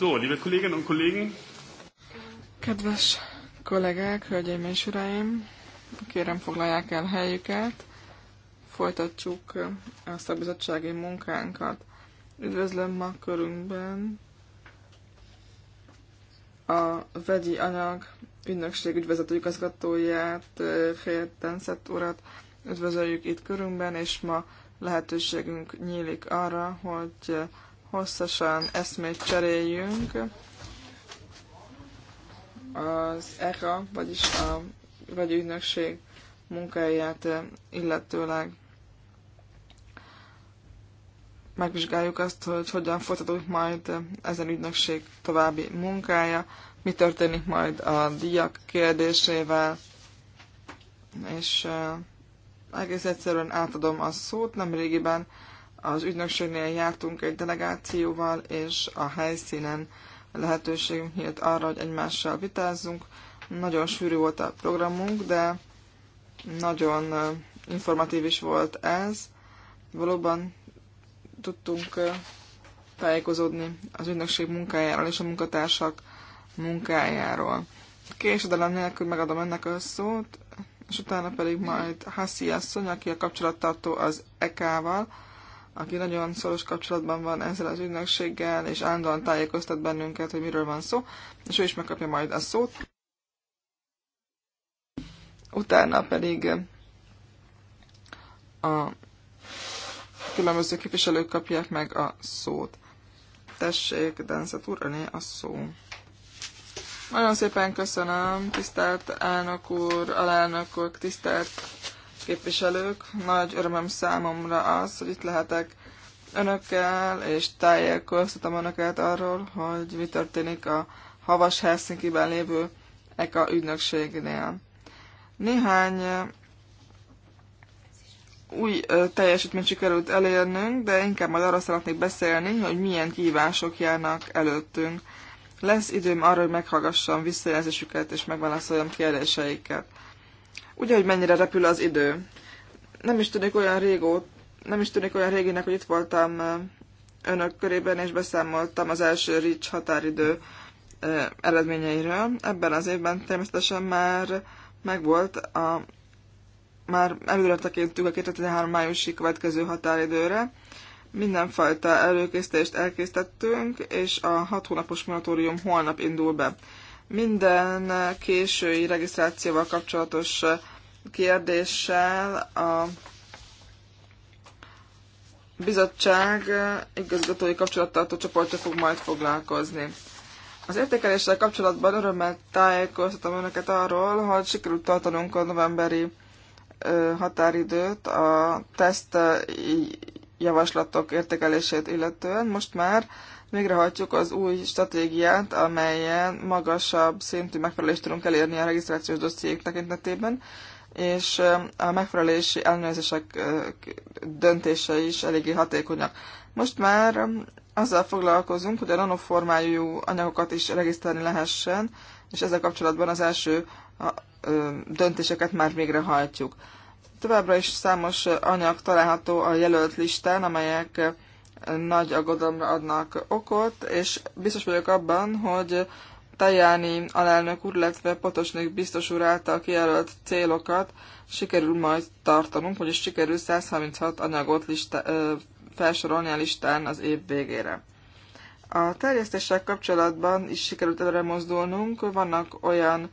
So, liebe Kolleginnen und Kollegen. Kedves kollégák, hölgyeim és uraim, kérem foglalják el helyüket, folytatjuk a szakbizottsági munkánkat. Üdvözlöm ma körünkben a vegyi anyag ügynökség ügyvezető igazgatóját, Féltenszett eh, urat üdvözöljük itt körünkben, és ma lehetőségünk nyílik arra, hogy hosszasan eszmét cseréljünk az ECHA, vagyis a ügynökség munkáját illetőleg megvizsgáljuk azt, hogy hogyan folytatódik majd ezen ügynökség további munkája, mi történik majd a díjak kérdésével, és eh, egész egyszerűen átadom a szót, nem régiben az ügynökségnél jártunk egy delegációval, és a helyszínen lehetőségünk nyílt arra, hogy egymással vitázzunk. Nagyon sűrű volt a programunk, de nagyon informatív is volt ez. Valóban tudtunk tájékozódni az ügynökség munkájáról és a munkatársak munkájáról. Késedelem nélkül megadom ennek a szót, és utána pedig majd Hassi asszony, aki a kapcsolattartó az EK-val, aki nagyon szoros kapcsolatban van ezzel az ügynökséggel, és állandóan tájékoztat bennünket, hogy miről van szó, és ő is megkapja majd a szót. Utána pedig a különböző képviselők kapják meg a szót. Tessék, Denzet úr, öné a szó. Nagyon szépen köszönöm, tisztelt elnök úr, alelnökök, tisztelt képviselők. Nagy örömöm számomra az, hogy itt lehetek önökkel, és tájékoztatom önöket arról, hogy mi történik a havas Helsinki-ben lévő EKA ügynökségnél. Néhány eh, új eh, teljesítményt sikerült elérnünk, de inkább majd arra szeretnék beszélni, hogy milyen kívások járnak előttünk. Lesz időm arra, hogy meghallgassam visszajelzésüket és megválaszoljam kérdéseiket. Ugye, hogy mennyire repül az idő. Nem is tűnik olyan régó, nem is tűnik olyan réginek, hogy itt voltam önök körében, és beszámoltam az első RICS határidő eredményeiről. Ebben az évben természetesen már megvolt a már előre tekintünk a 2013 májusi következő határidőre. Mindenfajta előkészítést elkészítettünk, és a hat hónapos moratórium holnap indul be. Minden késői regisztrációval kapcsolatos kérdéssel a bizottság igazgatói kapcsolattartó csoportja fog majd foglalkozni. Az értékeléssel kapcsolatban örömmel tájékoztatom önöket arról, hogy sikerült tartanunk a novemberi határidőt a teszt javaslatok értékelését illetően. Most már végrehajtjuk az új stratégiát, amelyen magasabb szintű megfelelést tudunk elérni a regisztrációs dossziék tekintetében, és a megfelelési ellenőrzések döntése is eléggé hatékonyak. Most már azzal foglalkozunk, hogy a nanoformájú anyagokat is regisztrálni lehessen, és ezzel kapcsolatban az első döntéseket már végrehajtjuk. Továbbra is számos anyag található a jelölt listán, amelyek nagy aggodalomra adnak okot, és biztos vagyok abban, hogy Tajáni alelnök úr, illetve Potosnik biztos úr által kijelölt célokat sikerül majd tartanunk, vagyis sikerül 136 anyagot lista, ö, felsorolni a listán az év végére. A terjesztéssel kapcsolatban is sikerült előre mozdulnunk. Vannak olyan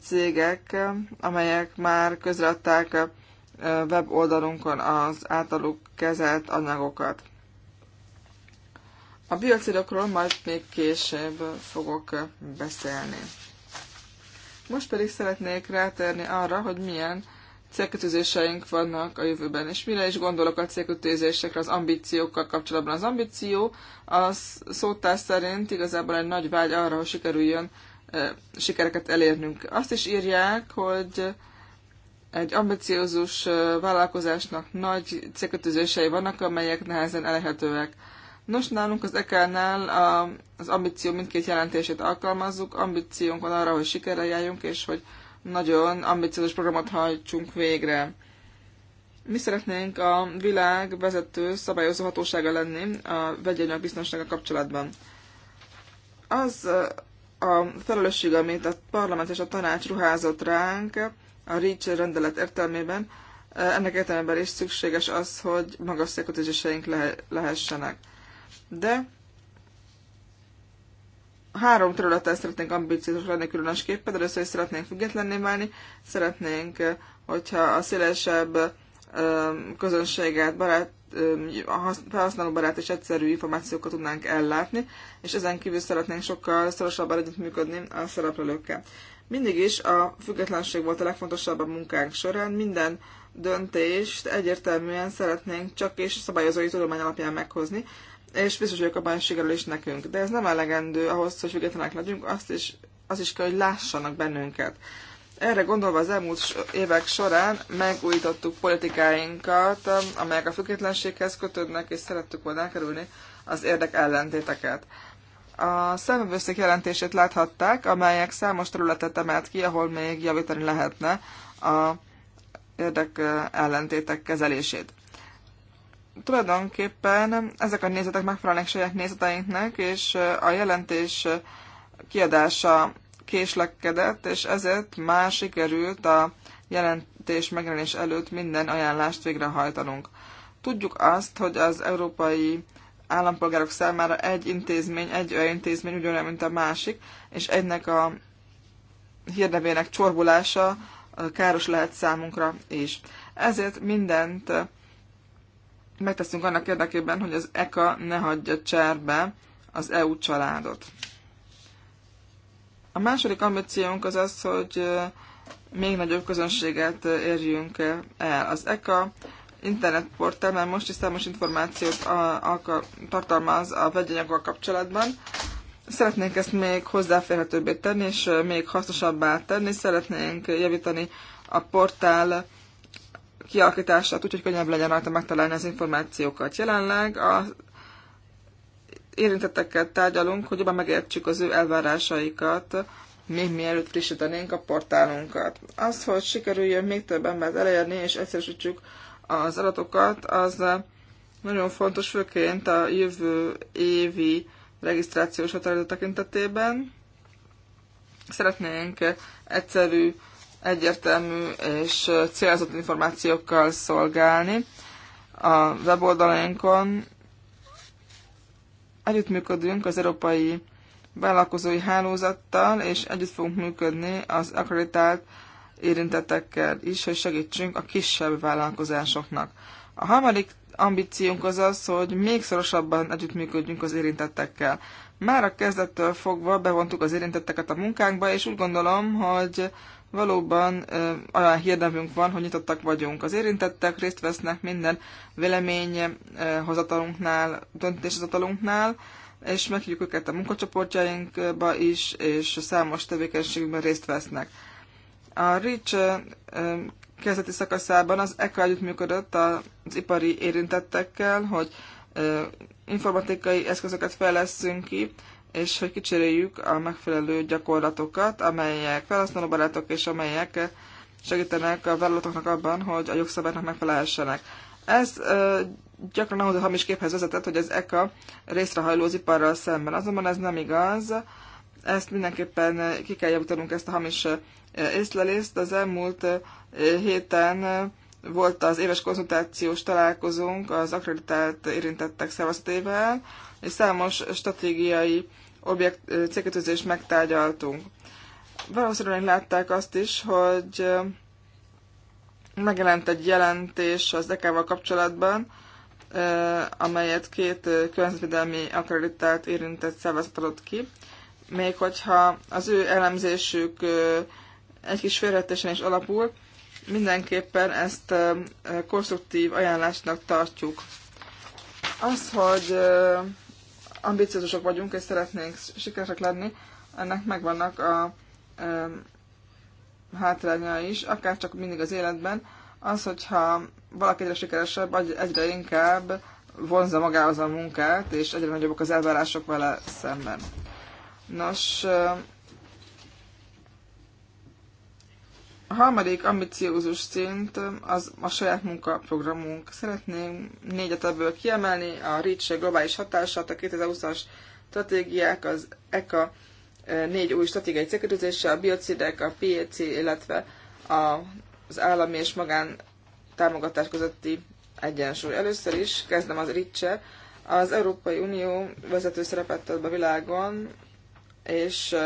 cégek, amelyek már közreadták weboldalunkon az általuk kezelt anyagokat. A biocidokról majd még később fogok beszélni. Most pedig szeretnék rátérni arra, hogy milyen célkötőzéseink vannak a jövőben, és mire is gondolok a célkötőzésekre, az ambíciókkal kapcsolatban. Az ambíció az szótás szerint igazából egy nagy vágy arra, hogy sikerüljön sikereket elérnünk. Azt is írják, hogy egy ambiciózus vállalkozásnak nagy célkötőzései vannak, amelyek nehezen elérhetőek. Nos, nálunk az EKL-nál az ambíció mindkét jelentését alkalmazzuk. Ambíciónk van arra, hogy sikerre járjunk, és hogy nagyon ambiciózus programot hajtsunk végre. Mi szeretnénk a világ vezető szabályozó hatósága lenni a vegyanyag biztonsága kapcsolatban. Az a felelősség, amit a parlament és a tanács ruházott ránk a REACH rendelet értelmében, ennek értelmében is szükséges az, hogy magas célkötőzéseink lehessenek de három területen szeretnénk ambíciózus lenni különösképpen, először is szeretnénk függetlenné válni, szeretnénk, hogyha a szélesebb közönséget, barát, barát és egyszerű információkat tudnánk ellátni, és ezen kívül szeretnénk sokkal szorosabban együttműködni a szereplőkkel. Mindig is a függetlenség volt a legfontosabb a munkánk során, minden döntést egyértelműen szeretnénk csak és szabályozói tudomány alapján meghozni, és biztos vagyok abban, hogy sikerül is nekünk. De ez nem elegendő ahhoz, hogy függetlenek legyünk, azt is, az is kell, hogy lássanak bennünket. Erre gondolva az elmúlt évek során megújítottuk politikáinkat, amelyek a függetlenséghez kötődnek, és szerettük volna elkerülni az érdek ellentéteket. A szemövőszék jelentését láthatták, amelyek számos területet emelt ki, ahol még javítani lehetne a érdek eh, ellentétek kezelését tulajdonképpen ezek a nézetek megfelelnek saját nézeteinknek, és a jelentés kiadása késlekedett, és ezért már sikerült a jelentés megjelenés előtt minden ajánlást végrehajtanunk. Tudjuk azt, hogy az európai állampolgárok számára egy intézmény, egy olyan intézmény ugyanolyan, mint a másik, és egynek a hírnevének csorbulása káros lehet számunkra is. Ezért mindent megteszünk annak érdekében, hogy az ECA ne hagyja cserbe az EU családot. A második ambíciónk az az, hogy még nagyobb közönséget érjünk el. Az ECA internetportál mert most is számos információt a, a, tartalmaz a vegyanyaggal kapcsolatban. Szeretnénk ezt még hozzáférhetőbbé tenni, és még hasznosabbá tenni. Szeretnénk javítani a portál kialakítását, úgyhogy könnyebb legyen rajta megtalálni az információkat. Jelenleg a érintettekkel tárgyalunk, hogy jobban megértsük az ő elvárásaikat, még mielőtt frissítenénk a portálunkat. Az, hogy sikerüljön még több embert elérni és egyszerűsítsük az adatokat, az nagyon fontos, főként a jövő évi regisztrációs határozat tekintetében. Szeretnénk egyszerű egyértelmű és célzott információkkal szolgálni a weboldalainkon. Együttműködünk az Európai Vállalkozói Hálózattal, és együtt fogunk működni az akreditált érintettekkel is, hogy segítsünk a kisebb vállalkozásoknak. A harmadik ambíciónk az az, hogy még szorosabban együttműködjünk az érintettekkel. Már a kezdettől fogva bevontuk az érintetteket a munkánkba, és úgy gondolom, hogy valóban olyan hírnevünk van, hogy nyitottak vagyunk. Az érintettek részt vesznek minden véleményhozatalunknál, döntéshozatalunknál, és meghívjuk őket a munkacsoportjainkba is, és számos tevékenységben részt vesznek. A REACH kezdeti szakaszában az ECA együttműködött az ipari érintettekkel, hogy informatikai eszközöket fejleszünk ki, és hogy kicseréljük a megfelelő gyakorlatokat, amelyek felhasználóbarátok és amelyek segítenek a vállalatoknak abban, hogy a jogszabálynak megfelelhessenek. Ez ö, gyakran ahhoz a hamis képhez vezetett, hogy az ECA részrehajló az iparral szemben. Azonban ez nem igaz. Ezt mindenképpen ki kell javítanunk ezt a hamis észlelést. Az elmúlt héten volt az éves konzultációs találkozónk az akreditált érintettek szervezetével, és számos stratégiai objekt, célkötőzést megtárgyaltunk. Valószínűleg látták azt is, hogy megjelent egy jelentés az EK-val kapcsolatban, amelyet két környezetvédelmi akreditált érintett szervezet adott ki, még hogyha az ő elemzésük egy kis félretésen is alapul, mindenképpen ezt konstruktív ajánlásnak tartjuk. Az, hogy ambiciózusok vagyunk, és szeretnénk sikeresek lenni, ennek megvannak a e, hátránya is, akár csak mindig az életben, az, hogyha valaki egyre sikeresebb, egyre inkább vonza magához a munkát, és egyre nagyobbak az elvárások vele szemben. Nos, A harmadik ambiciózus szint az a saját munkaprogramunk. Szeretném négyet ebből kiemelni, a REACH globális hatását, a 2020-as stratégiák, az ECA négy új stratégiai célkötőzése, a biocidek, a PEC, illetve a, az állami és magán támogatás közötti egyensúly. Először is kezdem az rics Az Európai Unió vezető szerepet tölt be világon, és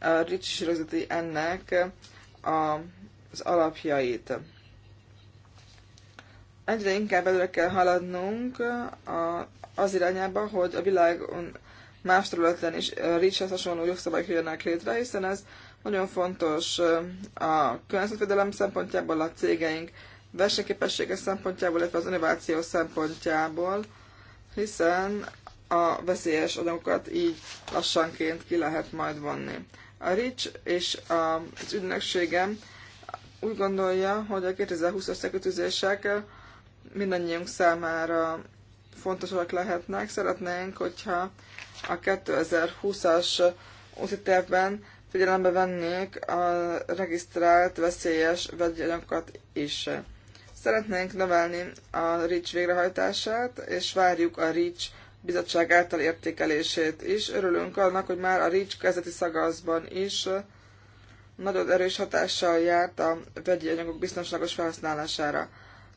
a RICS is rögzíti ennek a, az alapjait. Egyre inkább előre kell haladnunk a, az irányába, hogy a világon más területen is Ricshez hasonló jogszabályok jönnek létre, hiszen ez nagyon fontos a környezetvédelem szempontjából, a cégeink versenyképessége szempontjából, illetve az innováció szempontjából, hiszen a veszélyes anyagokat így lassanként ki lehet majd vonni. A Rich és az ügynökségem úgy gondolja, hogy a 2020-as szekötőzések mindannyiunk számára fontosak lehetnek. Szeretnénk, hogyha a 2020-as úti tervben figyelembe vennék a regisztrált veszélyes vegyanyagokat is. Szeretnénk növelni a REACH végrehajtását, és várjuk a REACH bizottság által értékelését is. Örülünk annak, hogy már a RICS kezdeti szagaszban is nagyon erős hatással járt a vegyi anyagok biztonságos felhasználására.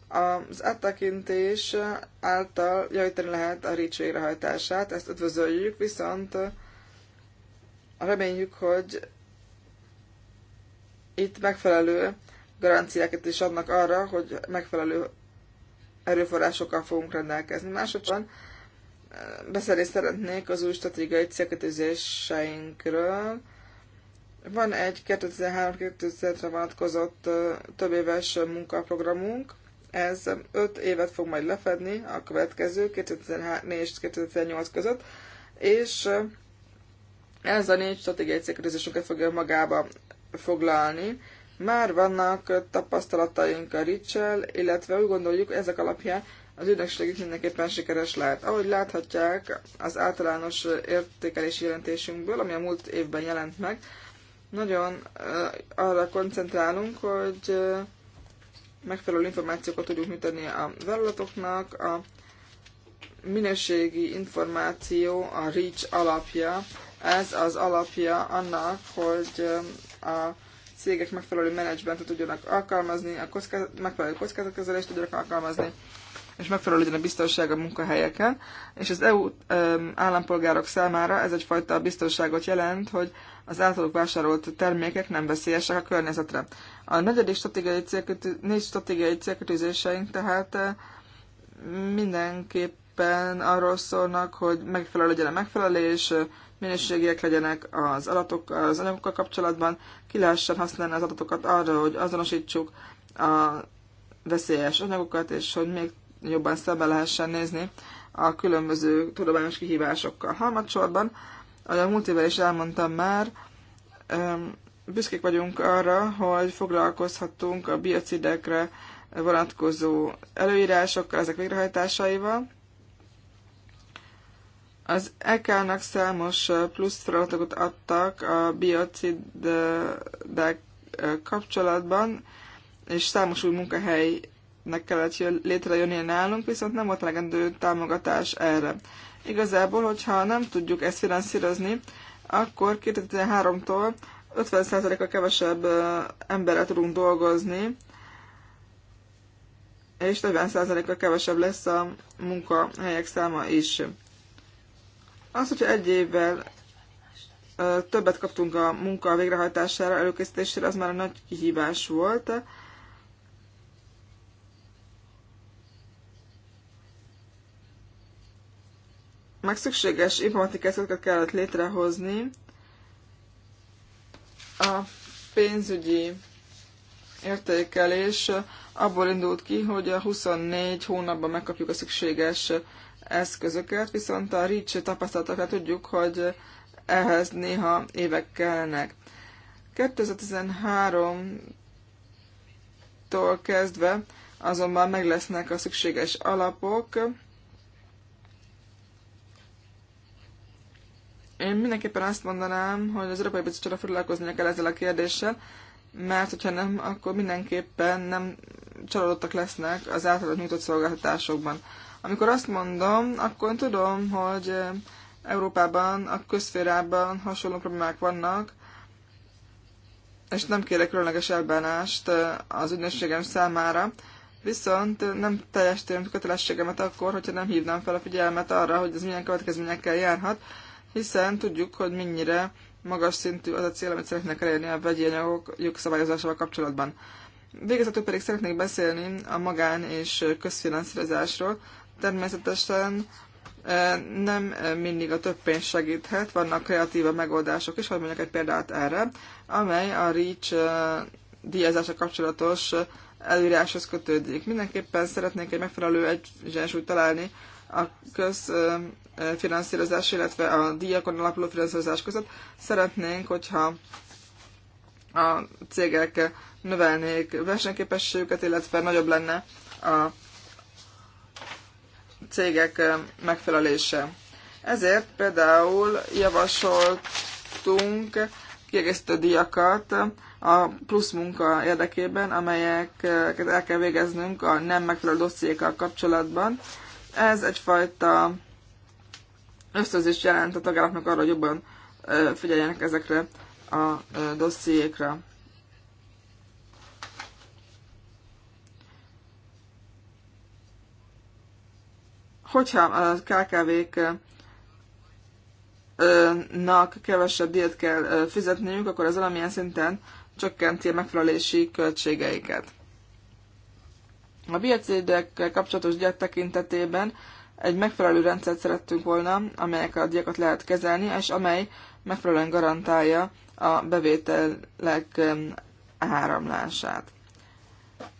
Az áttekintés által javítani lehet a RICS végrehajtását, ezt üdvözöljük, viszont reméljük, hogy itt megfelelő garanciákat is adnak arra, hogy megfelelő erőforrásokkal fogunk rendelkezni. Másodszor beszélni szeretnék az új stratégiai célkötőzéseinkről. Van egy 2003-2007-re vonatkozott több éves munkaprogramunk, ez 5 évet fog majd lefedni a következő 2004 és 2008 között, és ez a négy stratégiai célkötőzésünket fogja magába foglalni. Már vannak tapasztalataink a Ricsel, illetve úgy gondoljuk, ezek alapján az ügynökségük mindenképpen sikeres lehet. Ahogy láthatják az általános értékelési jelentésünkből, ami a múlt évben jelent meg, nagyon arra koncentrálunk, hogy megfelelő információkat tudjuk nyújtani a vállalatoknak. A minőségi információ a REACH alapja. Ez az alapja annak, hogy a cégek megfelelő menedzsmentet tudjanak alkalmazni, a kocká- megfelelő kockázatkezelést tudjanak alkalmazni, és megfelelő legyen a biztonság a munkahelyeken, és az EU állampolgárok számára ez egyfajta biztonságot jelent, hogy az általuk vásárolt termékek nem veszélyesek a környezetre. A negyedik stratégiai célkötő, négy stratégiai célkötőzéseink tehát mindenképpen arról szólnak, hogy megfelelő legyen a megfelelés, minőségiek legyenek az adatok, az anyagokkal kapcsolatban, ki lehessen használni az adatokat arra, hogy azonosítsuk a veszélyes anyagokat, és hogy még jobban szembe lehessen nézni a különböző tudományos kihívásokkal. Harmadsorban, ahogy a múlt évvel is elmondtam már, büszkék vagyunk arra, hogy foglalkozhatunk a biocidekre vonatkozó előírásokkal, ezek végrehajtásaival. Az EK-nak számos plusz feladatot adtak a biocidek kapcsolatban, és számos új munkahely nek kellett létrejönnie nálunk, viszont nem volt elegendő támogatás erre. Igazából, hogyha nem tudjuk ezt finanszírozni, akkor 2013-tól 50%-a kevesebb emberrel tudunk dolgozni, és 40%-a kevesebb lesz a munkahelyek száma is. Az, hogyha egy évvel többet kaptunk a munka végrehajtására, előkészítésére, az már a nagy kihívás volt, meg szükséges eszközöket kellett létrehozni a pénzügyi értékelés abból indult ki, hogy a 24 hónapban megkapjuk a szükséges eszközöket, viszont a REACH tapasztalatokra tudjuk, hogy ehhez néha évek kellnek. 2013-tól kezdve azonban meg lesznek a szükséges alapok, Én mindenképpen azt mondanám, hogy az Európai Bizottságra foglalkoznia kell ezzel a kérdéssel, mert hogyha nem, akkor mindenképpen nem csalódottak lesznek az általad nyújtott szolgáltatásokban. Amikor azt mondom, akkor tudom, hogy eh, Európában, a közférában hasonló problémák vannak, és nem kérek különleges elbánást eh, az ügynökségem számára, viszont eh, nem teljesítem kötelességemet akkor, hogyha nem hívnám fel a figyelmet arra, hogy ez milyen következményekkel járhat, hiszen tudjuk, hogy mennyire magas szintű az a cél, amit szeretnek elérni a vegyi anyagok jogszabályozásával kapcsolatban. Végezetül pedig szeretnék beszélni a magán és közfinanszírozásról. Természetesen e, nem mindig a több pénz segíthet, vannak kreatív megoldások is, hogy mondjak egy példát erre, amely a REACH e, díjazása kapcsolatos előíráshoz kötődik. Mindenképpen szeretnék egy megfelelő egyensúlyt találni a köz e, finanszírozás, illetve a díjakon alapuló finanszírozás között. Szeretnénk, hogyha a cégek növelnék versenyképességüket, illetve nagyobb lenne a cégek megfelelése. Ezért például javasoltunk kiegészítő díjakat a plusz munka érdekében, amelyeket el kell végeznünk a nem megfelelő dossziékkal kapcsolatban. Ez egyfajta ösztönzést jelent a tagállamoknak arra, hogy jobban figyeljenek ezekre a dossziékra. Hogyha a kkv knak kevesebb díjat kell fizetniük, akkor ez valamilyen szinten csökkenti a megfelelési költségeiket. A biocédekkel kapcsolatos díjat tekintetében egy megfelelő rendszert szerettünk volna, amelyek a diákat lehet kezelni, és amely megfelelően garantálja a bevételek áramlását.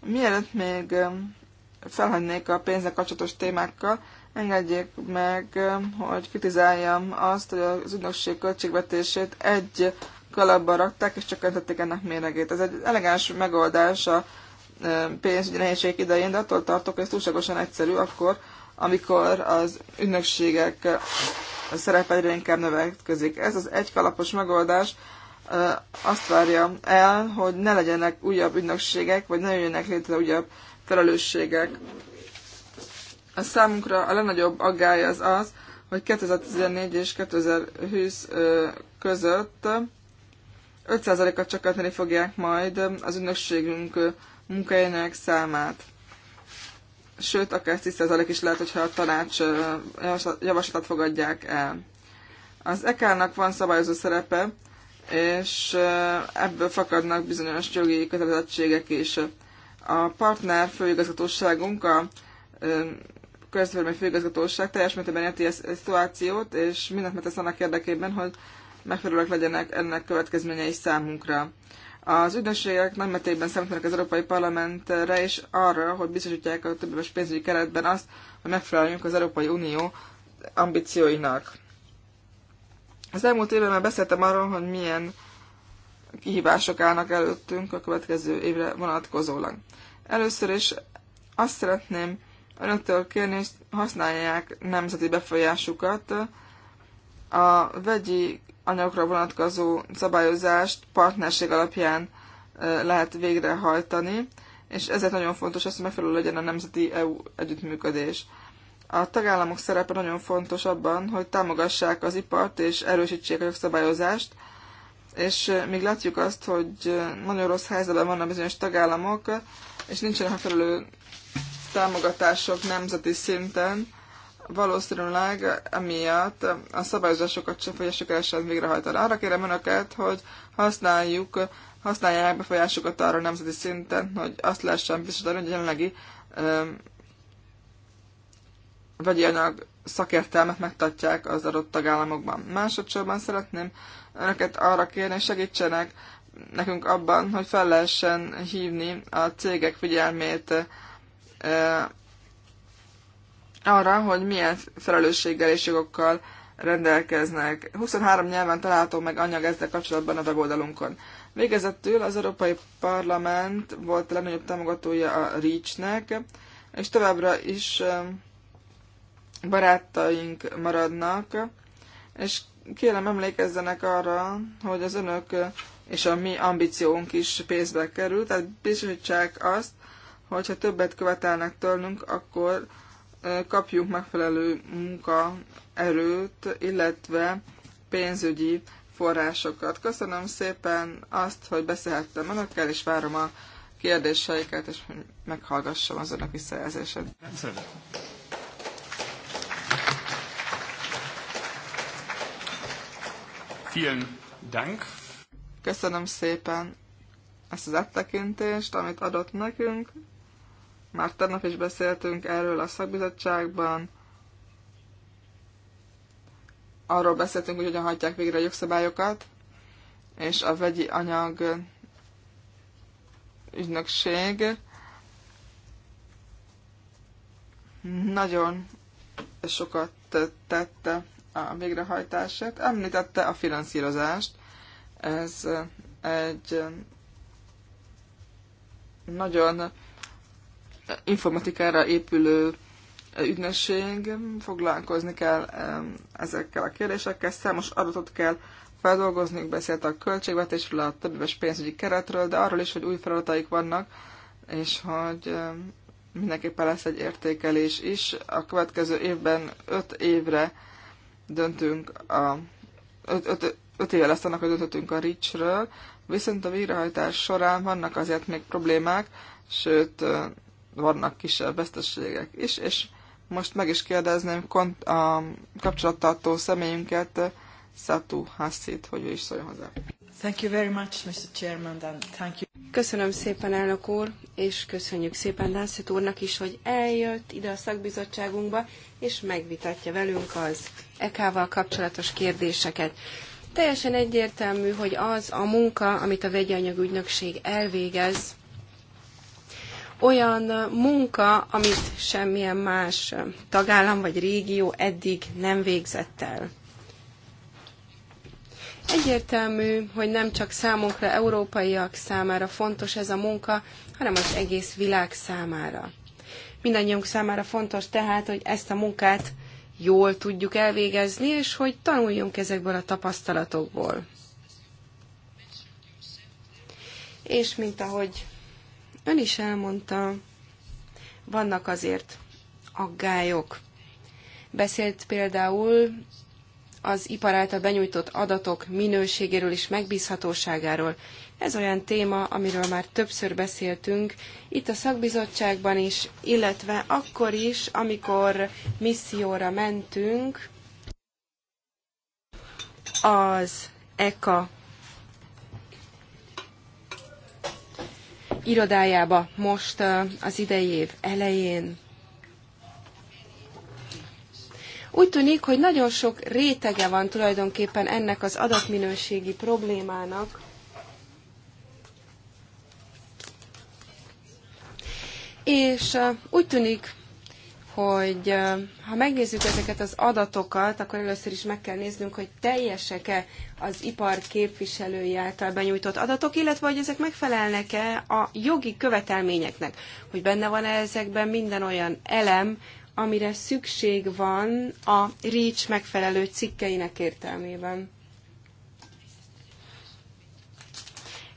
Mielőtt még felhagynék a pénzek kapcsolatos témákkal, engedjék meg, hogy kritizáljam azt, hogy az ügynökség költségvetését egy kalapba rakták, és csökkentették ennek méregét. Ez egy elegáns megoldás a pénzügyi nehézség idején, de attól tartok, hogy ez túlságosan egyszerű, akkor amikor az ügynökségek szerepe egyre inkább növekedik. Ez az egykalapos megoldás azt várja el, hogy ne legyenek újabb ünnepségek vagy ne jöjjenek létre újabb felelősségek. A számunkra a legnagyobb aggály az az, hogy 2014 és 2020 között 5%-a csökkenteni fogják majd az ünnepségünk munkájának számát sőt, akár 10% is lehet, hogyha a tanács javaslatát fogadják el. Az EK-nak van szabályozó szerepe, és ebből fakadnak bizonyos jogi kötelezettségek is. A partner főigazgatóságunk, a közvélemény főigazgatóság teljes mértékben érti ezt a szituációt, és mindent megtesz annak érdekében, hogy megfelelőek legyenek ennek következményei számunkra. Az ügynökségek nagymetében számítanak az Európai Parlamentre és arra, hogy biztosítják a többéves pénzügyi keretben azt, hogy megfeleljünk az Európai Unió ambícióinak. Az elmúlt évben már beszéltem arról, hogy milyen kihívások állnak előttünk a következő évre vonatkozólag. Először is azt szeretném önöktől kérni, hogy használják nemzeti befolyásukat. A vegyi anyagra vonatkozó szabályozást partnerség alapján lehet végrehajtani, és ezért nagyon fontos, hogy megfelelő legyen a nemzeti EU együttműködés. A tagállamok szerepe nagyon fontos abban, hogy támogassák az ipart és erősítsék a jogszabályozást, és még látjuk azt, hogy nagyon rossz helyzetben vannak bizonyos tagállamok, és nincsenek megfelelő támogatások nemzeti szinten, valószínűleg emiatt a szabályozásokat sem el, sem végrehajtani. Arra kérem önöket, hogy használjuk, használják befolyásukat arra nemzeti szinten, hogy azt lehessen biztosítani, hogy a jelenlegi um, vegyi anyag szakértelmet megtartják az adott tagállamokban. Másodszorban szeretném önöket arra kérni, hogy segítsenek nekünk abban, hogy fel lehessen hívni a cégek figyelmét arra, hogy milyen felelősséggel és jogokkal rendelkeznek. 23 nyelven található meg anyag ezzel kapcsolatban a weboldalunkon. Végezetül az Európai Parlament volt a legnagyobb támogatója a REACH-nek, és továbbra is um, barátaink maradnak, és kérem emlékezzenek arra, hogy az önök és a mi ambíciónk is pénzbe kerül, tehát bizonyítsák azt, hogyha többet követelnek tőlünk, akkor kapjunk megfelelő munkaerőt, illetve pénzügyi forrásokat. Köszönöm szépen azt, hogy beszélhettem önökkel, és várom a kérdéseiket, és meghallgassam az önök visszajelzését. Vielen Dank. Köszönöm szépen ezt az áttekintést, amit adott nekünk. Már tegnap is beszéltünk erről a szakbizottságban. Arról beszéltünk, hogy hogyan hagyják végre a jogszabályokat, és a vegyi anyag ügynökség nagyon sokat tette a végrehajtását. Említette a finanszírozást. Ez egy nagyon informatikára épülő ügynökség, foglalkozni kell ezekkel a kérdésekkel, számos adatot kell feldolgozni, beszélt a költségvetésről, a többéves pénzügyi keretről, de arról is, hogy új feladataik vannak, és hogy mindenképpen lesz egy értékelés is. A következő évben öt évre döntünk a... Öt, öt, öt éve lesz annak, hogy döntöttünk a RICS-ről, viszont a végrehajtás során vannak azért még problémák, sőt, vannak kisebb veszteségek is, és most meg is kérdezném kont- a kapcsolattartó személyünket, Satu Hassit, hogy ő is szóljon hozzá. Thank you very much, Mr. Chairman, and thank you. Köszönöm szépen, elnök úr, és köszönjük szépen Dászit úrnak is, hogy eljött ide a szakbizottságunkba, és megvitatja velünk az EK-val kapcsolatos kérdéseket. Teljesen egyértelmű, hogy az a munka, amit a vegyi elvégez, olyan munka, amit semmilyen más tagállam vagy régió eddig nem végzett el. Egyértelmű, hogy nem csak számunkra, európaiak számára fontos ez a munka, hanem az egész világ számára. Mindannyiunk számára fontos tehát, hogy ezt a munkát jól tudjuk elvégezni, és hogy tanuljunk ezekből a tapasztalatokból. És mint ahogy Ön is elmondta, vannak azért aggályok. Beszélt például az ipar által benyújtott adatok minőségéről és megbízhatóságáról. Ez olyan téma, amiről már többször beszéltünk itt a szakbizottságban is, illetve akkor is, amikor misszióra mentünk az ECA irodájába most az idei év elején. Úgy tűnik, hogy nagyon sok rétege van tulajdonképpen ennek az adatminőségi problémának. És úgy tűnik, hogy ha megnézzük ezeket az adatokat, akkor először is meg kell néznünk, hogy teljesek-e az ipar képviselői által benyújtott adatok, illetve hogy ezek megfelelnek-e a jogi követelményeknek, hogy benne van-e ezekben minden olyan elem, amire szükség van a REACH megfelelő cikkeinek értelmében.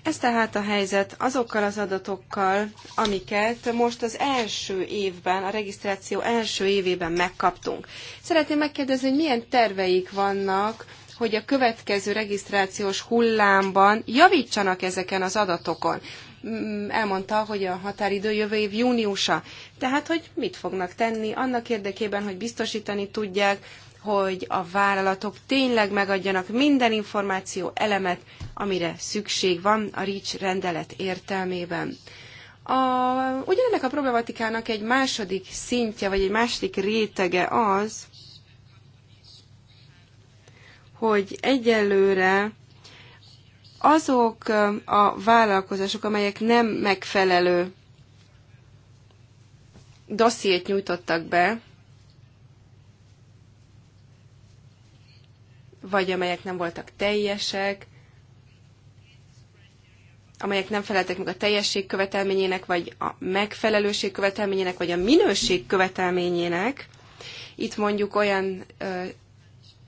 Ez tehát a helyzet azokkal az adatokkal, amiket most az első évben, a regisztráció első évében megkaptunk. Szeretném megkérdezni, hogy milyen terveik vannak, hogy a következő regisztrációs hullámban javítsanak ezeken az adatokon. Mm, elmondta, hogy a határidő jövő év júniusa. Tehát, hogy mit fognak tenni annak érdekében, hogy biztosítani tudják, hogy a vállalatok tényleg megadjanak minden információ elemet, amire szükség van a REACH rendelet értelmében. A, ugyanennek a problematikának egy második szintje, vagy egy második rétege az, hogy egyelőre azok a vállalkozások, amelyek nem megfelelő dossziét nyújtottak be, vagy amelyek nem voltak teljesek, amelyek nem feleltek meg a teljesség követelményének, vagy a megfelelőség követelményének, vagy a minőség követelményének. Itt mondjuk olyan ö,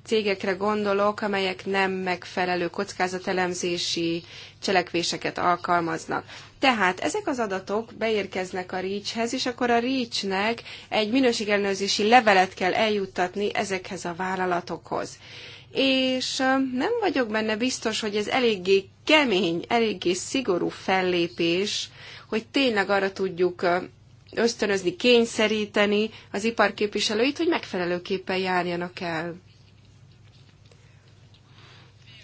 cégekre gondolok, amelyek nem megfelelő kockázatelemzési cselekvéseket alkalmaznak. Tehát ezek az adatok beérkeznek a REACH-hez, és akkor a REACH-nek egy minőségellenőrzési levelet kell eljuttatni ezekhez a vállalatokhoz és nem vagyok benne biztos, hogy ez eléggé kemény, eléggé szigorú fellépés, hogy tényleg arra tudjuk ösztönözni, kényszeríteni az iparképviselőit, hogy megfelelőképpen járjanak el.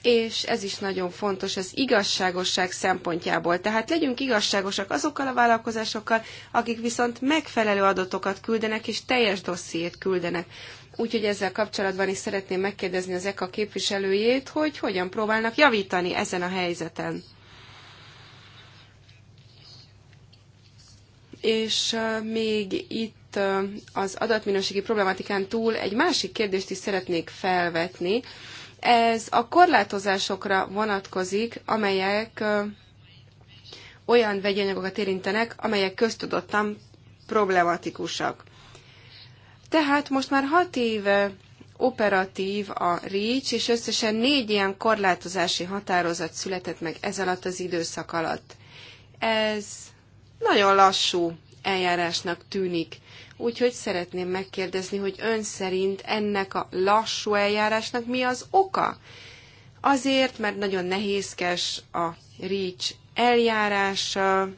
És ez is nagyon fontos ez igazságosság szempontjából. Tehát legyünk igazságosak azokkal a vállalkozásokkal, akik viszont megfelelő adatokat küldenek és teljes dossziét küldenek. Úgyhogy ezzel kapcsolatban is szeretném megkérdezni az EKA képviselőjét, hogy hogyan próbálnak javítani ezen a helyzeten. És még itt az adatminőségi problematikán túl egy másik kérdést is szeretnék felvetni. Ez a korlátozásokra vonatkozik, amelyek olyan vegyanyagokat érintenek, amelyek köztudottan problematikusak. Tehát most már hat éve operatív a REACH, és összesen négy ilyen korlátozási határozat született meg ez alatt az időszak alatt. Ez nagyon lassú eljárásnak tűnik. Úgyhogy szeretném megkérdezni, hogy ön szerint ennek a lassú eljárásnak mi az oka? Azért, mert nagyon nehézkes a REACH eljárása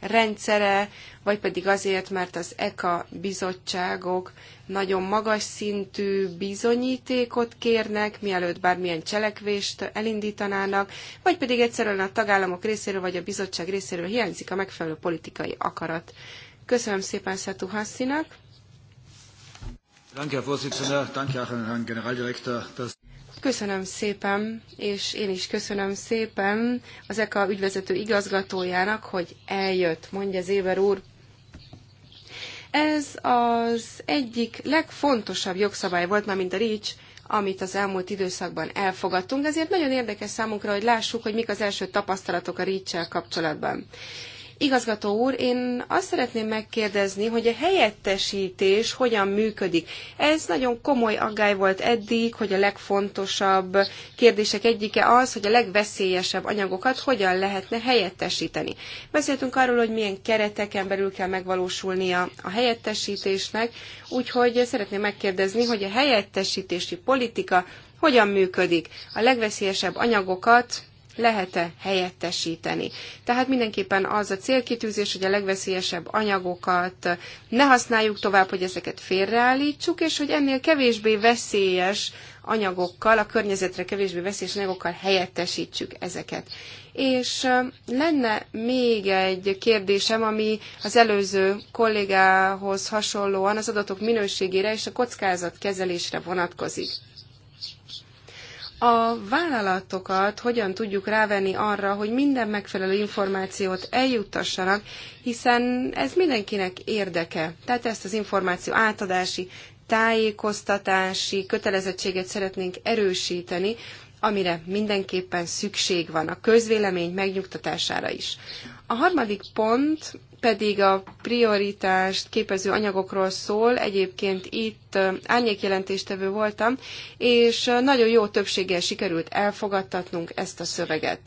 rendszere, vagy pedig azért, mert az ECA bizottságok nagyon magas szintű bizonyítékot kérnek, mielőtt bármilyen cselekvést elindítanának, vagy pedig egyszerűen a tagállamok részéről vagy a bizottság részéről hiányzik a megfelelő politikai akarat. Köszönöm szépen Szetu Hasszinak! Köszönöm szépen, és én is köszönöm szépen az EKA ügyvezető igazgatójának, hogy eljött, mondja Zéber úr. Ez az egyik legfontosabb jogszabály volt, már mint a REACH, amit az elmúlt időszakban elfogadtunk, ezért nagyon érdekes számunkra, hogy lássuk, hogy mik az első tapasztalatok a reach kapcsolatban. Igazgató úr, én azt szeretném megkérdezni, hogy a helyettesítés hogyan működik. Ez nagyon komoly aggály volt eddig, hogy a legfontosabb kérdések egyike az, hogy a legveszélyesebb anyagokat hogyan lehetne helyettesíteni. Beszéltünk arról, hogy milyen kereteken belül kell megvalósulnia a helyettesítésnek, úgyhogy szeretném megkérdezni, hogy a helyettesítési politika hogyan működik. A legveszélyesebb anyagokat lehet-e helyettesíteni. Tehát mindenképpen az a célkitűzés, hogy a legveszélyesebb anyagokat ne használjuk tovább, hogy ezeket félreállítsuk, és hogy ennél kevésbé veszélyes anyagokkal, a környezetre kevésbé veszélyes anyagokkal helyettesítsük ezeket. És lenne még egy kérdésem, ami az előző kollégához hasonlóan az adatok minőségére és a kockázatkezelésre vonatkozik a vállalatokat hogyan tudjuk rávenni arra, hogy minden megfelelő információt eljuttassanak, hiszen ez mindenkinek érdeke. Tehát ezt az információ átadási, tájékoztatási kötelezettséget szeretnénk erősíteni, amire mindenképpen szükség van a közvélemény megnyugtatására is. A harmadik pont pedig a prioritást képező anyagokról szól, egyébként itt árnyékjelentéstevő voltam, és nagyon jó többséggel sikerült elfogadtatnunk ezt a szöveget.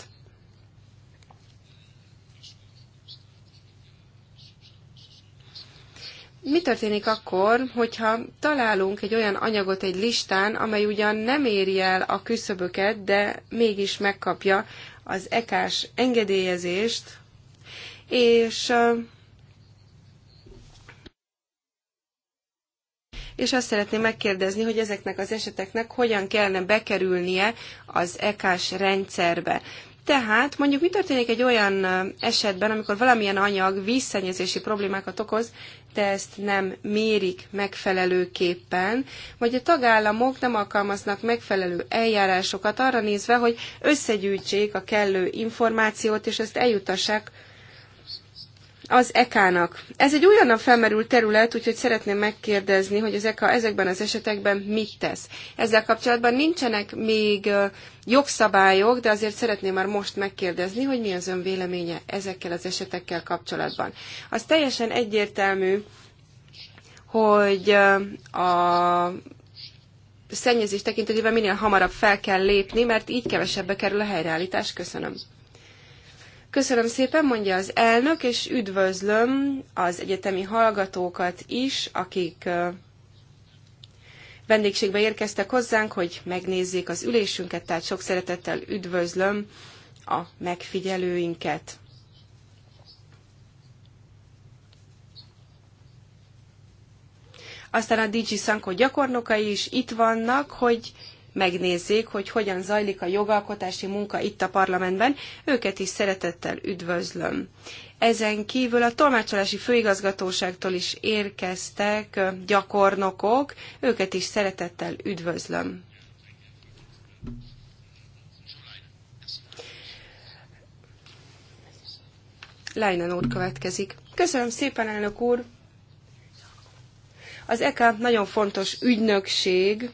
Mi történik akkor, hogyha találunk egy olyan anyagot egy listán, amely ugyan nem éri el a küszöböket, de mégis megkapja az ekás engedélyezést, és és azt szeretném megkérdezni, hogy ezeknek az eseteknek hogyan kellene bekerülnie az EKS rendszerbe. Tehát mondjuk mi történik egy olyan esetben, amikor valamilyen anyag vízszennyezési problémákat okoz, de ezt nem mérik megfelelőképpen, vagy a tagállamok nem alkalmaznak megfelelő eljárásokat arra nézve, hogy összegyűjtsék a kellő információt, és ezt eljutassák az EK-nak. Ez egy újonnan felmerült terület, úgyhogy szeretném megkérdezni, hogy az eka ezekben az esetekben mit tesz. Ezzel kapcsolatban nincsenek még jogszabályok, de azért szeretném már most megkérdezni, hogy mi az ön véleménye ezekkel az esetekkel kapcsolatban. Az teljesen egyértelmű, hogy a szennyezés tekintetében minél hamarabb fel kell lépni, mert így kevesebbe kerül a helyreállítás. Köszönöm. Köszönöm szépen, mondja az elnök, és üdvözlöm az egyetemi hallgatókat is, akik vendégségbe érkeztek hozzánk, hogy megnézzék az ülésünket, tehát sok szeretettel üdvözlöm a megfigyelőinket. Aztán a DG Sanko gyakornokai is itt vannak, hogy megnézzék, hogy hogyan zajlik a jogalkotási munka itt a parlamentben. Őket is szeretettel üdvözlöm. Ezen kívül a tolmácsolási főigazgatóságtól is érkeztek gyakornokok, őket is szeretettel üdvözlöm. Leinen úr következik. Köszönöm szépen, elnök úr! Az EKA nagyon fontos ügynökség,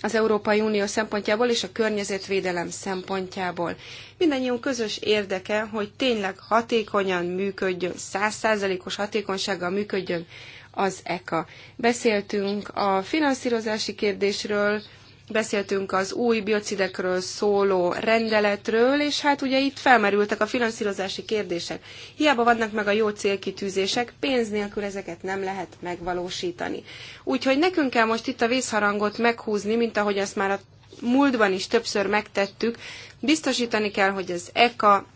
az Európai Unió szempontjából és a környezetvédelem szempontjából. Mindennyiunk közös érdeke, hogy tényleg hatékonyan működjön, százszázalékos hatékonysággal működjön az ECA. Beszéltünk a finanszírozási kérdésről, beszéltünk az új biocidekről szóló rendeletről, és hát ugye itt felmerültek a finanszírozási kérdések. Hiába vannak meg a jó célkitűzések, pénz nélkül ezeket nem lehet megvalósítani. Úgyhogy nekünk kell most itt a vészharangot meghúzni, mint ahogy azt már a múltban is többször megtettük. Biztosítani kell, hogy az ECA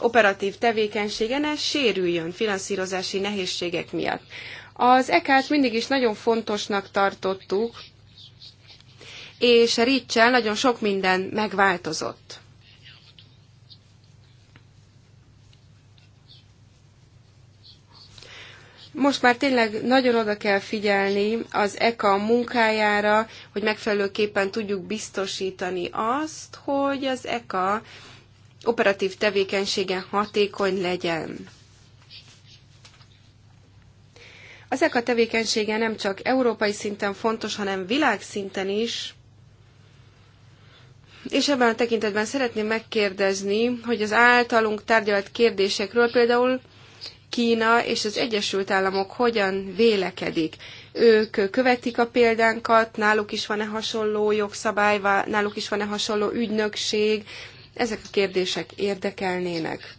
operatív tevékenysége ne sérüljön finanszírozási nehézségek miatt. Az EK-t mindig is nagyon fontosnak tartottuk, és Ricsel nagyon sok minden megváltozott. Most már tényleg nagyon oda kell figyelni az ECA munkájára, hogy megfelelőképpen tudjuk biztosítani azt, hogy az ECA operatív tevékenysége hatékony legyen. Az ECA tevékenysége nem csak európai szinten fontos, hanem világszinten is, és ebben a tekintetben szeretném megkérdezni, hogy az általunk tárgyalt kérdésekről például Kína és az Egyesült Államok hogyan vélekedik. Ők követik a példánkat, náluk is van-e hasonló jogszabály, náluk is van-e hasonló ügynökség. Ezek a kérdések érdekelnének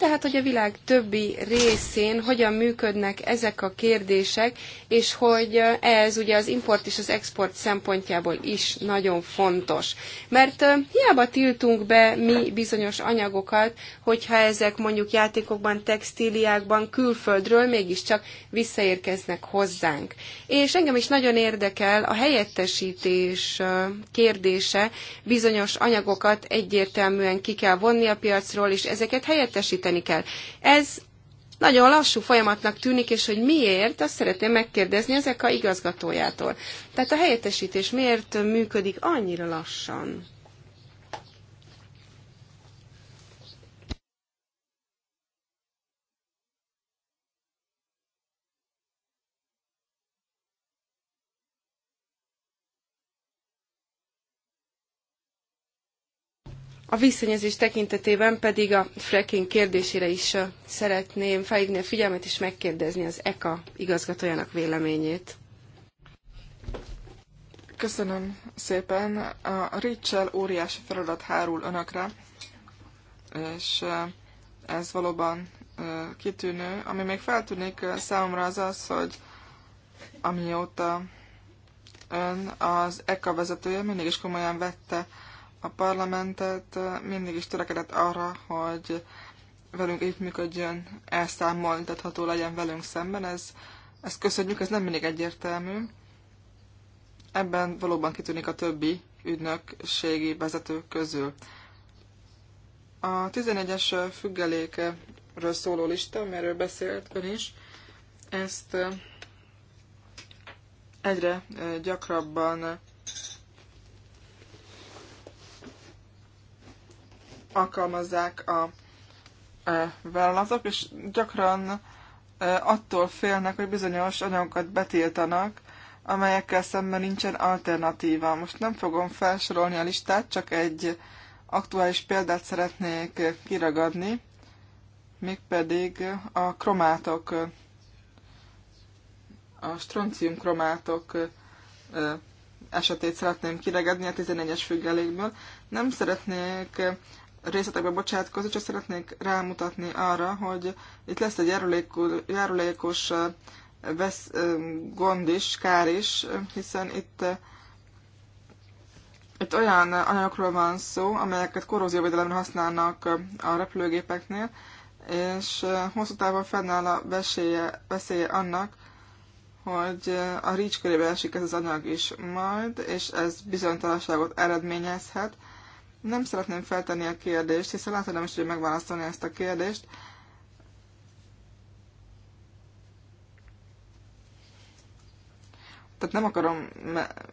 tehát hogy a világ többi részén hogyan működnek ezek a kérdések, és hogy ez ugye az import és az export szempontjából is nagyon fontos. Mert hiába tiltunk be mi bizonyos anyagokat, hogyha ezek mondjuk játékokban, textíliákban, külföldről mégiscsak visszaérkeznek hozzánk. És engem is nagyon érdekel a helyettesítés kérdése, bizonyos anyagokat egyértelműen ki kell vonni a piacról, és ezeket helyettesíteni javítani kell. Ez nagyon lassú folyamatnak tűnik, és hogy miért, azt szeretném megkérdezni ezek a igazgatójától. Tehát a helyettesítés miért működik annyira lassan? A vízszennyezés tekintetében pedig a fracking kérdésére is szeretném felhívni a figyelmet és megkérdezni az ECA igazgatójának véleményét. Köszönöm szépen. A óriási feladat hárul önökre, és ez valóban kitűnő. Ami még feltűnik számomra az az, hogy amióta ön az ECA vezetője mindig is komolyan vette a parlamentet mindig is törekedett arra, hogy velünk működjön, elszámoltatható legyen velünk szemben. Ez, ezt köszönjük, ez nem mindig egyértelmű. Ebben valóban kitűnik a többi ügynökségi vezető közül. A 11-es függelékről szóló lista, amiről beszélt ön is, ezt egyre gyakrabban alkalmazzák a e, vállalatok, és gyakran e, attól félnek, hogy bizonyos anyagokat betiltanak, amelyekkel szemben nincsen alternatíva. Most nem fogom felsorolni a listát, csak egy aktuális példát szeretnék kiragadni, mégpedig a kromátok, a stroncium kromátok e, esetét szeretném kiragadni a 11-es függelékből. Nem szeretnék részletekbe bocsátkozni, csak szeretnék rámutatni arra, hogy itt lesz egy járulékos vesz, gond is, kár is, hiszen itt, itt olyan anyagokról van szó, amelyeket korrózióvédelemre használnak a repülőgépeknél, és hosszú távon fennáll a veszélye, veszélye annak, hogy a rics körébe esik ez az anyag is majd, és ez bizonytalanságot eredményezhet, nem szeretném feltenni a kérdést, hiszen látod nem is tudja megválaszolni ezt a kérdést. Tehát nem akarom me-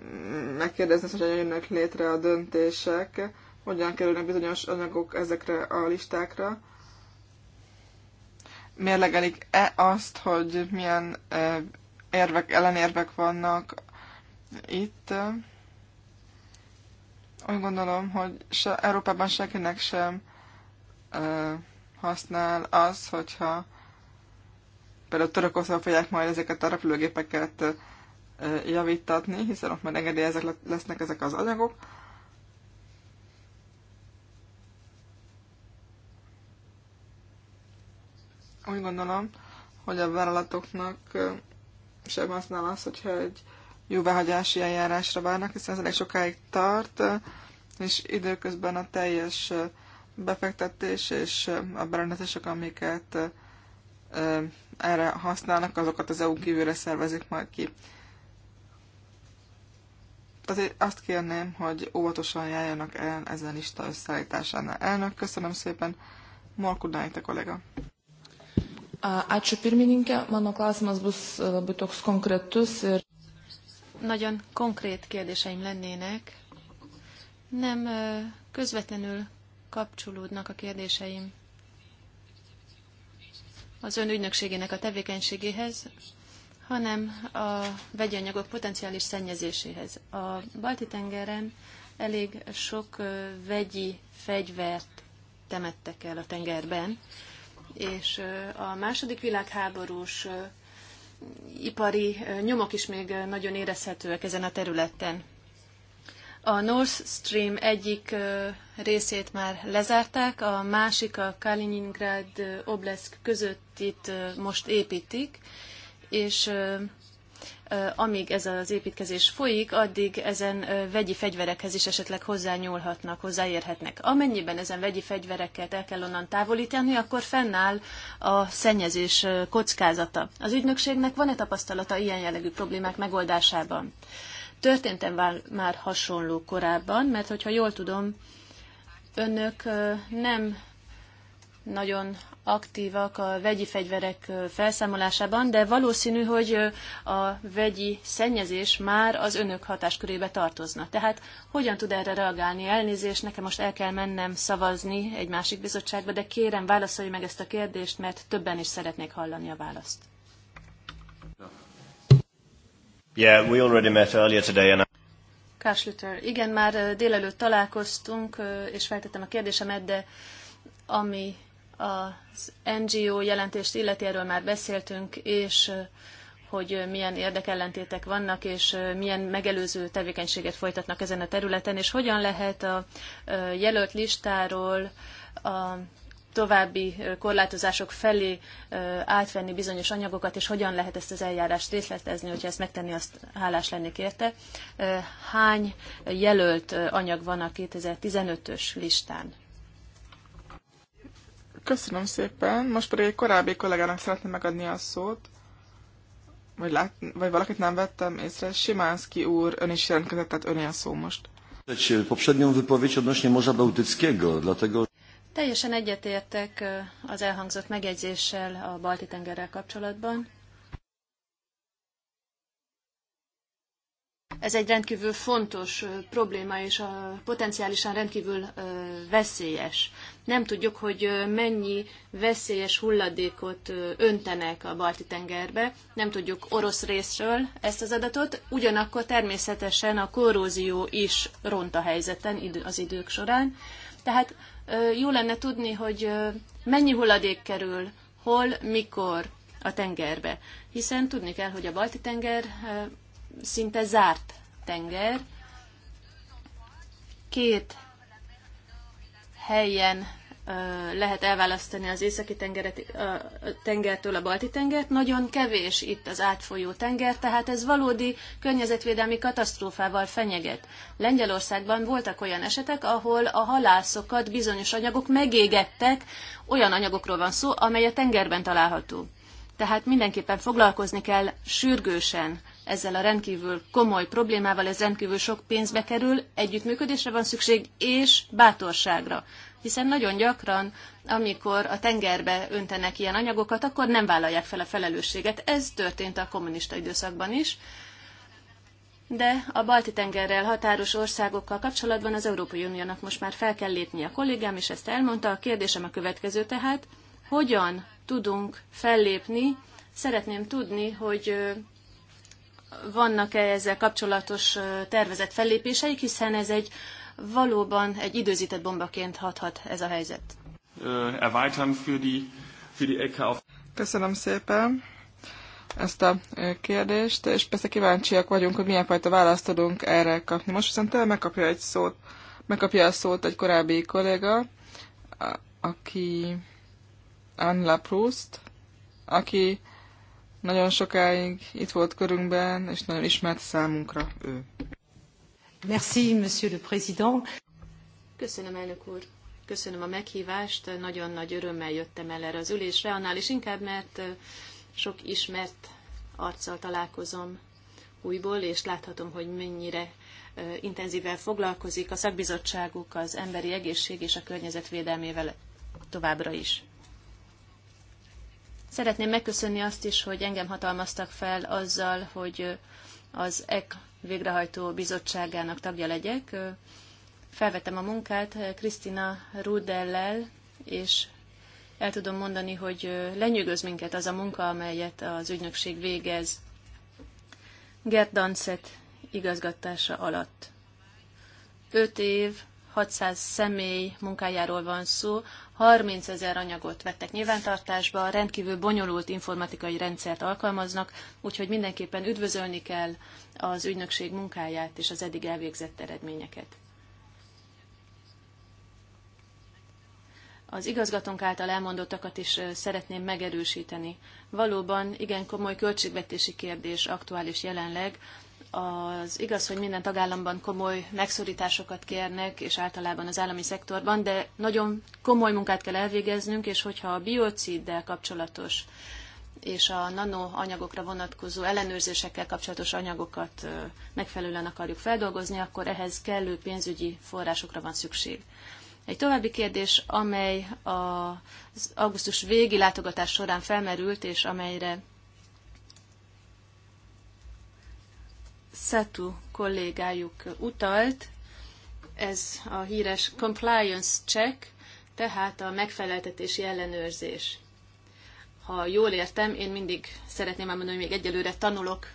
megkérdezni, hogy hogyan jönnek létre a döntések, hogyan kerülnek bizonyos anyagok ezekre a listákra. Mérlegelik-e azt, hogy milyen érvek, ellenérvek vannak itt? Úgy gondolom, hogy se, Európában senkinek sem ö, használ az, hogyha például Törökország fogják majd ezeket a repülőgépeket ö, javítatni, hiszen ott már engedélyezek lesznek ezek az anyagok. Úgy gondolom, hogy a vállalatoknak sem használ az, hogyha egy ö, jóváhagyási eljárásra várnak, hiszen ez elég sokáig tart, és időközben a teljes befektetés és a berendezések, amiket erre használnak, azokat az EU kívülre szervezik majd ki. Azért azt kérném, hogy óvatosan járjanak el ezen lista összeállításánál. Elnök, köszönöm szépen. Marku te kollega. Ačiū pirmininkė, mano klausimas bus labai toks konkretus ir... Nagyon konkrét kérdéseim lennének. Nem közvetlenül kapcsolódnak a kérdéseim az ön ügynökségének a tevékenységéhez, hanem a vegyi anyagok potenciális szennyezéséhez. A Balti-tengeren elég sok vegyi fegyvert temettek el a tengerben, és a második világháborús ipari nyomok is még nagyon érezhetőek ezen a területen. A Nord Stream egyik részét már lezárták, a másik a Kaliningrad Obleszk között itt most építik, és amíg ez az építkezés folyik, addig ezen vegyi fegyverekhez is esetleg hozzányúlhatnak, hozzáérhetnek. Amennyiben ezen vegyi fegyvereket el kell onnan távolítani, akkor fennáll a szennyezés kockázata. Az ügynökségnek van-e tapasztalata ilyen jellegű problémák megoldásában? Történtem már hasonló korábban, mert hogyha jól tudom, önök nem nagyon aktívak a vegyi fegyverek felszámolásában, de valószínű, hogy a vegyi szennyezés már az önök hatáskörébe tartozna. Tehát hogyan tud erre reagálni? Elnézést, nekem most el kell mennem szavazni egy másik bizottságba, de kérem, válaszolj meg ezt a kérdést, mert többen is szeretnék hallani a választ. Yeah, we already met earlier today and Káslütör. Igen, már délelőtt találkoztunk, és feltettem a kérdésemet, de ami az NGO jelentést illeti erről már beszéltünk, és hogy milyen érdekellentétek vannak, és milyen megelőző tevékenységet folytatnak ezen a területen, és hogyan lehet a jelölt listáról a további korlátozások felé átvenni bizonyos anyagokat, és hogyan lehet ezt az eljárást részletezni, hogyha ezt megtenni, azt hálás lennék érte. Hány jelölt anyag van a 2015-ös listán? Köszönöm szépen. Most pedig egy korábbi kollégának szeretném megadni a szót. Vagy, lát, vagy valakit nem vettem észre. Simánszki úr, ön is jelentkezett, tehát öné a szó most. E, poprzednią wypowiedź odnośnie Morza Bałtyckiego, dlatego... Teljesen egyetértek e, az elhangzott megjegyzéssel a Balti-tengerrel kapcsolatban. Ez egy rendkívül fontos probléma, és a potenciálisan rendkívül veszélyes. Nem tudjuk, hogy mennyi veszélyes hulladékot öntenek a balti tengerbe. Nem tudjuk orosz részről ezt az adatot. Ugyanakkor természetesen a korrózió is ront a helyzeten az idők során. Tehát jó lenne tudni, hogy mennyi hulladék kerül, hol, mikor a tengerbe. Hiszen tudni kell, hogy a Balti tenger szinte zárt tenger. Két helyen lehet elválasztani az északi tengeret, a tengertől a balti tengert. Nagyon kevés itt az átfolyó tenger, tehát ez valódi környezetvédelmi katasztrófával fenyeget. Lengyelországban voltak olyan esetek, ahol a halászokat bizonyos anyagok megégettek, olyan anyagokról van szó, amely a tengerben található. Tehát mindenképpen foglalkozni kell sürgősen ezzel a rendkívül komoly problémával, ez rendkívül sok pénzbe kerül, együttműködésre van szükség, és bátorságra. Hiszen nagyon gyakran, amikor a tengerbe öntenek ilyen anyagokat, akkor nem vállalják fel a felelősséget. Ez történt a kommunista időszakban is. De a Balti-tengerrel határos országokkal kapcsolatban az Európai Uniónak most már fel kell lépni a kollégám, és ezt elmondta. A kérdésem a következő tehát, hogyan tudunk fellépni? Szeretném tudni, hogy vannak-e ezzel kapcsolatos tervezett fellépéseik, hiszen ez egy valóban egy időzített bombaként hathat ez a helyzet. Köszönöm szépen ezt a kérdést, és persze kíváncsiak vagyunk, hogy milyen fajta választ tudunk erre kapni. Most viszont megkapja egy szót, megkapja a szót egy korábbi kolléga, aki Anne Laproust, aki nagyon sokáig itt volt körünkben, és nagyon ismert számunkra ő. Merci, monsieur le président. Köszönöm, elnök úr. Köszönöm a meghívást. Nagyon nagy örömmel jöttem el erre az ülésre, annál is inkább, mert sok ismert arccal találkozom újból, és láthatom, hogy mennyire intenzíven foglalkozik a szakbizottságuk az emberi egészség és a környezet védelmével továbbra is. Szeretném megköszönni azt is, hogy engem hatalmaztak fel azzal, hogy az EK végrehajtó bizottságának tagja legyek. Felvettem a munkát Krisztina Rudellel, és el tudom mondani, hogy lenyűgöz minket az a munka, amelyet az ügynökség végez Gert Dancet igazgatása alatt. Öt év 600 személy munkájáról van szó, 30 ezer anyagot vettek nyilvántartásba, rendkívül bonyolult informatikai rendszert alkalmaznak, úgyhogy mindenképpen üdvözölni kell az ügynökség munkáját és az eddig elvégzett eredményeket. az igazgatónk által elmondottakat is szeretném megerősíteni. Valóban igen komoly költségvetési kérdés aktuális jelenleg az igaz, hogy minden tagállamban komoly megszorításokat kérnek, és általában az állami szektorban, de nagyon komoly munkát kell elvégeznünk, és hogyha a biociddel kapcsolatos és a nanoanyagokra vonatkozó ellenőrzésekkel kapcsolatos anyagokat megfelelően akarjuk feldolgozni, akkor ehhez kellő pénzügyi forrásokra van szükség. Egy további kérdés, amely az augusztus végi látogatás során felmerült, és amelyre Szatu kollégájuk utalt, ez a híres compliance check, tehát a megfeleltetési ellenőrzés. Ha jól értem, én mindig szeretném elmondani, hogy még egyelőre tanulok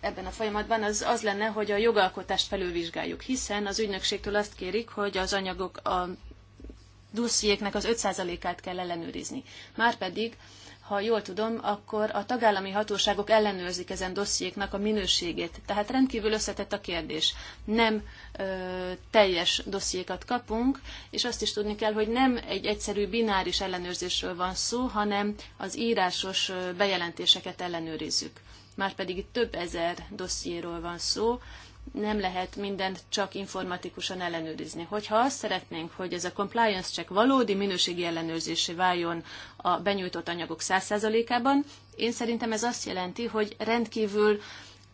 ebben a folyamatban, az az lenne, hogy a jogalkotást felülvizsgáljuk, hiszen az ügynökségtől azt kérik, hogy az anyagok a dossziéknek az 5%-át kell ellenőrizni. Márpedig ha jól tudom, akkor a tagállami hatóságok ellenőrzik ezen dossziéknak a minőségét. Tehát rendkívül összetett a kérdés. Nem ö, teljes dossziékat kapunk, és azt is tudni kell, hogy nem egy egyszerű bináris ellenőrzésről van szó, hanem az írásos bejelentéseket ellenőrizzük. Márpedig itt több ezer dossziéról van szó, nem lehet mindent csak informatikusan ellenőrizni. Hogyha azt szeretnénk, hogy ez a compliance check valódi minőségi ellenőrzésé váljon a benyújtott anyagok 100%-ában, én szerintem ez azt jelenti, hogy rendkívül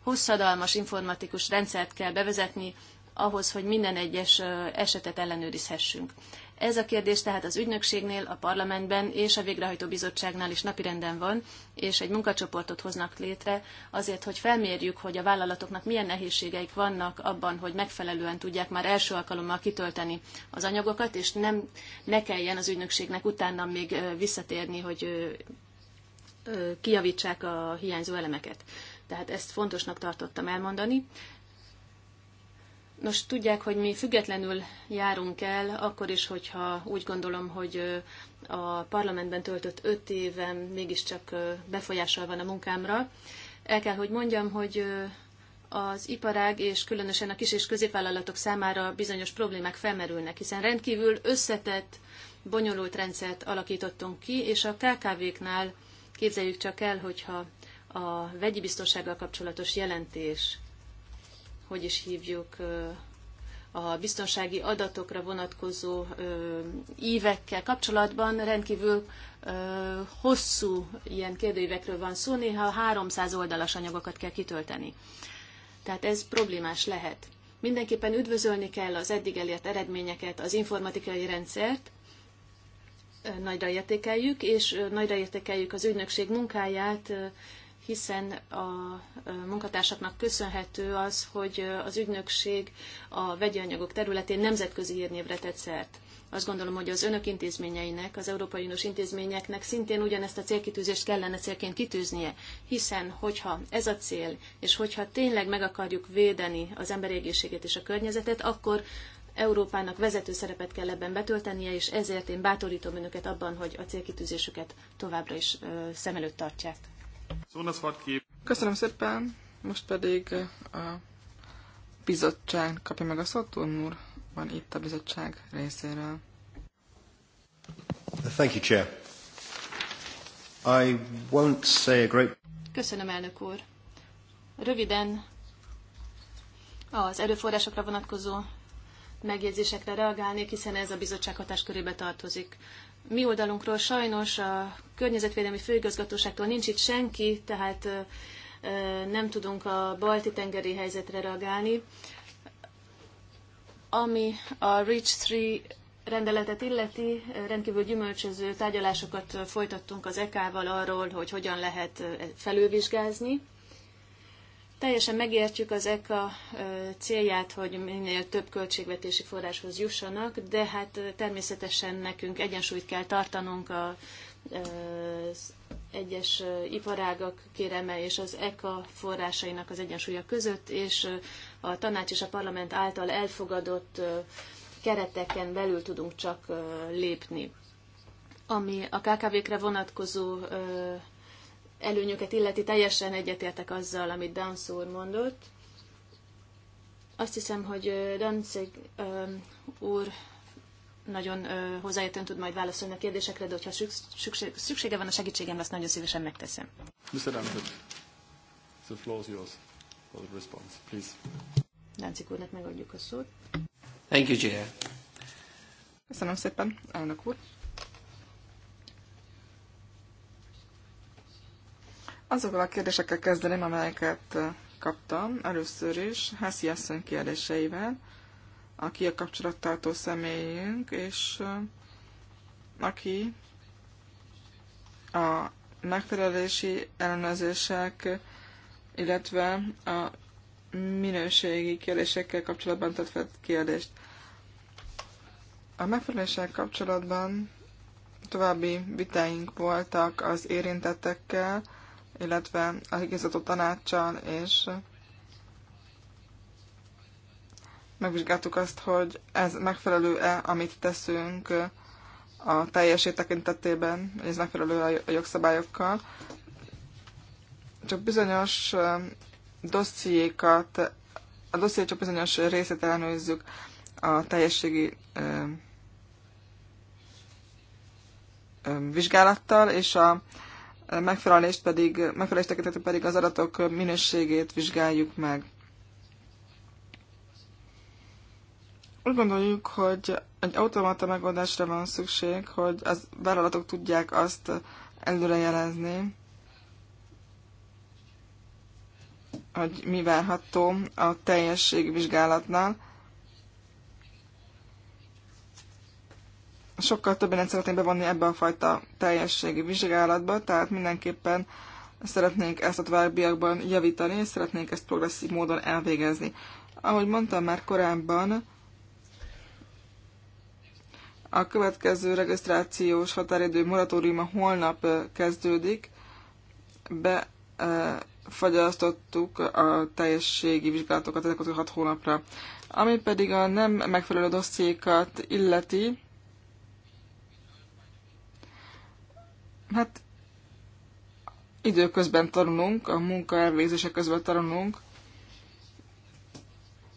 hosszadalmas informatikus rendszert kell bevezetni ahhoz, hogy minden egyes esetet ellenőrizhessünk. Ez a kérdés tehát az ügynökségnél, a parlamentben és a végrehajtó bizottságnál is napirenden van, és egy munkacsoportot hoznak létre azért, hogy felmérjük, hogy a vállalatoknak milyen nehézségeik vannak abban, hogy megfelelően tudják már első alkalommal kitölteni az anyagokat, és nem ne kelljen az ügynökségnek utána még visszatérni, hogy kijavítsák a hiányzó elemeket. Tehát ezt fontosnak tartottam elmondani. Nos, tudják, hogy mi függetlenül járunk el, akkor is, hogyha úgy gondolom, hogy a parlamentben töltött öt évem mégiscsak befolyással van a munkámra. El kell, hogy mondjam, hogy az iparág és különösen a kis és középvállalatok számára bizonyos problémák felmerülnek, hiszen rendkívül összetett, bonyolult rendszert alakítottunk ki, és a KKV-knál képzeljük csak el, hogyha a vegyi biztonsággal kapcsolatos jelentés hogy is hívjuk, a biztonsági adatokra vonatkozó ívekkel kapcsolatban rendkívül hosszú ilyen kérdőívekről van szó, néha 300 oldalas anyagokat kell kitölteni. Tehát ez problémás lehet. Mindenképpen üdvözölni kell az eddig elért eredményeket, az informatikai rendszert, nagyra értékeljük, és nagyra értékeljük az ügynökség munkáját, hiszen a munkatársaknak köszönhető az, hogy az ügynökség a vegyi anyagok területén nemzetközi hírnévre tett szert. Azt gondolom, hogy az önök intézményeinek, az Európai Uniós intézményeknek szintén ugyanezt a célkitűzést kellene célként kitűznie, hiszen hogyha ez a cél, és hogyha tényleg meg akarjuk védeni az emberi egészségét és a környezetet, akkor Európának vezető szerepet kell ebben betöltenie, és ezért én bátorítom önöket abban, hogy a célkitűzésüket továbbra is szem előtt tartják. Köszönöm szépen, most pedig a bizottság kapja meg a szót, úr van itt a bizottság részéről. Thank you, Chair. I won't say a great... Köszönöm, elnök úr. Röviden az erőforrásokra vonatkozó megjegyzésekre reagálnék, hiszen ez a bizottság hatáskörébe tartozik mi oldalunkról sajnos a környezetvédelmi főigazgatóságtól nincs itt senki, tehát nem tudunk a balti tengeri helyzetre reagálni. Ami a REACH 3 rendeletet illeti, rendkívül gyümölcsöző tárgyalásokat folytattunk az EK-val arról, hogy hogyan lehet felülvizsgázni Teljesen megértjük az ECA célját, hogy minél több költségvetési forráshoz jussanak, de hát természetesen nekünk egyensúlyt kell tartanunk a az egyes iparágak kéreme és az ECA forrásainak az egyensúlya között, és a tanács és a parlament által elfogadott kereteken belül tudunk csak lépni. Ami a KKV-kre vonatkozó előnyöket illeti, teljesen egyetértek azzal, amit Dansz úr mondott. Azt hiszem, hogy Danzig úr nagyon hozzáértően tud majd válaszolni a kérdésekre, de hogyha szükség, szüksége van a segítségem, azt nagyon szívesen megteszem. Mr. the floor is yours for the response, please. Danzig úrnak megadjuk a szót. Thank you, Chair. Köszönöm szépen, elnök úr. Azokkal a kérdésekkel kezdeném, amelyeket kaptam először is Hászi asszony kérdéseivel, aki a kapcsolattartó személyünk, és aki a megfelelési ellenőrzések, illetve a minőségi kérdésekkel kapcsolatban tett fel kérdést. A megfeleléssel kapcsolatban további vitáink voltak az érintettekkel, illetve a higgyezató tanácssal, és megvizsgáltuk azt, hogy ez megfelelő-e, amit teszünk a teljesé tekintetében, hogy ez megfelelő a jogszabályokkal. Csak bizonyos um, dossziékat, a dosszié csak bizonyos részét ellenőrizzük a teljességi um, um, vizsgálattal, és a megfelelést pedig, megfelelést tekintetében pedig az adatok minőségét vizsgáljuk meg. Úgy gondoljuk, hogy egy automata megoldásra van szükség, hogy az vállalatok tudják azt előrejelezni, hogy mi várható a teljességvizsgálatnál, sokkal többen szeretnénk bevonni ebbe a fajta teljességi vizsgálatba, tehát mindenképpen szeretnénk ezt a továbbiakban javítani, és szeretnénk ezt progresszív módon elvégezni. Ahogy mondtam már korábban, a következő regisztrációs határidő moratóriuma holnap kezdődik, befagyasztottuk a teljességi vizsgálatokat ezek a hat hónapra. Ami pedig a nem megfelelő dossziékat illeti, hát időközben tanulunk, a munka elvégzése közben tanulunk.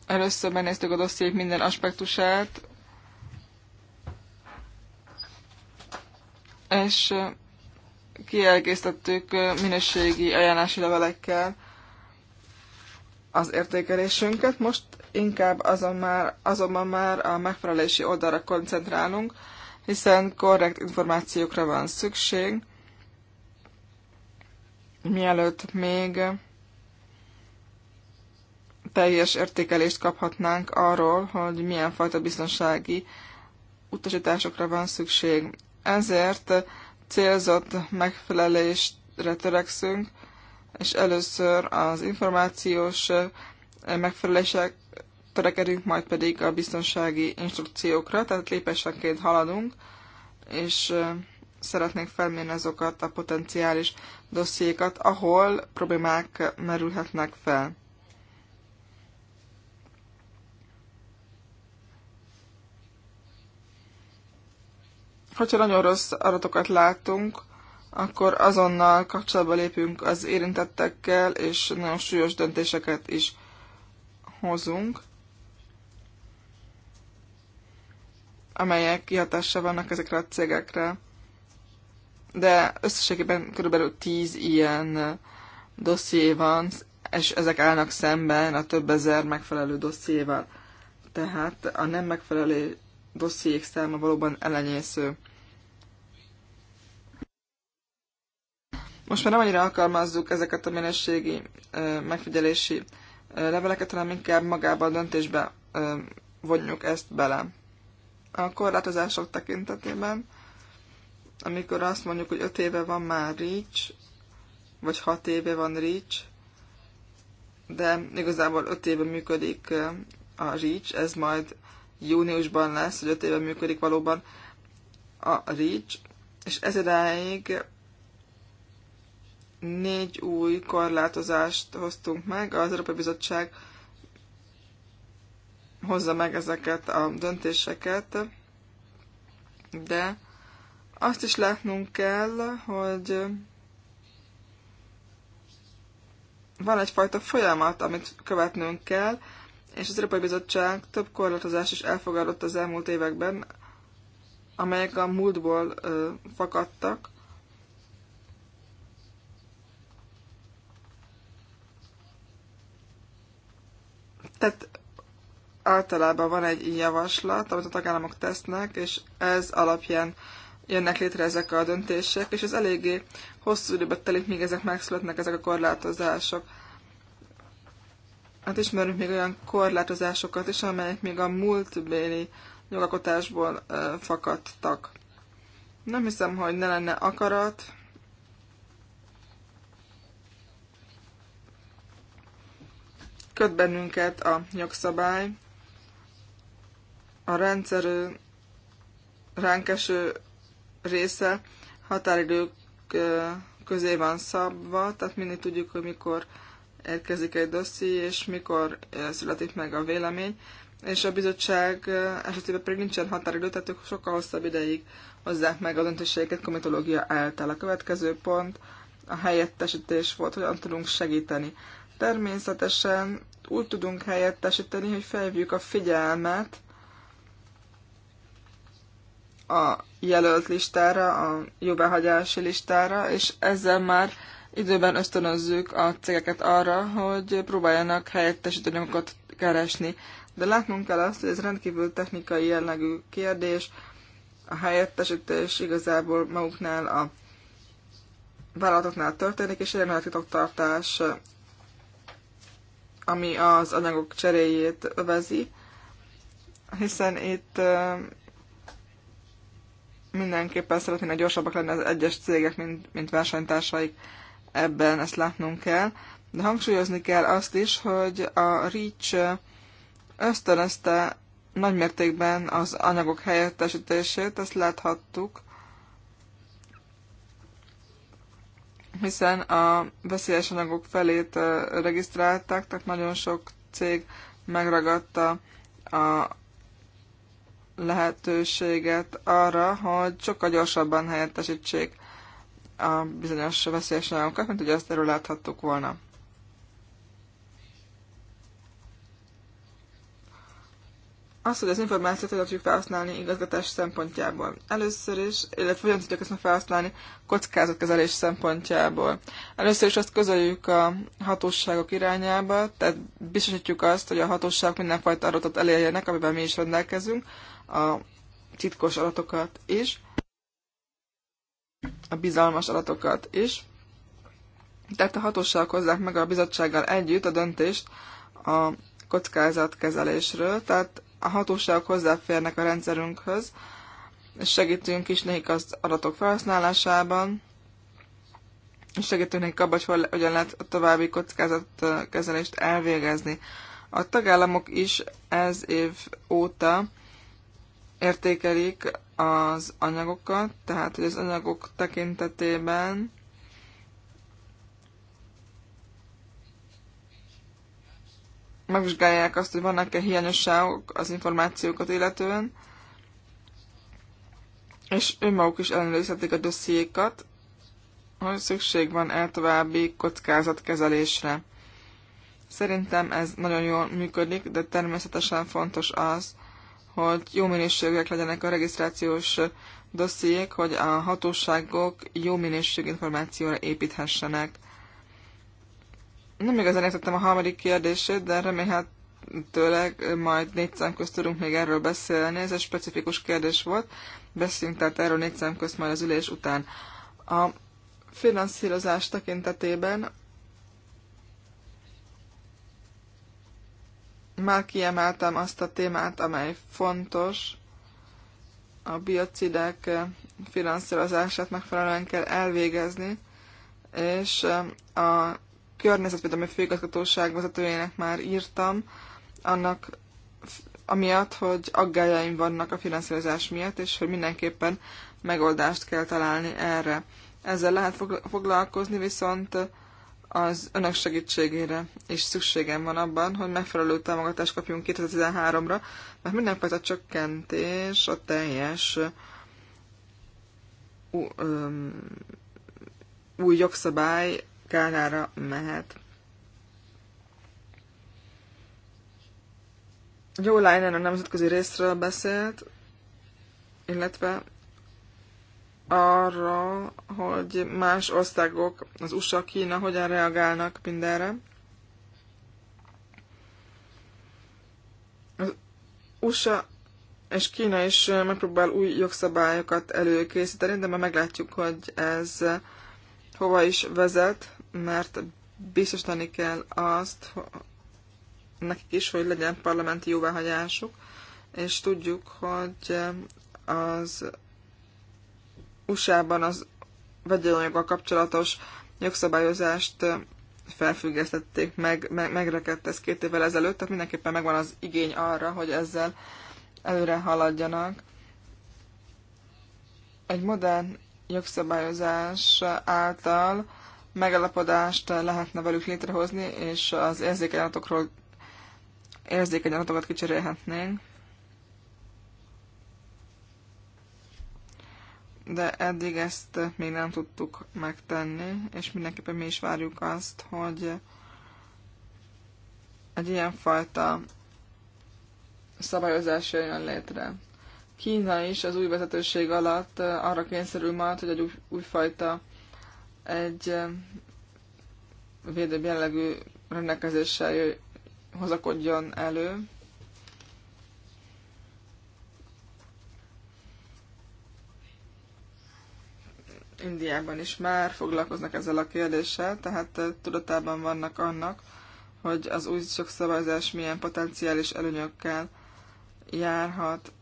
Először benéztük a dossziék minden aspektusát, és kielkésztettük minőségi ajánlási levelekkel az értékelésünket. Most inkább azon már, azonban már a megfelelési oldalra koncentrálunk, hiszen korrekt információkra van szükség, mielőtt még teljes értékelést kaphatnánk arról, hogy milyen fajta biztonsági utasításokra van szükség. Ezért célzott megfelelésre törekszünk, és először az információs megfelelések törekedünk majd pedig a biztonsági instrukciókra, tehát lépésenként haladunk, és szeretnénk felmérni azokat a potenciális dossziékat, ahol problémák merülhetnek fel. Hogyha nagyon rossz adatokat látunk, akkor azonnal kapcsolatba lépünk az érintettekkel, és nagyon súlyos döntéseket is hozunk. amelyek kihatással vannak ezekre a cégekre. De összességében körülbelül 10 ilyen dosszié van, és ezek állnak szemben a több ezer megfelelő dossziéval. Tehát a nem megfelelő dossziék száma valóban elenyésző. Most már nem annyira alkalmazzuk ezeket a minőségi megfigyelési leveleket, hanem inkább magába a döntésbe vonjuk ezt bele a korlátozások tekintetében, amikor azt mondjuk, hogy 5 éve van már REACH, vagy 6 éve van REACH, de igazából 5 éve működik eh, a REACH, ez majd júniusban lesz, hogy 5 éve működik valóban a REACH, és ez idáig négy új korlátozást hoztunk meg. Az Európai Bizottság hozza meg ezeket a döntéseket, de azt is látnunk kell, hogy van egyfajta folyamat, amit követnünk kell, és az Európai Bizottság több korlátozás is elfogadott az elmúlt években, amelyek a múltból ö, fakadtak. Tehát általában van egy javaslat, amit a tagállamok tesznek, és ez alapján jönnek létre ezek a döntések, és ez eléggé hosszú időbe telik, míg ezek megszületnek, ezek a korlátozások. Hát ismerünk még olyan korlátozásokat is, amelyek még a múltbéli jogalkotásból ö, fakadtak. Nem hiszem, hogy ne lenne akarat. Köt bennünket a jogszabály a rendszer ránk eső része határidők közé van szabva, tehát mindig tudjuk, hogy mikor érkezik egy dosszi, és mikor születik meg a vélemény, és a bizottság esetében pedig nincsen határidő, tehát ők sokkal hosszabb ideig hozzák meg a döntéseiket komitológia által. A következő pont a helyettesítés volt, hogyan tudunk segíteni. Természetesen úgy tudunk helyettesíteni, hogy felhívjuk a figyelmet a jelölt listára, a jóváhagyási listára, és ezzel már időben ösztönözzük a cégeket arra, hogy próbáljanak helyettesítő anyagokat keresni. De látnunk kell azt, hogy ez rendkívül technikai jellegű kérdés, a helyettesítés igazából maguknál a vállalatoknál történik, és a titoktartás, ami az anyagok cseréjét övezi, hiszen itt mindenképpen szeretnének gyorsabbak lenni az egyes cégek, mint, mint versenytársaik. Ebben ezt látnunk kell. De hangsúlyozni kell azt is, hogy a REACH ösztönözte nagymértékben az anyagok helyettesítését, ezt láthattuk, hiszen a veszélyes anyagok felét regisztrálták, tehát nagyon sok cég megragadta a lehetőséget arra, hogy sokkal gyorsabban helyettesítsék a bizonyos veszélyes anyagokat, mint hogy azt láthattuk volna. Azt, hogy az információt tudjuk felhasználni igazgatás szempontjából. Először is, illetve hogyan tudjuk ezt felhasználni kockázatkezelés szempontjából. Először is azt közöljük a hatóságok irányába, tehát biztosítjuk azt, hogy a hatóságok mindenfajta adatot elérjenek, amiben mi is rendelkezünk, a titkos adatokat is, a bizalmas adatokat is. Tehát a hatóság hozzák meg a bizottsággal együtt a döntést a kockázatkezelésről, tehát a hatóságok hozzáférnek a rendszerünkhöz, és segítünk is nekik az adatok felhasználásában, és segítünk nekik abban, hogy hogyan lehet a további kockázatkezelést elvégezni. A tagállamok is ez év óta értékelik az anyagokat, tehát hogy az anyagok tekintetében megvizsgálják azt, hogy vannak-e hiányosságok az információkat illetően, és önmaguk is ellenőrizhetik a dossziékat, hogy szükség van el további kockázatkezelésre. Szerintem ez nagyon jól működik, de természetesen fontos az, hogy jó minőségűek legyenek a regisztrációs dossziék, hogy a hatóságok jó minőségű információra építhessenek. Nem igazán értettem a harmadik kérdését, de remélhetőleg majd négy szám közt tudunk még erről beszélni. Ez egy specifikus kérdés volt. Beszéljünk tehát erről négy szám közt majd az ülés után. A finanszírozás tekintetében Már kiemeltem azt a témát, amely fontos. A biocidek finanszírozását megfelelően kell elvégezni, és a környezetvédelmi főigazgatóság vezetőjének már írtam, annak amiatt, hogy aggájaim vannak a finanszírozás miatt, és hogy mindenképpen megoldást kell találni erre. Ezzel lehet foglalkozni, viszont az önök segítségére is szükségem van abban, hogy megfelelő támogatást kapjunk 2013-ra, mert mindenfajta csökkentés a teljes új jogszabály kárára mehet. Jó Leinen a nemzetközi részről beszélt, illetve arra, hogy más országok, az USA, Kína hogyan reagálnak mindenre. Az USA és Kína is megpróbál új jogszabályokat előkészíteni, de már meglátjuk, hogy ez hova is vezet, mert biztosítani kell azt nekik is, hogy legyen parlamenti jóváhagyásuk, és tudjuk, hogy az USA-ban az vegyőanyaggal kapcsolatos jogszabályozást felfüggesztették, meg, meg, megrekedt ez két évvel ezelőtt, tehát mindenképpen megvan az igény arra, hogy ezzel előre haladjanak. Egy modern jogszabályozás által megalapodást lehetne velük létrehozni, és az érzékenyatokról érzékenyatokat érzékeny kicserélhetnénk. de eddig ezt még nem tudtuk megtenni, és mindenképpen mi is várjuk azt, hogy egy fajta szabályozás jön létre. Kína is az új vezetőség alatt arra kényszerül majd, hogy egy új, újfajta egy védőbb jellegű rendelkezéssel hozakodjon elő, Indiában is már foglalkoznak ezzel a kérdéssel, tehát eh, tudatában vannak annak, hogy az új jogszabályozás milyen potenciális előnyökkel járhat.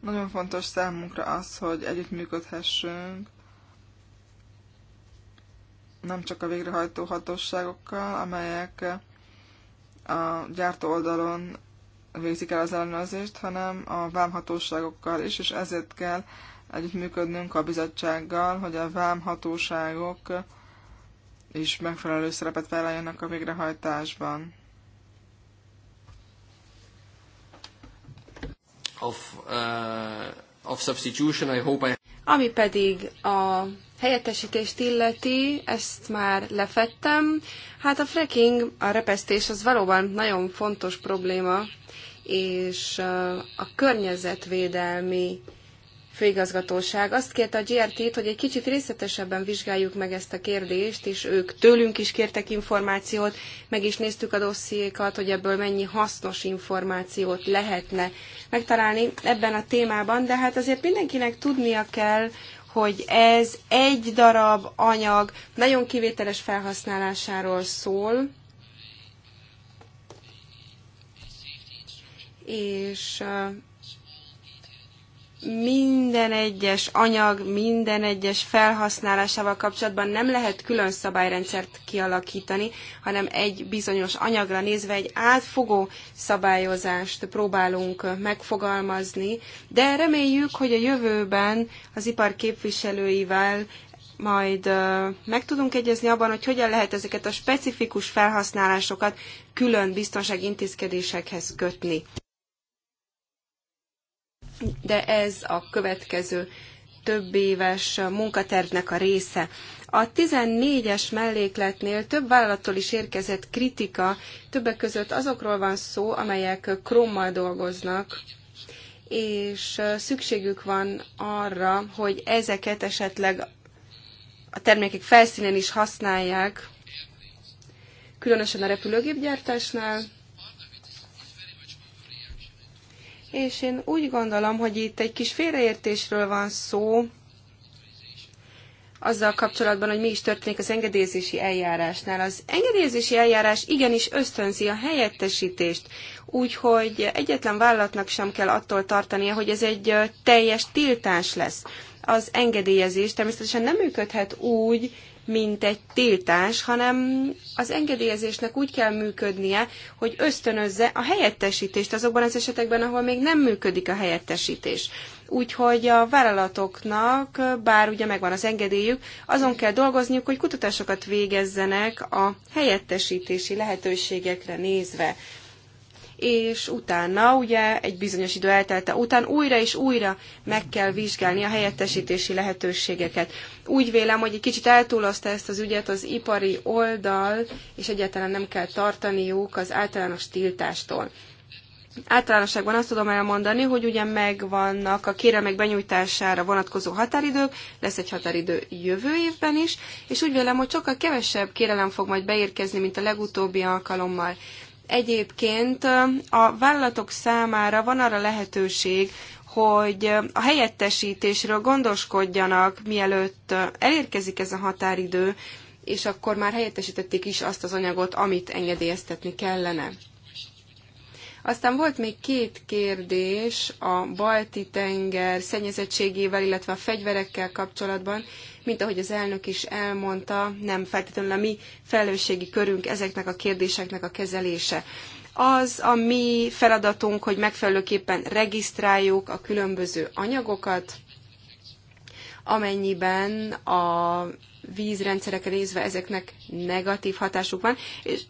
Nagyon fontos számunkra az, hogy együttműködhessünk nem csak a végrehajtó hatóságokkal, amelyek eh, a gyártó oldalon végzik el az ellenőrzést, hanem a vámhatóságokkal is, és ezért kell együttműködnünk a bizottsággal, hogy a vámhatóságok is megfelelő szerepet vállaljanak a végrehajtásban. Of, uh, of substitution, I hope I... Ami pedig a helyettesítést illeti, ezt már lefettem. Hát a fracking, a repesztés az valóban nagyon fontos probléma és a környezetvédelmi főigazgatóság azt kérte a GRT-t, hogy egy kicsit részletesebben vizsgáljuk meg ezt a kérdést, és ők tőlünk is kértek információt, meg is néztük a dossziékat, hogy ebből mennyi hasznos információt lehetne megtalálni ebben a témában, de hát azért mindenkinek tudnia kell, hogy ez egy darab anyag nagyon kivételes felhasználásáról szól, és minden egyes anyag, minden egyes felhasználásával kapcsolatban nem lehet külön szabályrendszert kialakítani, hanem egy bizonyos anyagra nézve egy átfogó szabályozást próbálunk megfogalmazni, de reméljük, hogy a jövőben az ipar képviselőivel majd meg tudunk egyezni abban, hogy hogyan lehet ezeket a specifikus felhasználásokat külön biztonsági intézkedésekhez kötni de ez a következő több éves munkatervnek a része. A 14-es mellékletnél több vállalattól is érkezett kritika, többek között azokról van szó, amelyek krommal dolgoznak, és szükségük van arra, hogy ezeket esetleg a termékek felszínen is használják, különösen a repülőgépgyártásnál, és én úgy gondolom, hogy itt egy kis félreértésről van szó, azzal kapcsolatban, hogy mi is történik az engedélyezési eljárásnál. Az engedélyezési eljárás igenis ösztönzi a helyettesítést, úgyhogy egyetlen vállalatnak sem kell attól tartania, hogy ez egy teljes tiltás lesz. Az engedélyezés természetesen nem működhet úgy, mint egy tiltás, hanem az engedélyezésnek úgy kell működnie, hogy ösztönözze a helyettesítést azokban az esetekben, ahol még nem működik a helyettesítés. Úgyhogy a vállalatoknak, bár ugye megvan az engedélyük, azon kell dolgozniuk, hogy kutatásokat végezzenek a helyettesítési lehetőségekre nézve és utána, ugye egy bizonyos idő eltelte után újra és újra meg kell vizsgálni a helyettesítési lehetőségeket. Úgy vélem, hogy egy kicsit eltúlozta ezt az ügyet az ipari oldal, és egyáltalán nem kell tartaniuk az általános tiltástól. Általánosságban azt tudom elmondani, hogy ugye megvannak a kérelmek benyújtására vonatkozó határidők, lesz egy határidő jövő évben is, és úgy vélem, hogy sokkal kevesebb kérelem fog majd beérkezni, mint a legutóbbi alkalommal. Egyébként a vállalatok számára van arra lehetőség, hogy a helyettesítésről gondoskodjanak, mielőtt elérkezik ez a határidő, és akkor már helyettesítették is azt az anyagot, amit engedélyeztetni kellene. Aztán volt még két kérdés a balti tenger szennyezettségével, illetve a fegyverekkel kapcsolatban. Mint ahogy az elnök is elmondta, nem feltétlenül a mi felelősségi körünk ezeknek a kérdéseknek a kezelése. Az a mi feladatunk, hogy megfelelőképpen regisztráljuk a különböző anyagokat, amennyiben a vízrendszerekre nézve ezeknek negatív hatásuk van, és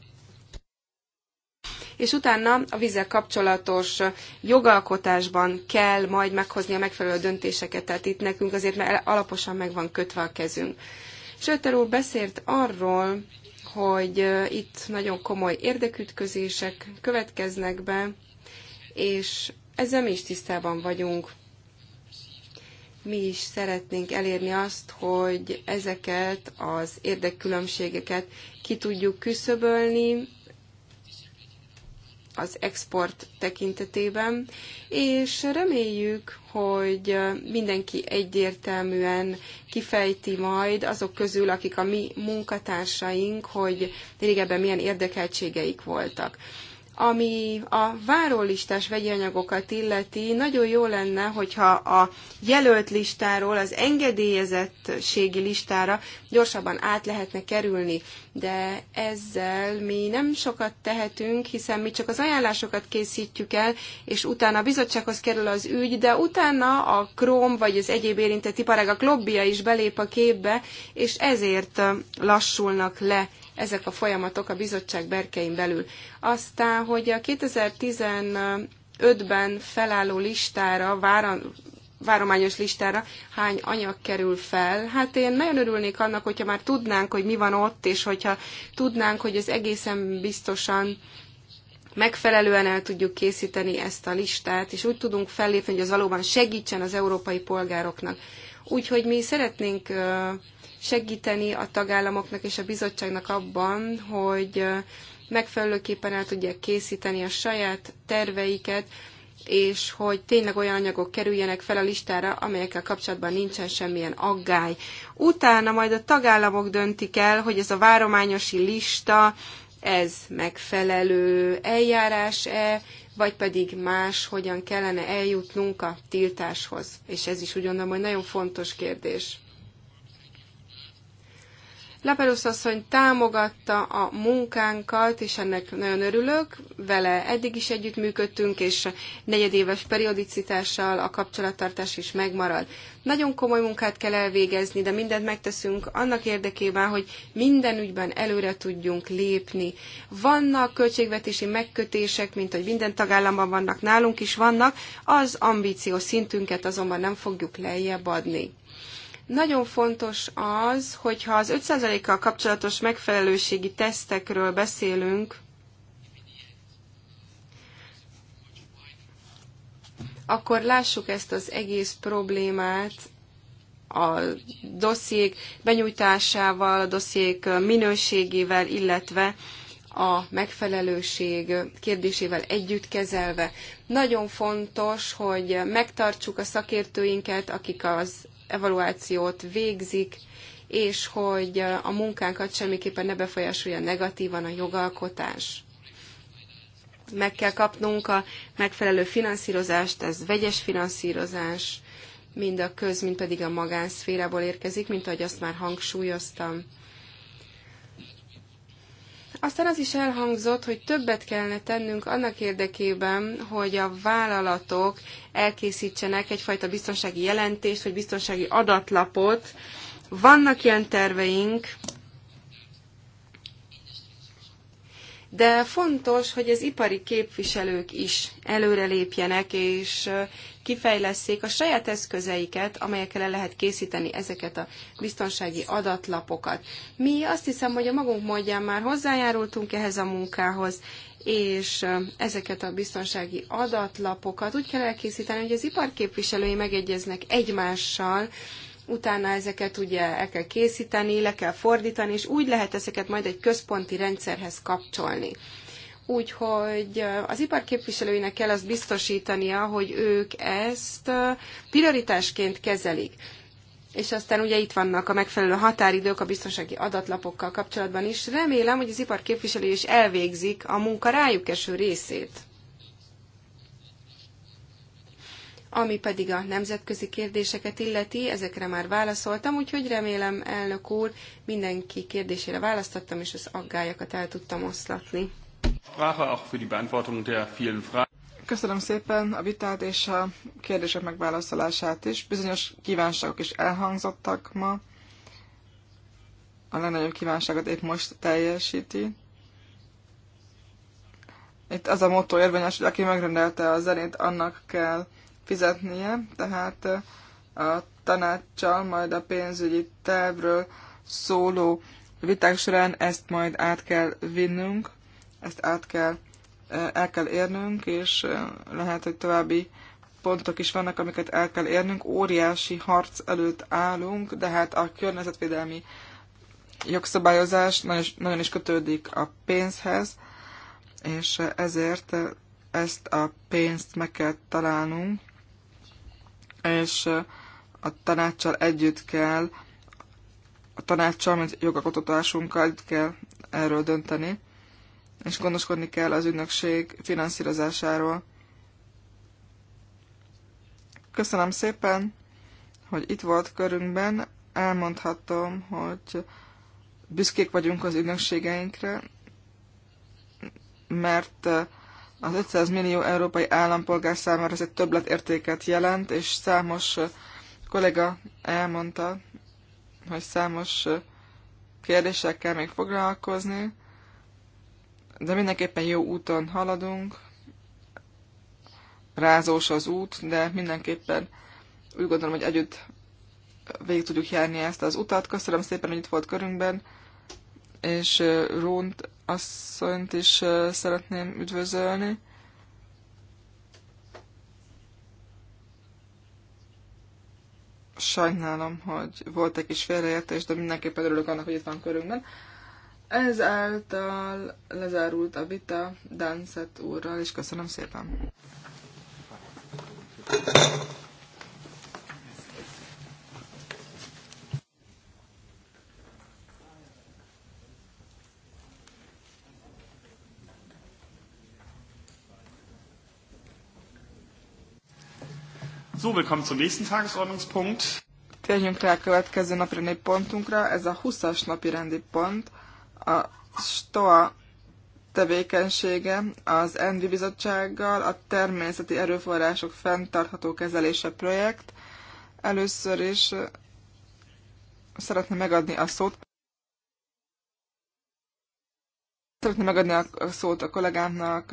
és utána a vízzel kapcsolatos jogalkotásban kell majd meghozni a megfelelő döntéseket, tehát itt nekünk azért mert alaposan meg van kötve a kezünk. Söter úr beszélt arról, hogy itt nagyon komoly érdekütközések következnek be, és ezzel mi is tisztában vagyunk. Mi is szeretnénk elérni azt, hogy ezeket az érdekkülönbségeket ki tudjuk küszöbölni, az export tekintetében, és reméljük, hogy mindenki egyértelműen kifejti majd azok közül, akik a mi munkatársaink, hogy régebben milyen érdekeltségeik voltak. Ami a várólistás vegyi anyagokat illeti, nagyon jó lenne, hogyha a jelölt listáról az engedélyezettségi listára gyorsabban át lehetne kerülni. De ezzel mi nem sokat tehetünk, hiszen mi csak az ajánlásokat készítjük el, és utána a bizottsághoz kerül az ügy, de utána a króm vagy az egyéb érintett iparágak lobbia is belép a képbe, és ezért lassulnak le ezek a folyamatok a bizottság berkein belül. Aztán, hogy a 2015-ben felálló listára, vára, várományos listára hány anyag kerül fel. Hát én nagyon örülnék annak, hogyha már tudnánk, hogy mi van ott, és hogyha tudnánk, hogy ez egészen biztosan megfelelően el tudjuk készíteni ezt a listát, és úgy tudunk fellépni, hogy az valóban segítsen az európai polgároknak. Úgyhogy mi szeretnénk segíteni a tagállamoknak és a bizottságnak abban, hogy megfelelőképpen el tudják készíteni a saját terveiket, és hogy tényleg olyan anyagok kerüljenek fel a listára, amelyekkel kapcsolatban nincsen semmilyen aggály. Utána majd a tagállamok döntik el, hogy ez a várományosi lista, ez megfelelő eljárás-e, vagy pedig más, hogyan kellene eljutnunk a tiltáshoz. És ez is úgy gondolom, hogy nagyon fontos kérdés. Laperus asszony támogatta a munkánkat, és ennek nagyon örülök. Vele eddig is együttműködtünk, és negyedéves periodicitással a kapcsolattartás is megmarad. Nagyon komoly munkát kell elvégezni, de mindent megteszünk annak érdekében, hogy minden ügyben előre tudjunk lépni. Vannak költségvetési megkötések, mint hogy minden tagállamban vannak, nálunk is vannak, az ambíció szintünket azonban nem fogjuk lejjebb adni. Nagyon fontos az, hogyha az 5%-kal kapcsolatos megfelelőségi tesztekről beszélünk, akkor lássuk ezt az egész problémát a dossziék benyújtásával, a dossziék minőségével, illetve a megfelelőség kérdésével együtt kezelve. Nagyon fontos, hogy megtartsuk a szakértőinket, akik az evaluációt végzik, és hogy a munkánkat semmiképpen ne befolyásolja negatívan a jogalkotás. Meg kell kapnunk a megfelelő finanszírozást, ez vegyes finanszírozás, mind a köz, mind pedig a magánszférából érkezik, mint ahogy azt már hangsúlyoztam. Aztán az is elhangzott, hogy többet kellene tennünk annak érdekében, hogy a vállalatok elkészítsenek egyfajta biztonsági jelentést, vagy biztonsági adatlapot. Vannak ilyen terveink, de fontos, hogy az ipari képviselők is előrelépjenek, és kifejleszék a saját eszközeiket, amelyekkel lehet készíteni ezeket a biztonsági adatlapokat. Mi azt hiszem, hogy a magunk módján már hozzájárultunk ehhez a munkához, és ezeket a biztonsági adatlapokat úgy kell elkészíteni, hogy az iparképviselői megegyeznek egymással, utána ezeket ugye el kell készíteni, le kell fordítani, és úgy lehet ezeket majd egy központi rendszerhez kapcsolni. Úgyhogy az ipar képviselőinek kell azt biztosítania, hogy ők ezt prioritásként kezelik. És aztán ugye itt vannak a megfelelő határidők a biztonsági adatlapokkal kapcsolatban is. Remélem, hogy az ipar is elvégzik a munka rájuk eső részét. Ami pedig a nemzetközi kérdéseket illeti, ezekre már válaszoltam, úgyhogy remélem, elnök úr, mindenki kérdésére választottam, és az aggályokat el tudtam oszlatni. Köszönöm szépen a vitát és a kérdések megválaszolását is. Bizonyos kívánságok is elhangzottak ma. A legnagyobb kívánságot épp most teljesíti. Itt az a motto érvényes, hogy aki megrendelte a zenét, annak kell fizetnie, tehát eh, a tanácssal, majd a pénzügyi tervről szóló viták során ezt majd át kell vinnünk ezt át kell, el kell érnünk, és lehet, hogy további pontok is vannak, amiket el kell érnünk. Óriási harc előtt állunk, de hát a környezetvédelmi jogszabályozás nagyon is kötődik a pénzhez, és ezért ezt a pénzt meg kell találnunk, és a tanácssal együtt kell, a tanácssal, mint jogalkotótársunkkal együtt kell erről dönteni és gondoskodni kell az ügynökség finanszírozásáról. Köszönöm szépen, hogy itt volt körünkben. Elmondhatom, hogy büszkék vagyunk az ügynökségeinkre, mert az 500 millió európai állampolgár számára ez egy többletértéket jelent, és számos kollega elmondta, hogy számos kérdésekkel még foglalkozni, de mindenképpen jó úton haladunk, rázós az út, de mindenképpen úgy gondolom, hogy együtt végig tudjuk járni ezt az utat. Köszönöm szépen, hogy itt volt körünkben, és Rund asszonyt is szeretném üdvözölni. Sajnálom, hogy volt egy kis félreértés, de mindenképpen örülök annak, hogy itt van körünkben. Ezáltal lezárult a vita Dancet úrral, és köszönöm szépen. So, willkommen zum nächsten Tagesordnungspunkt. Térjünk rá a következő napi pontunkra, ez a 20-as napi rendi pont, a STOA tevékenysége az ENDI bizottsággal a természeti erőforrások fenntartható kezelése projekt. Először is szeretném megadni a szót. Szeretném megadni a szót a kollégámnak,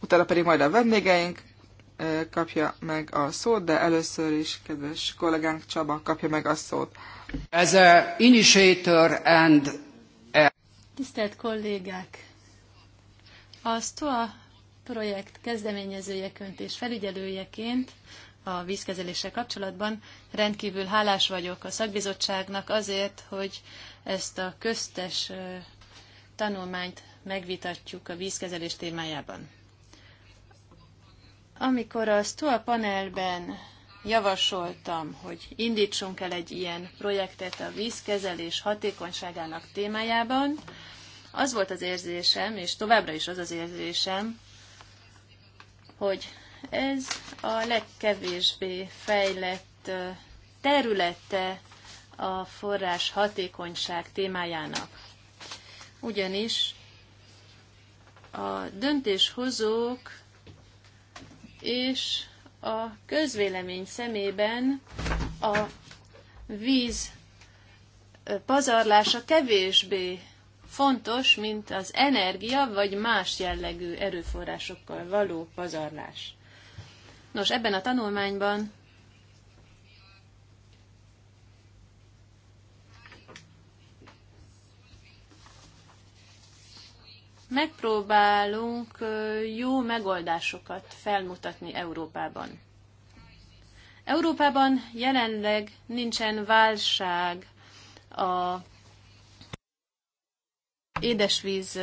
utána pedig majd a vendégeink kapja meg a szót, de először is kedves kollégánk Csaba kapja meg a szót. As a initiator and a... Tisztelt kollégák! A STOA projekt kezdeményezőjeként és felügyelőjeként a vízkezeléssel kapcsolatban rendkívül hálás vagyok a szakbizottságnak azért, hogy ezt a köztes tanulmányt megvitatjuk a vízkezelés témájában. Amikor a STOA panelben javasoltam, hogy indítsunk el egy ilyen projektet a vízkezelés hatékonyságának témájában. Az volt az érzésem, és továbbra is az az érzésem, hogy ez a legkevésbé fejlett területe a forrás hatékonyság témájának. Ugyanis a döntéshozók és a közvélemény szemében a víz pazarlása kevésbé fontos, mint az energia vagy más jellegű erőforrásokkal való pazarlás. Nos, ebben a tanulmányban megpróbálunk jó megoldásokat felmutatni Európában. Európában jelenleg nincsen válság a édesvíz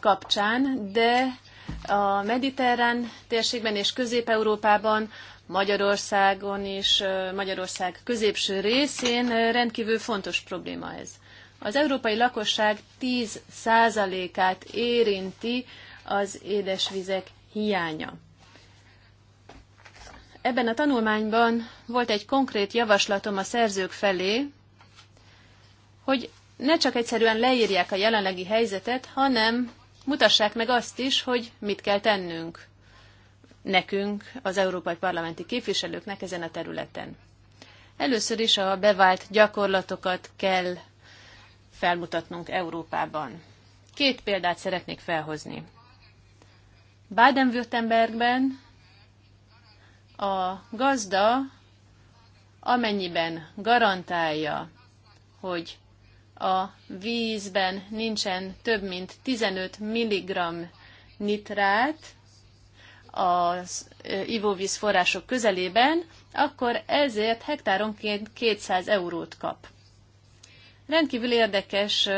kapcsán, de a mediterrán térségben és Közép-Európában, Magyarországon és Magyarország középső részén rendkívül fontos probléma ez. Az európai lakosság 10%-át érinti az édesvizek hiánya. Ebben a tanulmányban volt egy konkrét javaslatom a szerzők felé, hogy ne csak egyszerűen leírják a jelenlegi helyzetet, hanem mutassák meg azt is, hogy mit kell tennünk nekünk, az európai parlamenti képviselőknek ezen a területen. Először is a bevált gyakorlatokat kell felmutatnunk Európában. Két példát szeretnék felhozni. Baden-Württembergben a gazda amennyiben garantálja, hogy a vízben nincsen több mint 15 mg nitrát az ivóvíz források közelében, akkor ezért hektáronként 200 eurót kap. Rendkívül érdekes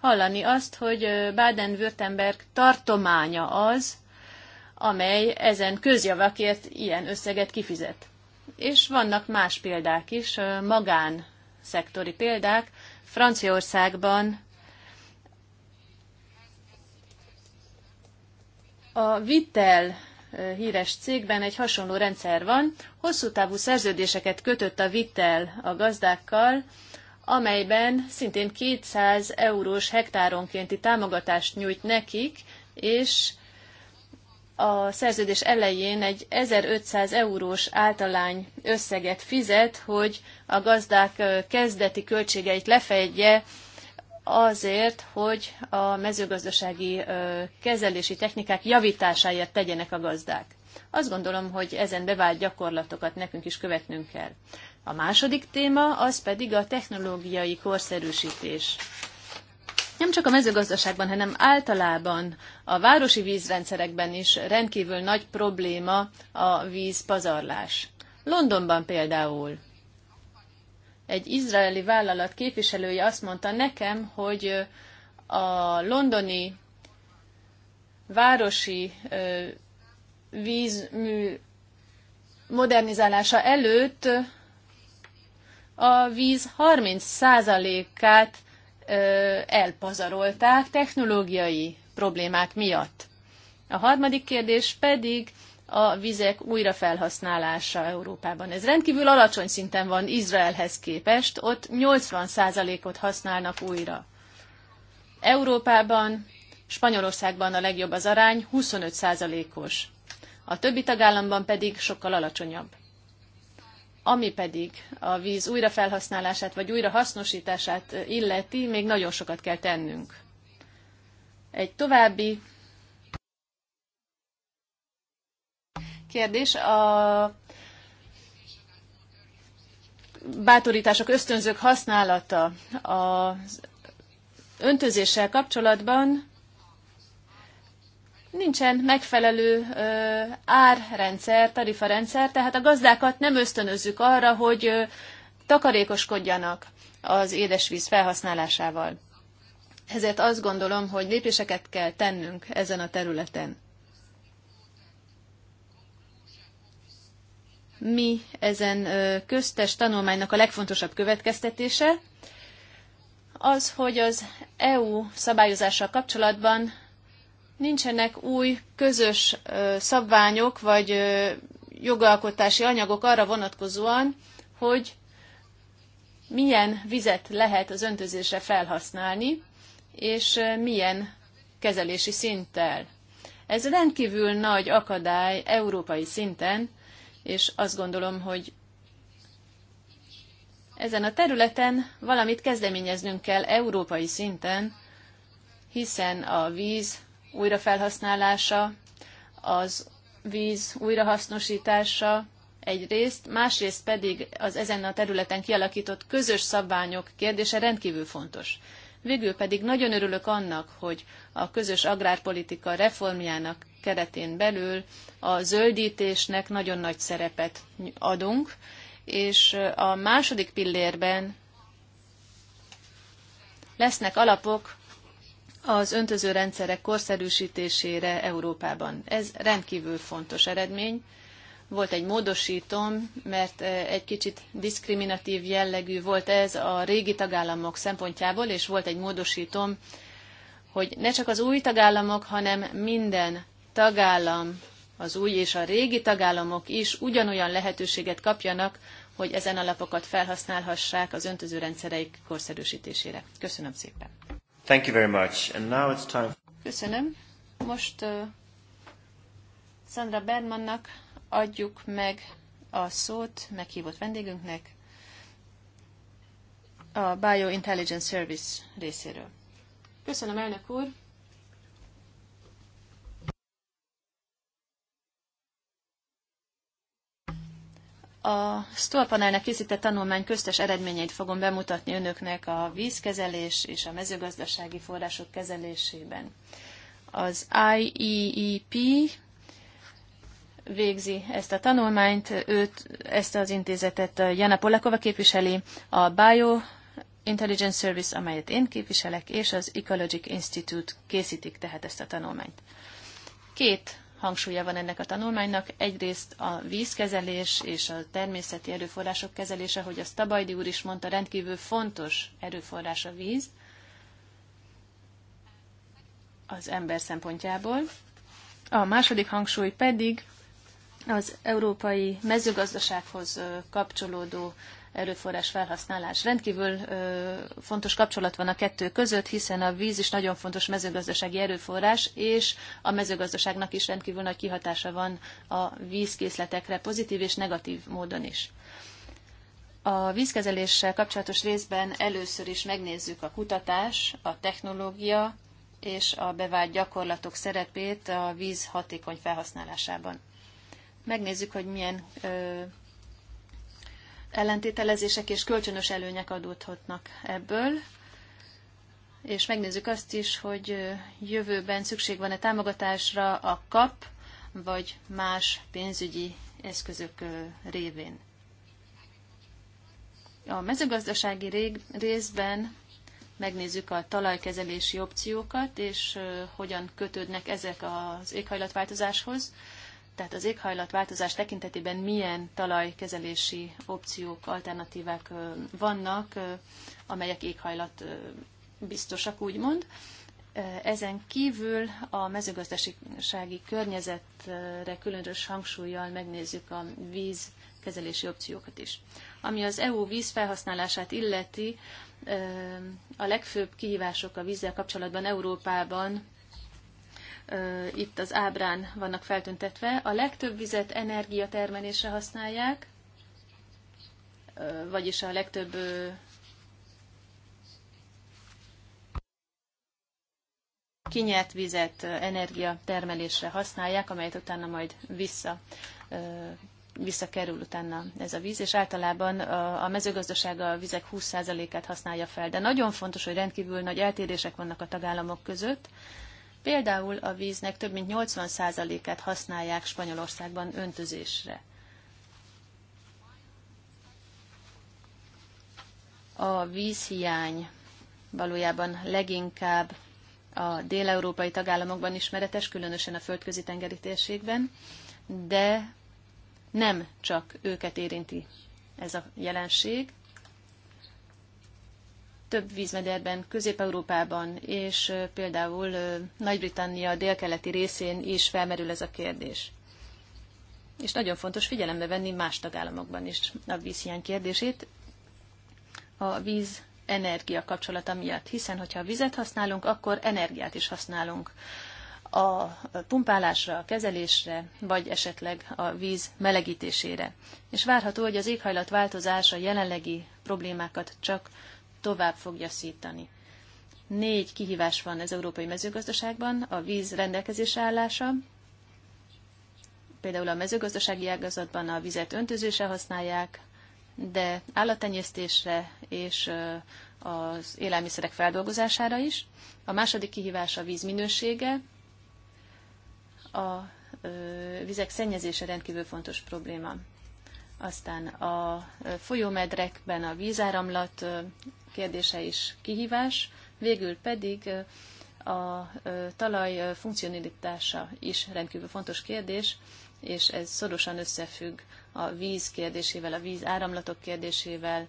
hallani azt, hogy Baden-Württemberg tartománya az, amely ezen közjavakért ilyen összeget kifizet. És vannak más példák is, magán szektori példák. Franciaországban a Vittel híres cégben egy hasonló rendszer van. Hosszú távú szerződéseket kötött a Vittel a gazdákkal, amelyben szintén 200 eurós hektáronkénti támogatást nyújt nekik, és a szerződés elején egy 1500 eurós általány összeget fizet, hogy a gazdák kezdeti költségeit lefedje azért, hogy a mezőgazdasági kezelési technikák javításáért tegyenek a gazdák. Azt gondolom, hogy ezen bevált gyakorlatokat nekünk is követnünk kell. A második téma az pedig a technológiai korszerűsítés. Nem csak a mezőgazdaságban, hanem általában a városi vízrendszerekben is rendkívül nagy probléma a vízpazarlás. Londonban például egy izraeli vállalat képviselője azt mondta nekem, hogy a londoni városi vízmű modernizálása előtt a víz 30%-át elpazarolták technológiai problémák miatt. A harmadik kérdés pedig a vizek újrafelhasználása Európában. Ez rendkívül alacsony szinten van Izraelhez képest, ott 80%-ot használnak újra. Európában, Spanyolországban a legjobb az arány, 25%-os a többi tagállamban pedig sokkal alacsonyabb. Ami pedig a víz újrafelhasználását vagy újrahasznosítását illeti, még nagyon sokat kell tennünk. Egy további kérdés. A bátorítások, ösztönzők használata az öntözéssel kapcsolatban nincsen megfelelő ö, árrendszer, tarifarendszer, tehát a gazdákat nem ösztönözzük arra, hogy ö, takarékoskodjanak az édesvíz felhasználásával. Ezért azt gondolom, hogy lépéseket kell tennünk ezen a területen. Mi ezen köztes tanulmánynak a legfontosabb következtetése az, hogy az EU szabályozással kapcsolatban nincsenek új közös szabványok vagy jogalkotási anyagok arra vonatkozóan, hogy milyen vizet lehet az öntözésre felhasználni, és milyen kezelési szinttel. Ez rendkívül nagy akadály európai szinten, és azt gondolom, hogy ezen a területen valamit kezdeményeznünk kell európai szinten, hiszen a víz újrafelhasználása, az víz újrahasznosítása egyrészt, másrészt pedig az ezen a területen kialakított közös szabványok kérdése rendkívül fontos. Végül pedig nagyon örülök annak, hogy a közös agrárpolitika reformjának keretén belül a zöldítésnek nagyon nagy szerepet adunk, és a második pillérben lesznek alapok az öntöző rendszerek korszerűsítésére Európában. Ez rendkívül fontos eredmény. Volt egy módosítom, mert eh, egy kicsit diszkriminatív jellegű volt ez a régi tagállamok szempontjából, és volt egy módosítom, hogy ne csak az új tagállamok, hanem minden tagállam, az új és a régi tagállamok is ugyanolyan lehetőséget kapjanak, hogy ezen alapokat felhasználhassák az öntöző rendszereik korszerűsítésére. Köszönöm szépen! Thank you very much. And now it's time... Köszönöm. Most uh, Sandra Bermannak adjuk meg a szót meghívott vendégünknek a Biointelligence Service részéről. Köszönöm, elnök úr! A Stolpanelnek készített tanulmány köztes eredményeit fogom bemutatni önöknek a vízkezelés és a mezőgazdasági források kezelésében. Az IEEP végzi ezt a tanulmányt, őt, ezt az intézetet Jana Polakova képviseli, a Bio Intelligence Service, amelyet én képviselek, és az Ecologic Institute készítik tehát ezt a tanulmányt. Két hangsúlya van ennek a tanulmánynak. Egyrészt a vízkezelés és a természeti erőforrások kezelése, hogy azt Tabajdi úr is mondta, rendkívül fontos erőforrás a víz az ember szempontjából. A második hangsúly pedig az európai mezőgazdasághoz kapcsolódó erőforrás felhasználás. Rendkívül ö, fontos kapcsolat van a kettő között, hiszen a víz is nagyon fontos mezőgazdasági erőforrás, és a mezőgazdaságnak is rendkívül nagy kihatása van a vízkészletekre pozitív és negatív módon is. A vízkezeléssel kapcsolatos részben először is megnézzük a kutatás, a technológia és a bevált gyakorlatok szerepét a víz hatékony felhasználásában. Megnézzük, hogy milyen ö, ellentételezések és kölcsönös előnyek adódhatnak ebből. És megnézzük azt is, hogy jövőben szükség van-e támogatásra a kap, vagy más pénzügyi eszközök révén. A mezőgazdasági részben megnézzük a talajkezelési opciókat, és hogyan kötődnek ezek az éghajlatváltozáshoz. Tehát az éghajlatváltozás tekintetében milyen talajkezelési opciók, alternatívák vannak, amelyek éghajlat biztosak, úgymond. Ezen kívül a mezőgazdasági környezetre különös hangsúlyjal megnézzük a vízkezelési opciókat is. Ami az EU vízfelhasználását illeti, a legfőbb kihívások a vízzel kapcsolatban Európában itt az ábrán vannak feltüntetve. A legtöbb vizet energiatermelésre használják, vagyis a legtöbb kinyert vizet energiatermelésre használják, amelyet utána majd vissza visszakerül utána ez a víz, és általában a mezőgazdaság a vizek 20%-át használja fel. De nagyon fontos, hogy rendkívül nagy eltérések vannak a tagállamok között, Például a víznek több mint 80%-át használják Spanyolországban öntözésre. A vízhiány valójában leginkább a déleurópai tagállamokban ismeretes, különösen a földközi tengeri térségben, de nem csak őket érinti ez a jelenség több vízmederben, Közép-Európában és például Nagy-Britannia délkeleti részén is felmerül ez a kérdés. És nagyon fontos figyelembe venni más tagállamokban is a vízhiány kérdését a víz-energia kapcsolata miatt, hiszen hogyha vizet használunk, akkor energiát is használunk a pumpálásra, a kezelésre, vagy esetleg a víz melegítésére. És várható, hogy az éghajlatváltozás a jelenlegi problémákat csak tovább fogja szítani. Négy kihívás van az európai mezőgazdaságban, a víz rendelkezés állása, például a mezőgazdasági ágazatban a vizet öntözésre használják, de állattenyésztésre és az élelmiszerek feldolgozására is. A második kihívás a víz minősége. A vizek szennyezése rendkívül fontos probléma. Aztán a folyómedrekben a vízáramlat kérdése is kihívás, végül pedig a talaj funkcionalitása is rendkívül fontos kérdés, és ez szorosan összefügg a víz kérdésével, a víz áramlatok kérdésével,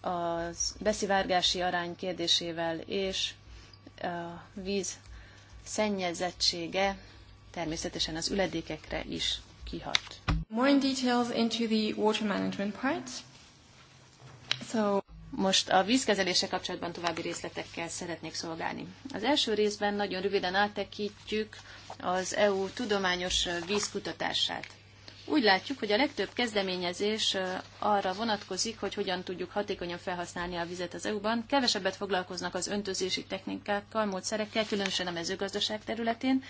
a beszivárgási arány kérdésével, és a víz szennyezettsége természetesen az üledékekre is kihat. More in details into the water management part. So... Most a vízkezelése kapcsolatban további részletekkel szeretnék szolgálni. Az első részben nagyon röviden áttekintjük az EU tudományos vízkutatását. Úgy látjuk, hogy a legtöbb kezdeményezés arra vonatkozik, hogy hogyan tudjuk hatékonyan felhasználni a vizet az EU-ban. Kevesebbet foglalkoznak az öntözési technikákkal, módszerekkel, különösen a mezőgazdaság területén,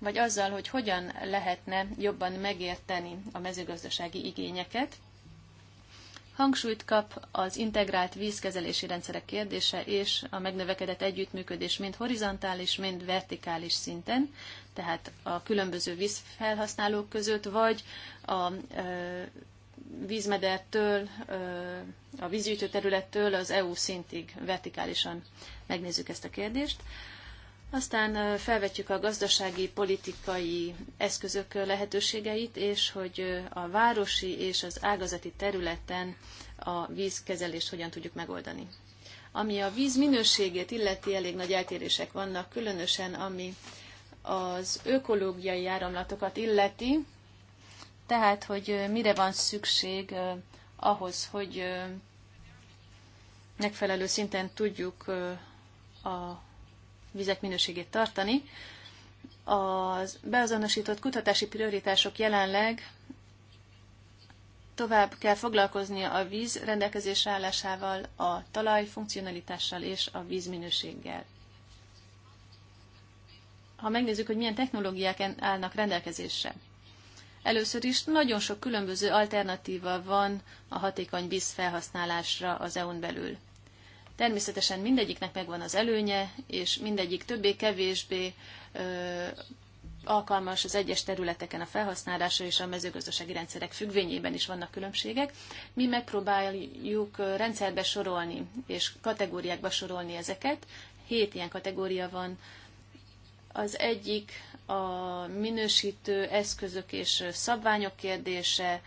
vagy azzal, hogy hogyan lehetne jobban megérteni a mezőgazdasági igényeket. Hangsúlyt kap az integrált vízkezelési rendszerek kérdése és a megnövekedett együttműködés mind horizontális, mind vertikális szinten, tehát a különböző vízfelhasználók között, vagy a ö, vízmedertől, a vízgyűjtő területtől az EU szintig vertikálisan megnézzük ezt a kérdést. Aztán felvetjük a gazdasági, politikai eszközök lehetőségeit, és hogy a városi és az ágazati területen a vízkezelést hogyan tudjuk megoldani. Ami a víz minőségét illeti, elég nagy eltérések vannak, különösen ami az ökológiai áramlatokat illeti, tehát, hogy mire van szükség ahhoz, hogy megfelelő szinten tudjuk a vizek minőségét tartani. Az beazonosított kutatási prioritások jelenleg tovább kell foglalkoznia a víz rendelkezés állásával, a talaj funkcionalitással és a vízminőséggel. Ha megnézzük, hogy milyen technológiák állnak rendelkezésre. Először is nagyon sok különböző alternatíva van a hatékony víz felhasználásra az EU-n belül. Természetesen mindegyiknek megvan az előnye, és mindegyik többé-kevésbé alkalmas az egyes területeken a felhasználásra és a mezőgazdasági rendszerek függvényében is vannak különbségek. Mi megpróbáljuk rendszerbe sorolni és kategóriákba sorolni ezeket. Hét ilyen kategória van. Az egyik a minősítő eszközök és szabványok kérdése,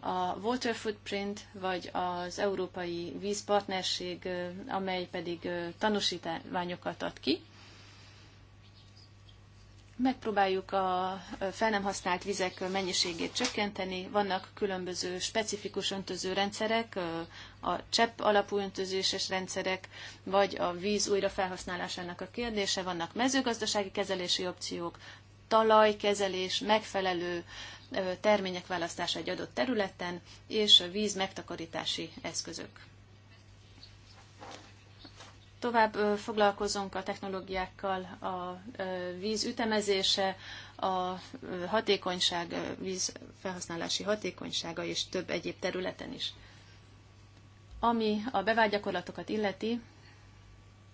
a Water Footprint, vagy az Európai Vízpartnerség, amely pedig tanúsítványokat ad ki. Megpróbáljuk a fel nem használt vizek mennyiségét csökkenteni. Vannak különböző specifikus öntöző rendszerek, a csepp alapú öntözéses rendszerek, vagy a víz újrafelhasználásának a kérdése. Vannak mezőgazdasági kezelési opciók, talajkezelés, megfelelő termények választása egy adott területen, és víz megtakarítási eszközök. Tovább foglalkozunk a technológiákkal, a víz ütemezése, a hatékonyság, víz felhasználási hatékonysága és több egyéb területen is. Ami a bevágyakorlatokat illeti,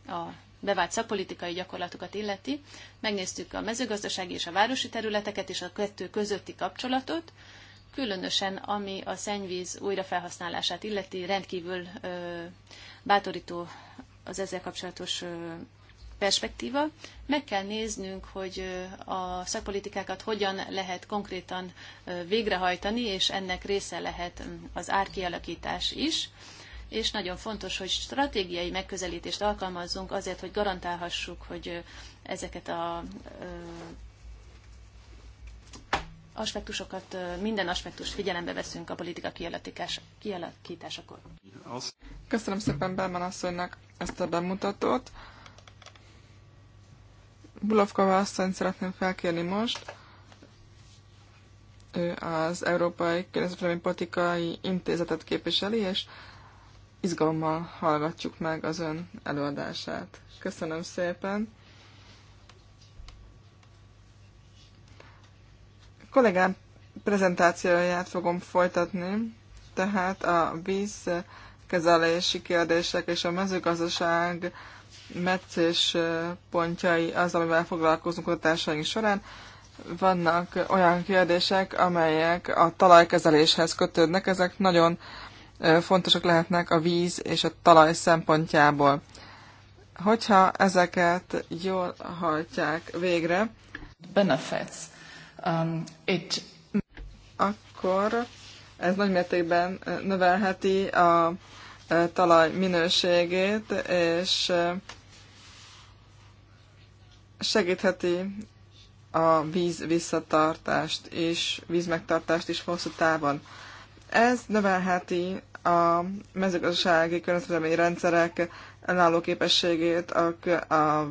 a bevált szakpolitikai gyakorlatokat illeti. Megnéztük a mezőgazdasági és a városi területeket és a kettő közötti kapcsolatot, különösen ami a szennyvíz újrafelhasználását illeti, rendkívül ö, bátorító az ezzel kapcsolatos ö, perspektíva. Meg kell néznünk, hogy a szakpolitikákat hogyan lehet konkrétan végrehajtani, és ennek része lehet az árkialakítás is és nagyon fontos, hogy stratégiai megközelítést alkalmazzunk azért, hogy garantálhassuk, hogy ezeket a aspektusokat, minden aspektust figyelembe veszünk a politika kialakításakor. Köszönöm szépen Berman asszonynak ezt a bemutatót. Bulovkova asszony szeretném felkérni most. Ő az Európai Környezetvédelmi Politikai Intézetet képviseli, és izgalommal hallgatjuk meg az ön előadását. Köszönöm szépen! A kollégám prezentációját fogom folytatni, tehát a vízkezelési kérdések és a mezőgazdaság meccés pontjai az, amivel foglalkozunk kutatásaink során. Vannak olyan kérdések, amelyek a talajkezeléshez kötődnek, ezek nagyon uh, fontosak lehetnek a víz és a talaj szempontjából. Hogyha ezeket jól hajtják végre, benefits, um, it... akkor ez nagymértékben növelheti a talaj minőségét, és segítheti a víz visszatartást és vízmegtartást is hosszú távon. Ez növelheti a mezőgazdasági környezetvédelmi rendszerek önálló képességét a, a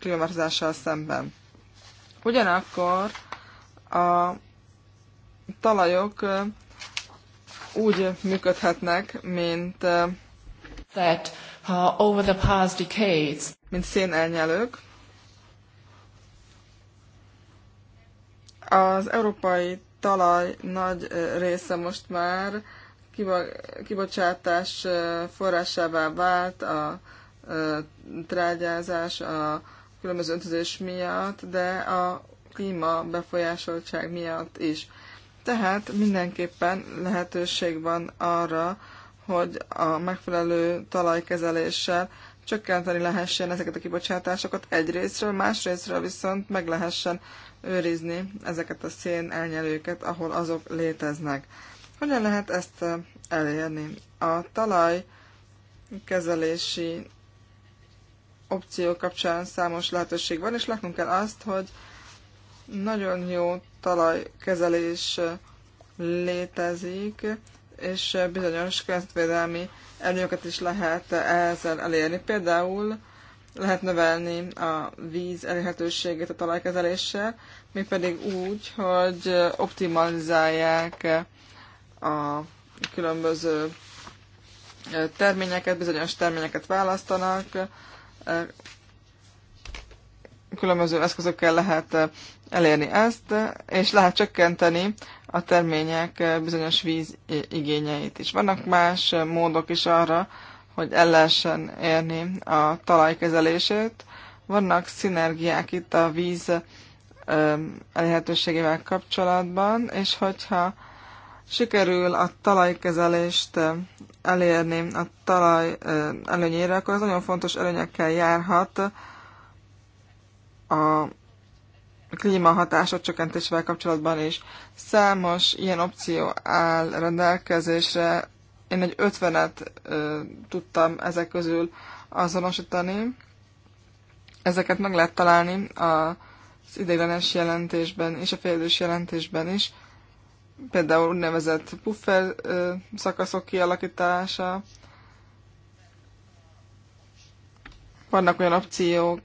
klímaváltozással szemben. Ugyanakkor a talajok úgy működhetnek, mint that uh, over the past decades, mint szénelnyelők. Az európai talaj nagy része most már kibocsátás forrásává vált a trágyázás, a különböző öntözés miatt, de a klíma befolyásoltság miatt is. Tehát mindenképpen lehetőség van arra, hogy a megfelelő talajkezeléssel csökkenteni lehessen ezeket a kibocsátásokat egyrésztről, másrésztről viszont meg lehessen őrizni ezeket a szén elnyelőket, ahol azok léteznek. Hogyan lehet ezt eh, elérni? A talaj kezelési opció kapcsán számos lehetőség van, és látnunk kell azt, hogy nagyon jó talajkezelés eh, létezik, és eh, bizonyos közvédelmi előnyöket is lehet ezzel elérni. Például lehet növelni a víz elérhetőségét a talajkezeléssel, mégpedig úgy, hogy optimalizálják a különböző terményeket, bizonyos terményeket választanak, különböző eszközökkel lehet elérni ezt, és lehet csökkenteni a termények bizonyos víz igényeit is. Vannak más módok is arra, hogy el lehessen érni a talajkezelését. Vannak szinergiák itt a víz elérhetőségével kapcsolatban, és hogyha sikerül a talajkezelést elérni a talaj előnyére, akkor az nagyon fontos előnyekkel járhat a klímahatások csökkentésével kapcsolatban is. Számos ilyen opció áll rendelkezésre én egy ötvenet tudtam ezek közül azonosítani. Ezeket meg lehet találni az ideiglenes jelentésben és a félidős jelentésben is. Például úgynevezett puffer szakaszok kialakítása. Vannak olyan opciók,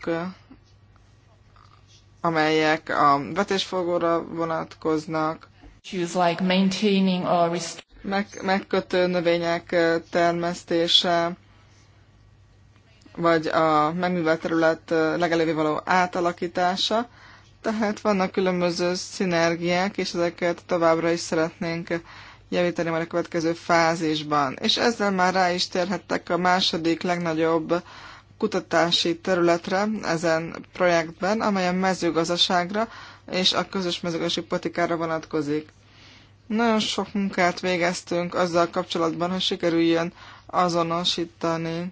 amelyek a vetésfogóra vonatkoznak. Choose like maintaining or meg, megkötő növények termesztése, vagy a megművelt terület legelővé való átalakítása. Tehát vannak különböző szinergiák, és ezeket továbbra is szeretnénk javítani már a következő fázisban. És ezzel már rá is térhettek a második legnagyobb kutatási területre ezen projektben, amely a mezőgazdaságra és a közös mezőgazdasági politikára vonatkozik. Nagyon sok munkát végeztünk azzal kapcsolatban, hogy sikerüljön azonosítani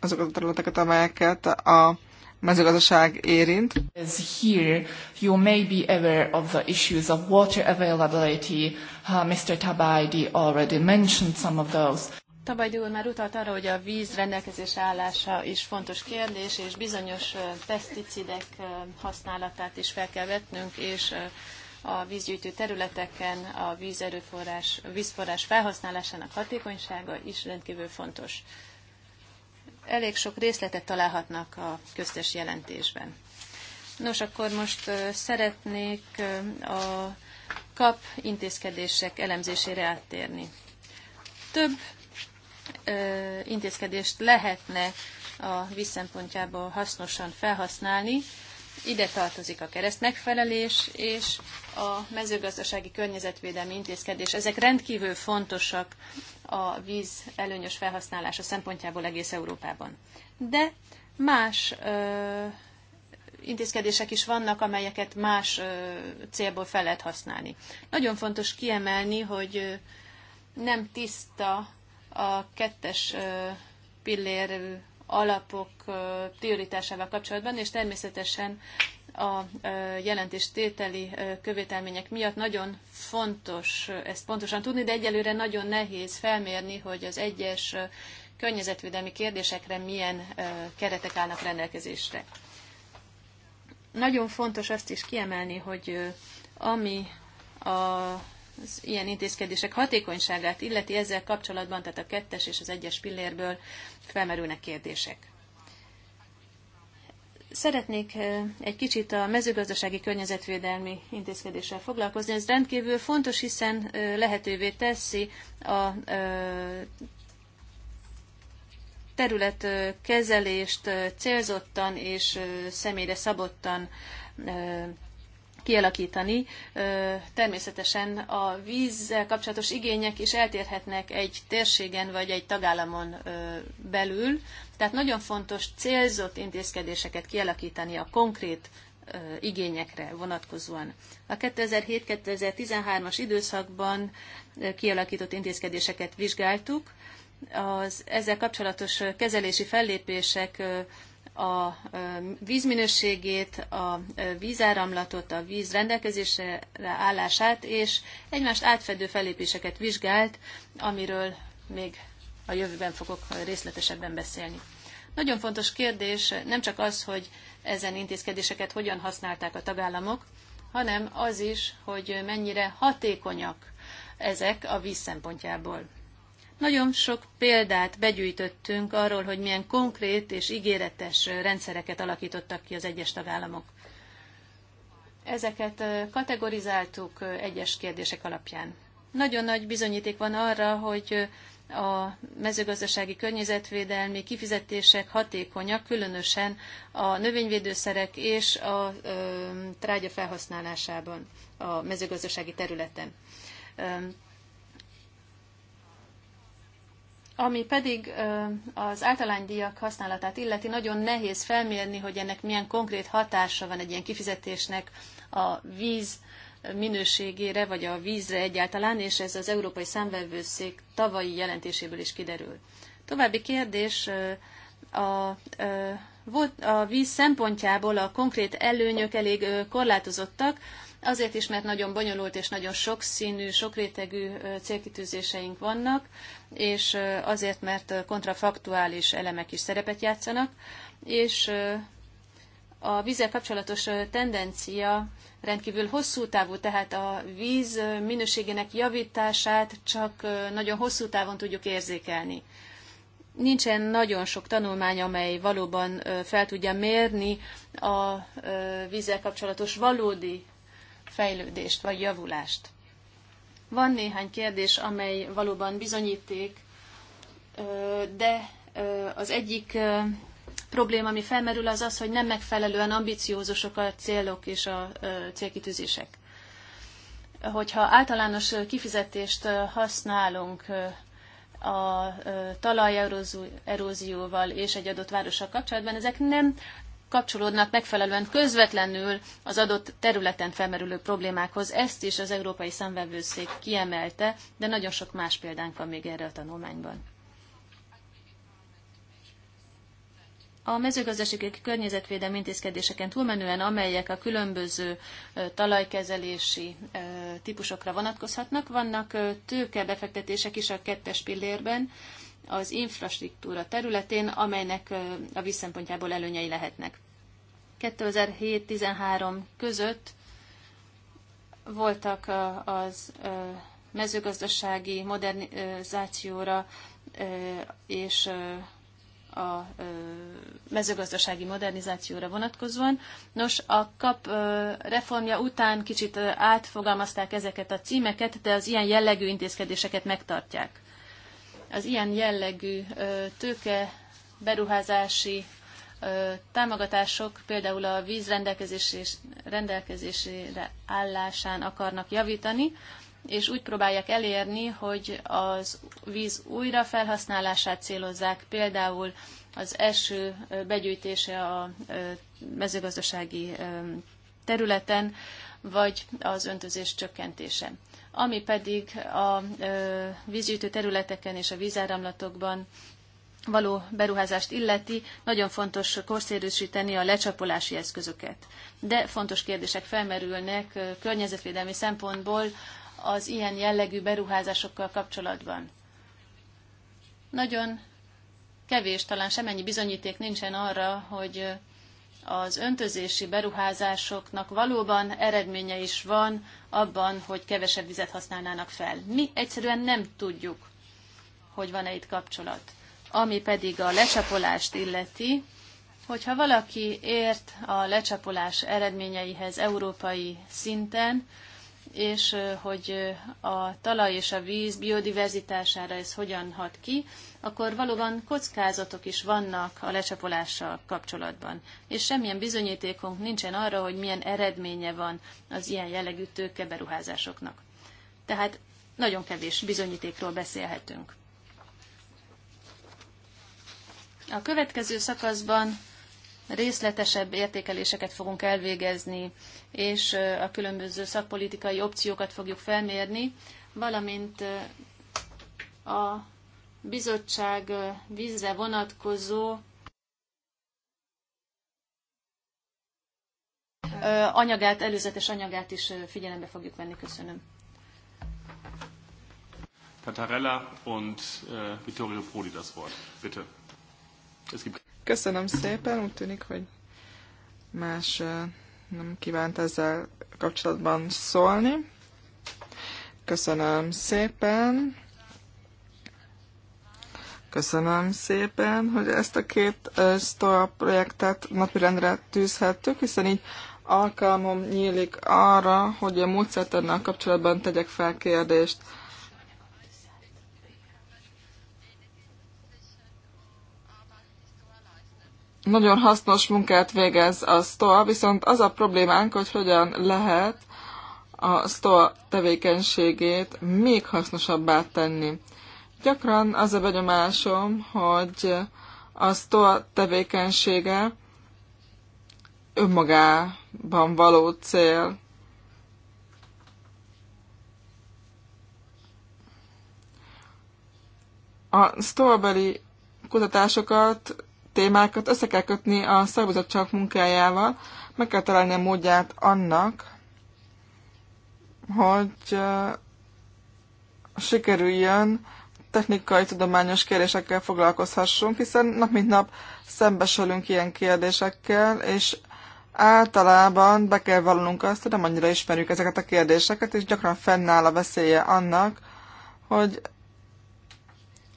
azokat a területeket, amelyeket a mezőgazdaság érint. As here you may be aware of the issues of water availability. Uh, Mr. Tabaidi already mentioned some of those. Tabajdi úr már utalt arra, hogy a víz rendelkezés állása is fontos kérdés, és bizonyos peszticidek használatát is fel kell vetnünk, és a vízgyűjtő területeken a vízerőforrás, a vízforrás felhasználásának hatékonysága is rendkívül fontos. Elég sok részletet találhatnak a köztes jelentésben. Nos, akkor most szeretnék a kap intézkedések elemzésére áttérni. Több intézkedést lehetne a visszempontjából hasznosan felhasználni. Ide tartozik a keresztmegfelelés és a mezőgazdasági környezetvédelmi intézkedés. Ezek rendkívül fontosak a víz előnyös felhasználása szempontjából egész Európában. De más ö, intézkedések is vannak, amelyeket más ö, célból fel lehet használni. Nagyon fontos kiemelni, hogy ö, nem tiszta a kettes pillér alapok prioritásával kapcsolatban, és természetesen a jelentés tételi követelmények miatt nagyon fontos ezt pontosan tudni, de egyelőre nagyon nehéz felmérni, hogy az egyes környezetvédelmi kérdésekre milyen keretek állnak rendelkezésre. Nagyon fontos azt is kiemelni, hogy ami a az ilyen intézkedések hatékonyságát illeti ezzel kapcsolatban, tehát a kettes és az egyes pillérből felmerülnek kérdések. Szeretnék eh, egy kicsit a mezőgazdasági környezetvédelmi intézkedéssel foglalkozni. Ez rendkívül fontos, hiszen eh, lehetővé teszi a eh, terület kezelést célzottan és személyre szabottan kialakítani. Természetesen a vízzel kapcsolatos igények is eltérhetnek egy térségen vagy egy tagállamon belül, tehát nagyon fontos célzott intézkedéseket kialakítani a konkrét igényekre vonatkozóan. A 2007-2013-as időszakban kialakított intézkedéseket vizsgáltuk, az ezzel kapcsolatos kezelési fellépések a vízminőségét, a vízáramlatot, a víz rendelkezésre állását, és egymást átfedő fellépéseket vizsgált, amiről még a jövőben fogok részletesebben beszélni. Nagyon fontos kérdés nem csak az, hogy ezen intézkedéseket hogyan használták a tagállamok, hanem az is, hogy mennyire hatékonyak ezek a víz szempontjából. Nagyon sok példát begyűjtöttünk arról, hogy milyen konkrét és ígéretes rendszereket alakítottak ki az egyes tagállamok. Ezeket kategorizáltuk egyes kérdések alapján. Nagyon nagy bizonyíték van arra, hogy a mezőgazdasági környezetvédelmi kifizetések hatékonyak, különösen a növényvédőszerek és a trágya felhasználásában a mezőgazdasági területen. Ami pedig az általánydíjak használatát illeti, nagyon nehéz felmérni, hogy ennek milyen konkrét hatása van egy ilyen kifizetésnek a víz minőségére, vagy a vízre egyáltalán, és ez az Európai Számvevőszék tavalyi jelentéséből is kiderül. További kérdés, a, a víz szempontjából a konkrét előnyök elég korlátozottak, Azért is, mert nagyon bonyolult és nagyon sokszínű, sokrétegű célkitűzéseink vannak, és azért, mert kontrafaktuális elemek is szerepet játszanak, és a vízzel kapcsolatos tendencia rendkívül hosszú távú, tehát a víz minőségének javítását csak nagyon hosszú távon tudjuk érzékelni. Nincsen nagyon sok tanulmány, amely valóban fel tudja mérni a vízzel kapcsolatos valódi fejlődést vagy javulást. Van néhány kérdés, amely valóban bizonyíték, de az egyik probléma, ami felmerül, az az, hogy nem megfelelően ambiciózusok a célok és a célkitűzések. Hogyha általános kifizetést használunk a talajerózióval és egy adott várossal kapcsolatban, ezek nem kapcsolódnak megfelelően közvetlenül az adott területen felmerülő problémákhoz. Ezt is az Európai Számvevőszék kiemelte, de nagyon sok más példánk van még erre a tanulmányban. A mezőgazdasági környezetvédelmi intézkedéseken túlmenően, amelyek a különböző talajkezelési típusokra vonatkozhatnak, vannak tőkebefektetések is a kettes pillérben, az infrastruktúra területén, amelynek a visszempontjából előnyei lehetnek. 2007-13 között voltak az mezőgazdasági modernizációra és a mezőgazdasági modernizációra vonatkozóan. Nos, a KAP reformja után kicsit átfogalmazták ezeket a címeket, de az ilyen jellegű intézkedéseket megtartják az ilyen jellegű tőke beruházási támogatások például a víz rendelkezésére állásán akarnak javítani, és úgy próbálják elérni, hogy az víz újrafelhasználását célozzák, például az eső begyűjtése a mezőgazdasági területen, vagy az öntözés csökkentése ami pedig a vízgyűjtő területeken és a vízáramlatokban való beruházást illeti, nagyon fontos korszerűsíteni a lecsapolási eszközöket. De fontos kérdések felmerülnek környezetvédelmi szempontból az ilyen jellegű beruházásokkal kapcsolatban. Nagyon kevés, talán semennyi bizonyíték nincsen arra, hogy az öntözési beruházásoknak valóban eredménye is van abban, hogy kevesebb vizet használnának fel. Mi egyszerűen nem tudjuk, hogy van-e itt kapcsolat. Ami pedig a lecsapolást illeti, hogyha valaki ért a lecsapolás eredményeihez európai szinten, és hogy a talaj és a víz biodiverzitására ez hogyan hat ki, akkor valóban kockázatok is vannak a lecsapolással kapcsolatban. És semmilyen bizonyítékunk nincsen arra, hogy milyen eredménye van az ilyen jellegű tőkeberuházásoknak. Tehát nagyon kevés bizonyítékról beszélhetünk. A következő szakaszban részletesebb értékeléseket fogunk elvégezni, és a különböző szakpolitikai opciókat fogjuk felmérni, valamint a bizottság vízre vonatkozó anyagát, előzetes anyagát is figyelembe fogjuk venni. Köszönöm. Tatarella und äh, Vittorio Prodi das Wort. Bitte. Es gibt Köszönöm szépen, úgy tűnik, hogy más nem kívánt ezzel kapcsolatban szólni. Köszönöm szépen. Köszönöm szépen, hogy ezt a két STOA projektet napirendre tűzhettük, hiszen így alkalmam nyílik arra, hogy a módszertannal kapcsolatban tegyek fel kérdést. nagyon hasznos munkát végez a STOA, viszont az a problémánk, hogy hogyan lehet a STOA tevékenységét még hasznosabbá tenni. Gyakran az a benyomásom, hogy a STOA tevékenysége önmagában való cél. A STA-beli kutatásokat témákat össze kell kötni a szakbizottság munkájával, meg kell találni a módját annak, hogy sikerüljön technikai, tudományos kérdésekkel foglalkozhassunk, hiszen nap mint nap szembesülünk ilyen kérdésekkel, és általában be kell vallanunk azt, hogy nem annyira ismerjük ezeket a kérdéseket, és gyakran fennáll a veszélye annak, hogy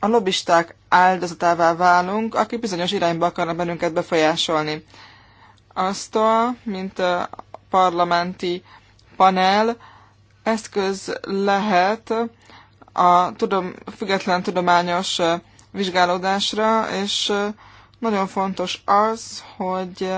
a lobbisták áldozatává válunk, akik bizonyos irányba akarnak bennünket befolyásolni. Aztól, mint a parlamenti panel, eszköz lehet a tudom, független tudományos vizsgálódásra, és nagyon fontos az, hogy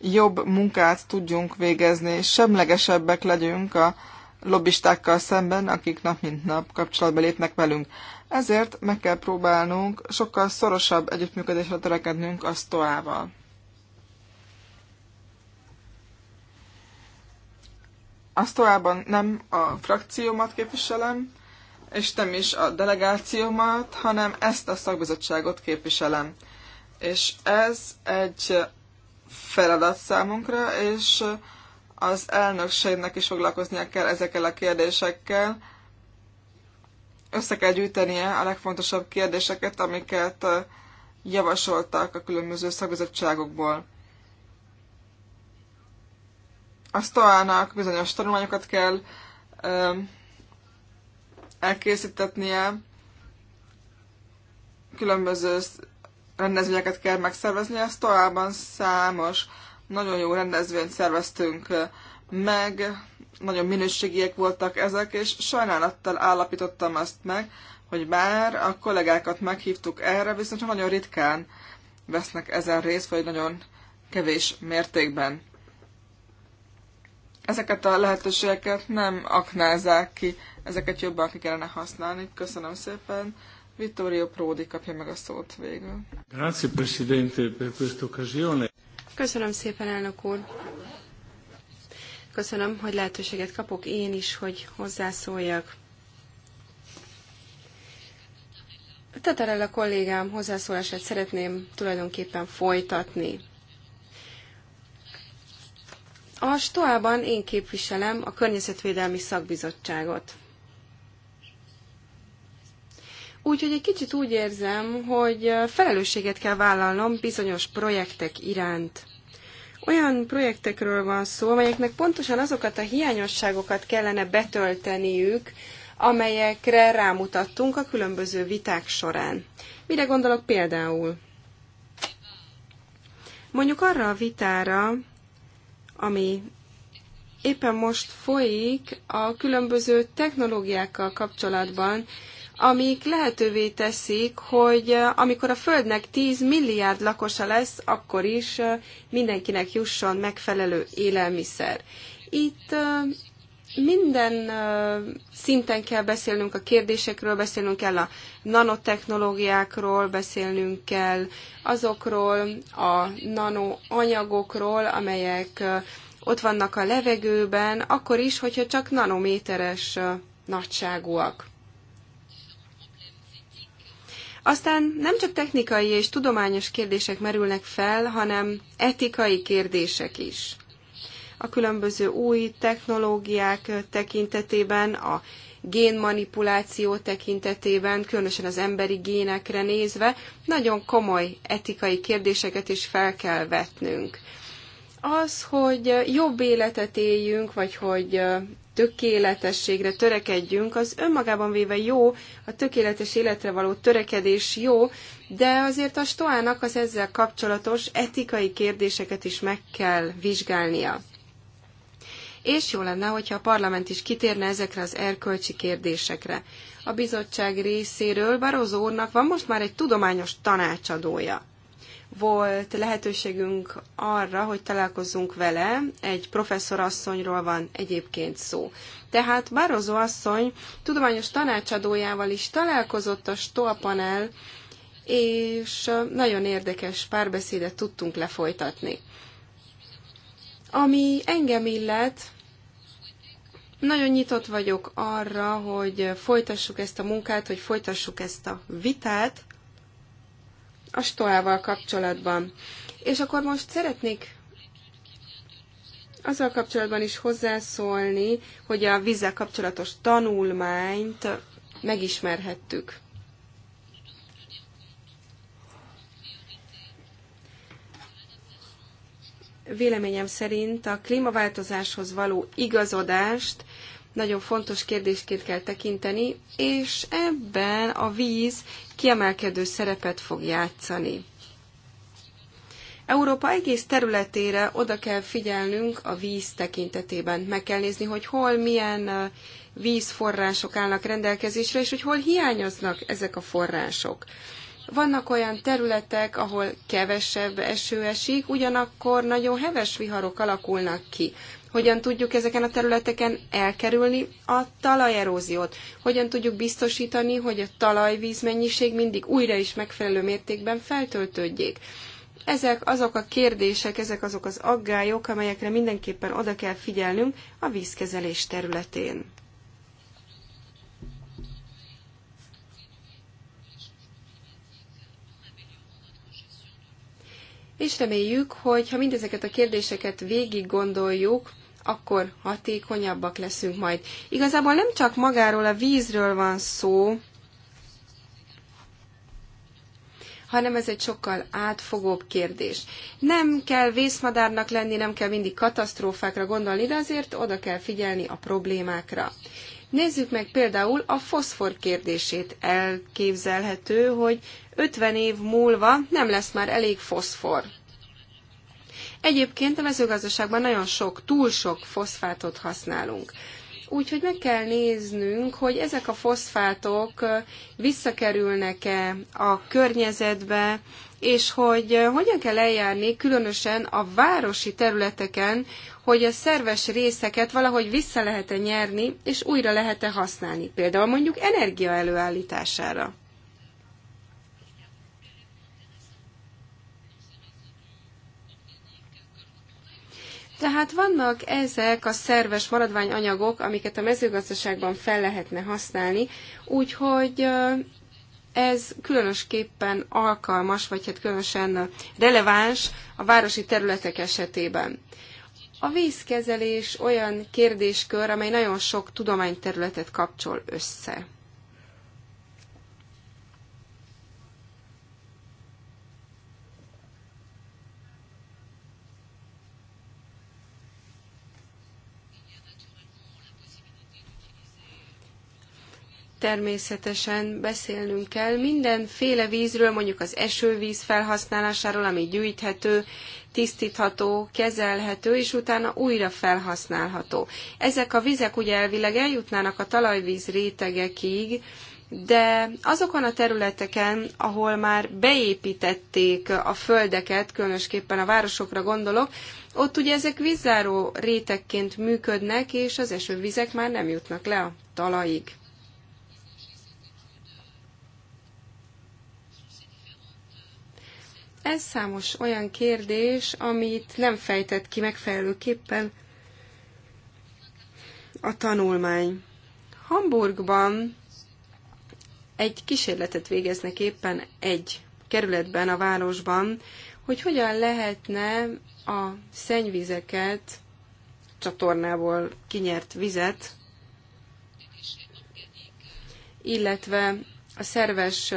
jobb munkát tudjunk végezni, semlegesebbek legyünk a lobbistákkal szemben, akik nap mint nap kapcsolatba lépnek velünk. Ezért meg kell próbálnunk sokkal szorosabb együttműködésre törekednünk a stoa A stoa nem a frakciómat képviselem, és nem is a delegációmat, hanem ezt a szakbizottságot képviselem. És ez egy feladat számunkra, és az elnökségnek is foglalkoznia kell ezekkel a kérdésekkel, össze kell gyűjtenie a legfontosabb kérdéseket, amiket javasoltak a különböző szakbizottságokból. A STOA-nak bizonyos tanulmányokat kell elkészítetnie, különböző rendezvényeket kell megszervezni. A STOA-ban számos nagyon jó rendezvényt szerveztünk meg, nagyon minőségiek voltak ezek, és sajnálattal állapítottam azt meg, hogy bár a kollégákat meghívtuk erre, viszont nagyon ritkán vesznek ezen részt, vagy nagyon kevés mértékben. Ezeket a lehetőségeket nem aknázzák ki, ezeket jobban ki kellene használni. Köszönöm szépen. Vittorio Pródi kapja meg a szót végül. Grazie, Presidente, per questa occasione. Köszönöm szépen, elnök úr köszönöm, hogy lehetőséget kapok én is, hogy hozzászóljak. Tatarella kollégám hozzászólását szeretném tulajdonképpen folytatni. A Stoában én képviselem a Környezetvédelmi Szakbizottságot. Úgyhogy egy kicsit úgy érzem, hogy felelősséget kell vállalnom bizonyos projektek iránt. Olyan projektekről van szó, amelyeknek pontosan azokat a hiányosságokat kellene betölteniük, amelyekre rámutattunk a különböző viták során. Mire gondolok például? Mondjuk arra a vitára, ami éppen most folyik a különböző technológiákkal kapcsolatban, amik lehetővé teszik, hogy amikor a Földnek 10 milliárd lakosa lesz, akkor is mindenkinek jusson megfelelő élelmiszer. Itt minden szinten kell beszélnünk a kérdésekről, beszélnünk kell a nanotechnológiákról, beszélnünk kell azokról a nanoanyagokról, amelyek ott vannak a levegőben, akkor is, hogyha csak nanométeres nagyságúak. Aztán nem csak technikai és tudományos kérdések merülnek fel, hanem etikai kérdések is. A különböző új technológiák tekintetében, a génmanipuláció tekintetében, különösen az emberi génekre nézve, nagyon komoly etikai kérdéseket is fel kell vetnünk. Az, hogy jobb életet éljünk, vagy hogy tökéletességre törekedjünk, az önmagában véve jó, a tökéletes életre való törekedés jó, de azért a stoának az ezzel kapcsolatos etikai kérdéseket is meg kell vizsgálnia. És jó lenne, hogyha a parlament is kitérne ezekre az erkölcsi kérdésekre. A bizottság részéről Barozó úrnak van most már egy tudományos tanácsadója volt lehetőségünk arra, hogy találkozzunk vele. Egy professzorasszonyról van egyébként szó. Tehát Barroso asszony tudományos tanácsadójával is találkozott a STOA panel, és nagyon érdekes párbeszédet tudtunk lefolytatni. Ami engem illet, nagyon nyitott vagyok arra, hogy folytassuk ezt a munkát, hogy folytassuk ezt a vitát, a stoával kapcsolatban. És akkor most szeretnék azzal kapcsolatban is hozzászólni, hogy a vízzel kapcsolatos tanulmányt megismerhettük. Véleményem szerint a klímaváltozáshoz való igazodást nagyon fontos kérdésként kell tekinteni, és ebben a víz kiemelkedő szerepet fog játszani. Európa egész területére oda kell figyelnünk a víz tekintetében. Meg kell nézni, hogy hol milyen vízforrások állnak rendelkezésre, és hogy hol hiányoznak ezek a források. Vannak olyan területek, ahol kevesebb eső esik, ugyanakkor nagyon heves viharok alakulnak ki hogyan tudjuk ezeken a területeken elkerülni a talajeróziót, hogyan tudjuk biztosítani, hogy a talajvíz mennyiség mindig újra is megfelelő mértékben feltöltődjék. Ezek azok a kérdések, ezek azok az aggályok, amelyekre mindenképpen oda kell figyelnünk a vízkezelés területén. és reméljük, hogy ha mindezeket a kérdéseket végig gondoljuk, akkor hatékonyabbak leszünk majd. Igazából nem csak magáról a vízről van szó, hanem ez egy sokkal átfogóbb kérdés. Nem kell vészmadárnak lenni, nem kell mindig katasztrófákra gondolni, de azért oda kell figyelni a problémákra. Nézzük meg például a foszfor kérdését. Elképzelhető, hogy 50 év múlva nem lesz már elég foszfor. Egyébként a mezőgazdaságban nagyon sok, túl sok foszfátot használunk. Úgyhogy meg kell néznünk, hogy ezek a foszfátok visszakerülnek-e a környezetbe, és hogy hogyan kell eljárni különösen a városi területeken, hogy a szerves részeket valahogy vissza lehet-e nyerni, és újra lehet-e használni, például mondjuk energia előállítására. Tehát vannak ezek a szerves maradványanyagok, amiket a mezőgazdaságban fel lehetne használni, úgyhogy ez különösképpen alkalmas, vagy hát különösen releváns a városi területek esetében. A vízkezelés olyan kérdéskör, amely nagyon sok tudományterületet kapcsol össze. természetesen beszélnünk kell mindenféle vízről, mondjuk az esővíz felhasználásáról, ami gyűjthető, tisztítható, kezelhető, és utána újra felhasználható. Ezek a vizek ugye elvileg eljutnának a talajvíz rétegekig, de azokon a területeken, ahol már beépítették a földeket, különösképpen a városokra gondolok, ott ugye ezek vízzáró rétegként működnek, és az esővizek már nem jutnak le a talajig. Ez számos olyan kérdés, amit nem fejtett ki megfelelőképpen a tanulmány. Hamburgban egy kísérletet végeznek éppen egy kerületben, a városban, hogy hogyan lehetne a szennyvizeket, csatornából kinyert vizet, illetve a szerves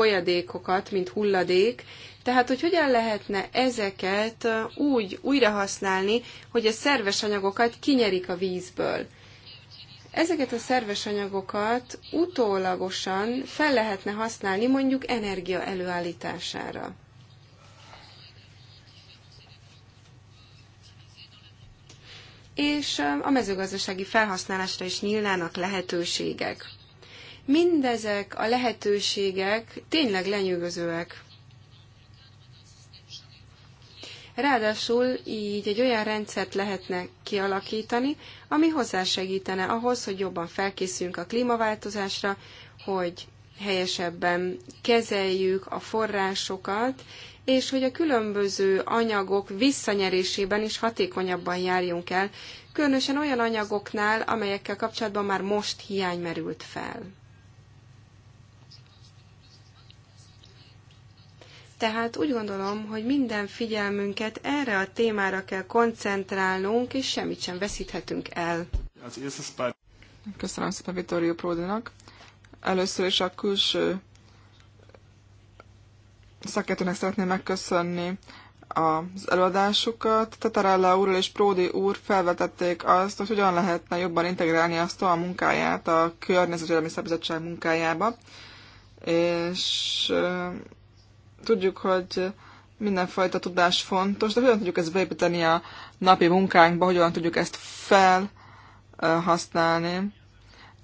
folyadékokat, mint hulladék, tehát, hogy hogyan lehetne ezeket úgy újrahasználni, hogy a szerves anyagokat kinyerik a vízből. Ezeket a szerves anyagokat utólagosan fel lehetne használni mondjuk energia előállítására. És a mezőgazdasági felhasználásra is nyílnának lehetőségek. Mindezek a lehetőségek tényleg lenyűgözőek. Ráadásul így egy olyan rendszert lehetne kialakítani, ami hozzásegítene ahhoz, hogy jobban felkészüljünk a klímaváltozásra, hogy helyesebben kezeljük a forrásokat, és hogy a különböző anyagok visszanyerésében is hatékonyabban járjunk el, különösen olyan anyagoknál, amelyekkel kapcsolatban már most hiány merült fel. Tehát úgy gondolom, hogy minden figyelmünket erre a témára kell koncentrálnunk, és semmit sem veszíthetünk el. Köszönöm szépen Vittorio Pródinak. Először is a külső szakértőnek szeretném megköszönni az előadásukat. Tatarella úrral és Pródi úr felvetették azt, hogy hogyan lehetne jobban integrálni azt a munkáját a Környezetvédelmi Szabizottság munkájába. És Tudjuk, hogy mindenfajta tudás fontos, de hogyan tudjuk ezt beépíteni a napi munkánkba, hogyan tudjuk ezt felhasználni.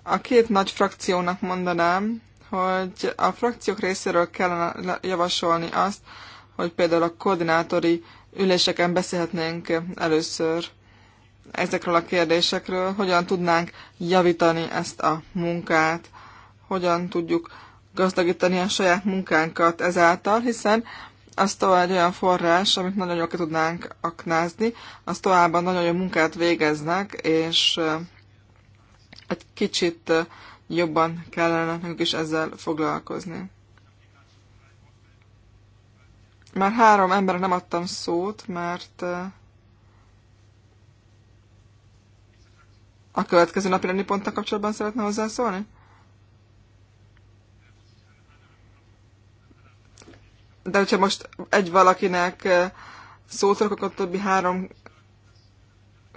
A két nagy frakciónak mondanám, hogy a frakciók részéről kellene javasolni azt, hogy például a koordinátori üléseken beszélhetnénk először ezekről a kérdésekről, hogyan tudnánk javítani ezt a munkát, hogyan tudjuk gazdagítani a saját munkánkat ezáltal, hiszen az tovább olyan forrás, amit nagyon jól ki tudnánk aknázni, az továbbá nagyon jó munkát végeznek, és eh, egy kicsit eh, jobban kellene nekünk is ezzel foglalkozni. Már három emberre nem adtam szót, mert eh, a következő napi rendi ponttal kapcsolatban szeretne hozzászólni? de hogyha most egy valakinek eh, szót rakok, a többi három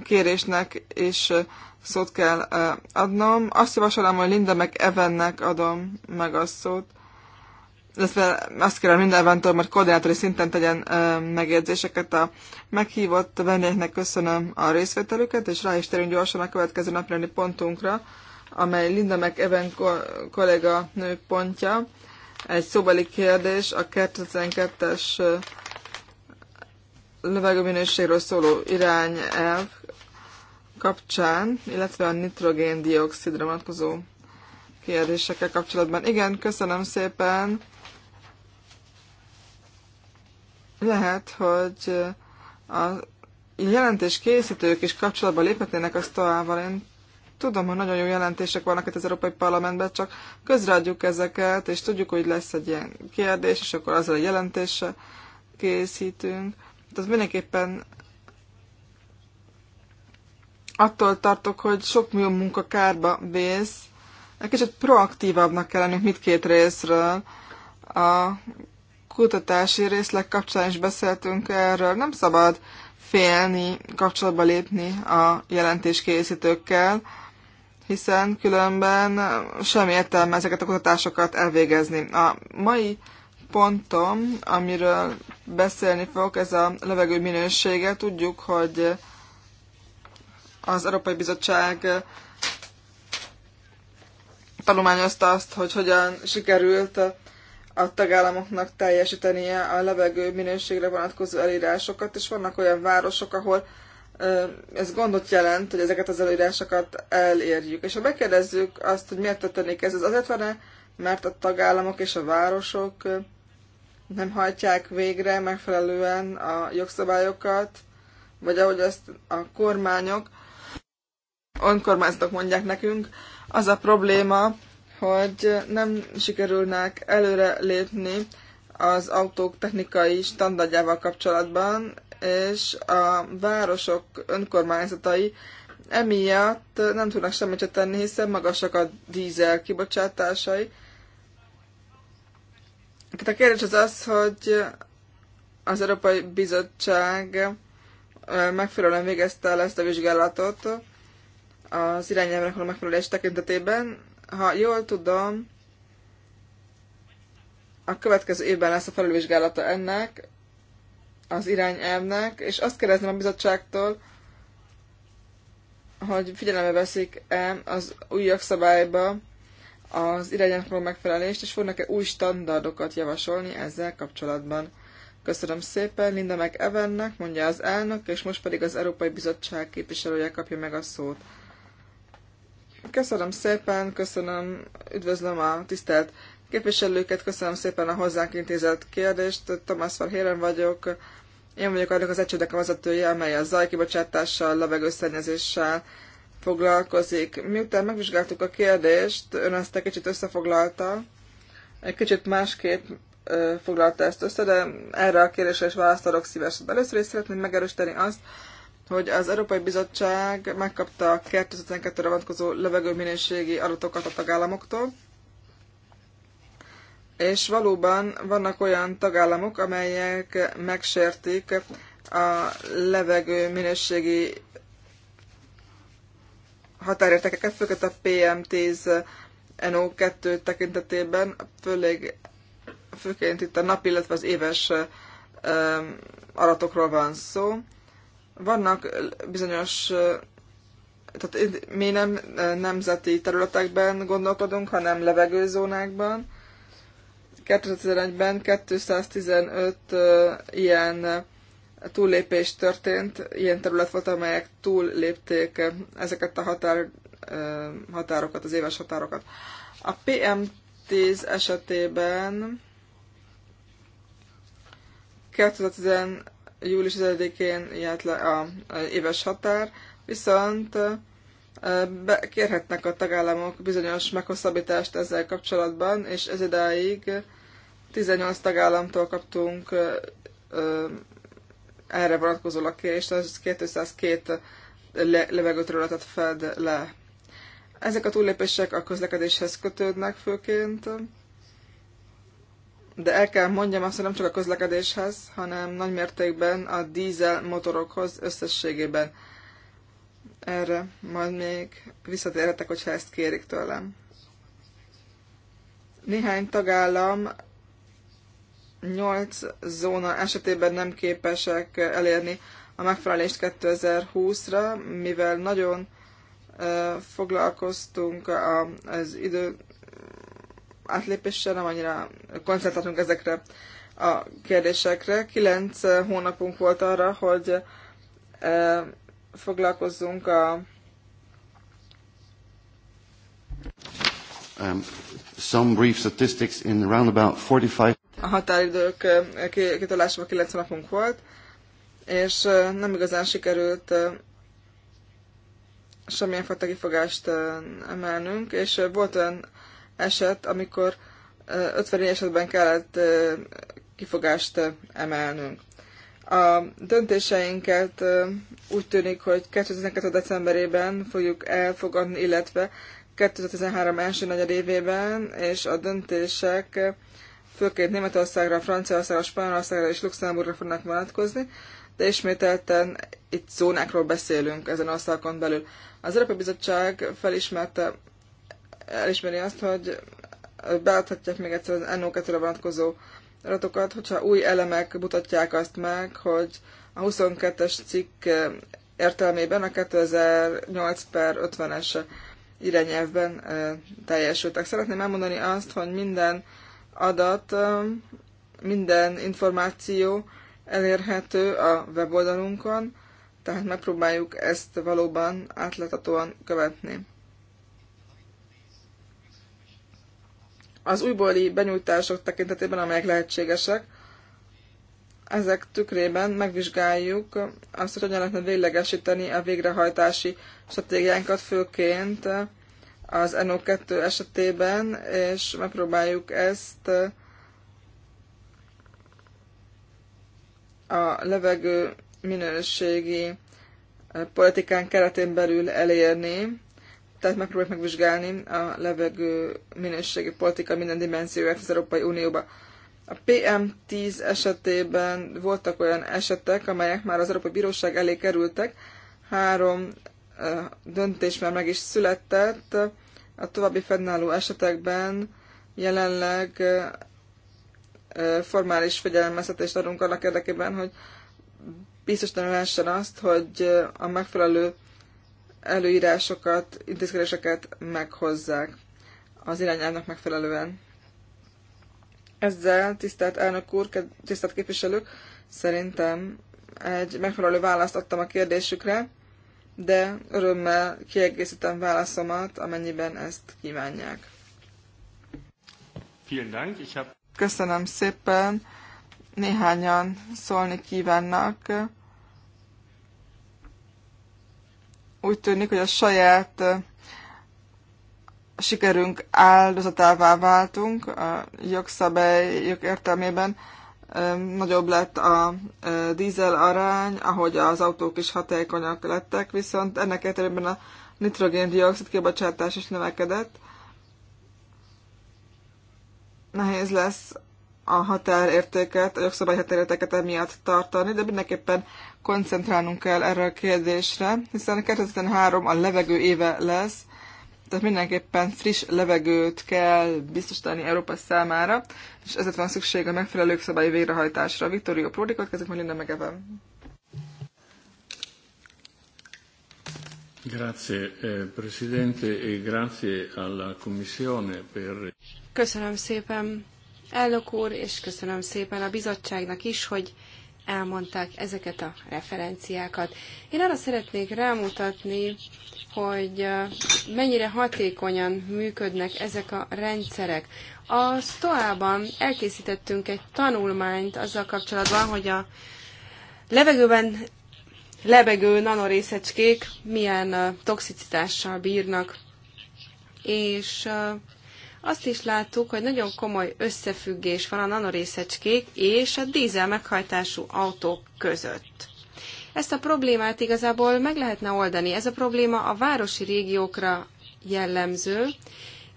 kérésnek és eh, szót kell eh, adnom. Azt javasolom, hogy Linda meg Evennek adom meg a szót. Illetve azt kérem minden Evantól, mert koordinátori szinten tegyen megjegyzéseket a meghívott vendégeknek köszönöm a részvételüket, és rá is terünk gyorsan a következő napjáni pontunkra, amely Linda meg Even kolléga nő pontja egy szóbeli kérdés a 2012-es levegőminőségről szóló irányelv kapcsán, illetve a nitrogén-dioxidra vonatkozó kérdésekkel kapcsolatban. Igen, köszönöm szépen. Lehet, hogy a jelentés készítők is kapcsolatban léphetnének a Stoával. Én Tudom, hogy nagyon jó jelentések vannak itt az Európai Parlamentben, csak közreadjuk ezeket, és tudjuk, hogy lesz egy ilyen kérdés, és akkor azzal a jelentéssel készítünk. Tehát mindenképpen attól tartok, hogy sok millió munka kárba vész. Egy kicsit proaktívabbnak kell lennünk mindkét részről. A kutatási részleg kapcsán is beszéltünk erről. Nem szabad félni, kapcsolatba lépni a jelentéskészítőkkel hiszen különben semmi értelme ezeket a kutatásokat elvégezni. A mai pontom, amiről beszélni fogok, ez a levegő minősége. Tudjuk, hogy az Európai Bizottság tanulmányozta azt, hogy hogyan sikerült a tagállamoknak teljesítenie a levegő minőségre vonatkozó elírásokat, és vannak olyan városok, ahol ez gondot jelent, hogy ezeket az előírásokat elérjük. És ha megkérdezzük azt, hogy miért történik ez, az azért van -e, mert a tagállamok és a városok nem hajtják végre megfelelően a jogszabályokat, vagy ahogy ezt a kormányok, önkormányzatok mondják nekünk, az a probléma, hogy nem sikerülnek előre lépni az autók technikai standardjával kapcsolatban, és a városok önkormányzatai emiatt nem tudnak semmit sem tenni, hiszen magasak a dízel kibocsátásai. A kérdés az az, hogy az Európai Bizottság megfelelően végezte el ezt a vizsgálatot az irányelvnek a megfelelés tekintetében. Ha jól tudom, a következő évben lesz a felülvizsgálata ennek, az irányelvnek, és azt kérdezném a bizottságtól, hogy figyelembe veszik-e az új jogszabályba az irányelvről megfelelést, és fognak-e új standardokat javasolni ezzel kapcsolatban. Köszönöm szépen Linda meg Evennek, mondja az elnök, és most pedig az Európai Bizottság képviselője kapja meg a szót. Köszönöm szépen, köszönöm, üdvözlöm a tisztelt képviselőket, köszönöm szépen a hozzánk intézett kérdést. Tamás Farhéren Héren vagyok, én vagyok annak az egységnek a vezetője, amely a zajkibocsátással, levegőszennyezéssel foglalkozik. Miután megvizsgáltuk a kérdést, ön ezt egy kicsit összefoglalta, egy kicsit másképp ö, foglalta ezt össze, de erre a kérdésre is választ szívesen. Először is szeretném megerősíteni azt, hogy az Európai Bizottság megkapta a 2012-re vonatkozó levegőminőségi adatokat a tagállamoktól, és valóban vannak olyan tagállamok, amelyek megsértik a levegő minőségi határértékeket, főként a PM10 NO2 tekintetében, főleg, főként itt a nap, illetve az éves aratokról van szó. Vannak bizonyos tehát mi nem nemzeti területekben gondolkodunk, hanem levegőzónákban, 2011-ben 215 ilyen túllépés történt, ilyen terület volt, amelyek túllépték ezeket a határ, határokat, az éves határokat. A PM10 esetében 2010 július 10-én járt le a, a éves határ, viszont be, kérhetnek a tagállamok bizonyos meghosszabbítást ezzel kapcsolatban, és ez idáig 18 tagállamtól kaptunk erre vonatkozó kérést, az 202 le- levegőterületet fed le. Ezek a túllépések a közlekedéshez kötődnek főként, de el kell mondjam azt, hogy nem csak a közlekedéshez, hanem nagymértékben a dízel motorokhoz összességében. Erre majd még visszatérhetek, hogyha ezt kérik tőlem. Néhány tagállam 8 zóna esetében nem képesek elérni a megfelelést 2020-ra, mivel nagyon foglalkoztunk az idő átlépéssel, nem annyira koncentráltunk ezekre a kérdésekre. Kilenc hónapunk volt arra, hogy foglalkozzunk a um, some brief statistics in around about 45 a határidők kitolásában 9 napunk volt, és nem igazán sikerült semmilyen fajta kifogást emelnünk, és volt olyan eset, amikor 50 esetben kellett kifogást emelnünk. A döntéseinket úgy tűnik, hogy 2012. decemberében fogjuk elfogadni, illetve 2013 első negyedévében, és a döntések főként Németországra, Franciaországra, Spanyolországra és Luxemburgra fognak vonatkozni, de ismételten itt zónákról beszélünk ezen országon belül. Az Európai Bizottság felismerte, elismeri azt, hogy beadhatják még egyszer az NO2-re vonatkozó adatokat, hogyha új elemek mutatják azt meg, hogy a 22-es cikk értelmében a 2008 per 50-es irányelvben eh, teljesültek. Szeretném elmondani azt, hogy minden adat, minden információ elérhető a weboldalunkon, tehát megpróbáljuk ezt valóban átláthatóan követni. Az újbóli benyújtások tekintetében, amelyek lehetségesek, ezek tükrében megvizsgáljuk azt, hogy hogyan lehetne véglegesíteni a végrehajtási stratégiánkat, főként az NO2 esetében, és megpróbáljuk ezt eh, a levegő minőségi eh, politikán keretén belül elérni, tehát megpróbáljuk megvizsgálni a levegő minőségi politika minden dimenzióját az Európai Unióba. A PM10 esetében voltak olyan esetek, amelyek már az Európai Bíróság elé kerültek. Három döntés már meg is született. A további fennálló esetekben jelenleg formális figyelmeztetést adunk annak érdekében, hogy biztosan lehessen azt, hogy a megfelelő előírásokat, intézkedéseket meghozzák az irányának megfelelően. Ezzel, tisztelt elnök úr, tisztelt képviselők, szerintem egy megfelelő választ adtam a kérdésükre de örömmel kiegészítem válaszomat, amennyiben ezt kívánják. Köszönöm szépen. Néhányan szólni kívánnak. Úgy tűnik, hogy a saját sikerünk áldozatává váltunk a jogszabályok értelmében nagyobb lett a dízel arány, ahogy az autók is hatékonyak lettek, viszont ennek értelmében a nitrogén-dioxid kibocsátás is növekedett. Nehéz lesz a határértéket, a jogszabály határértéket emiatt tartani, de mindenképpen koncentrálnunk kell erre a kérdésre, hiszen 2003 a levegő éve lesz, tehát mindenképpen friss levegőt kell biztosítani Európa számára, és ezért van szükség a megfelelő szabályi végrehajtásra. Vittorio Prodi kezdjük majd Linda Megeven. Grazie, eh, Presidente, e grazie alla Commissione per... Köszönöm szépen, elnök úr, és köszönöm szépen a bizottságnak is, hogy elmondták ezeket a referenciákat. Én arra szeretnék rámutatni, hogy mennyire hatékonyan működnek ezek a rendszerek. A stoa elkészítettünk egy tanulmányt azzal kapcsolatban, hogy a levegőben lebegő nanorészecskék milyen toxicitással bírnak, és azt is láttuk, hogy nagyon komoly összefüggés van a nanorészecskék és a dízel meghajtású autók között. Ezt a problémát igazából meg lehetne oldani. Ez a probléma a városi régiókra jellemző,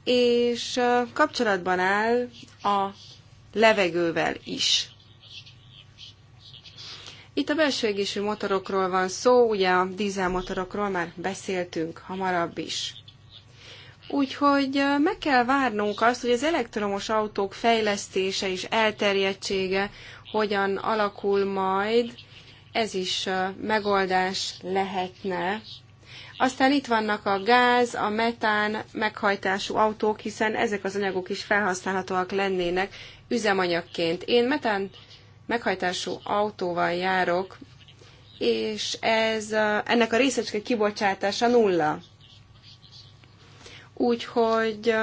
és kapcsolatban áll a levegővel is. Itt a belső égésű motorokról van szó, ugye a dízelmotorokról már beszéltünk hamarabb is. Úgyhogy meg kell várnunk azt, hogy az elektromos autók fejlesztése és elterjedtsége hogyan alakul majd, ez is megoldás lehetne. Aztán itt vannak a gáz, a metán meghajtású autók, hiszen ezek az anyagok is felhasználhatóak lennének üzemanyagként. Én metán meghajtású autóval járok, és ez, ennek a részecske kibocsátása nulla úgyhogy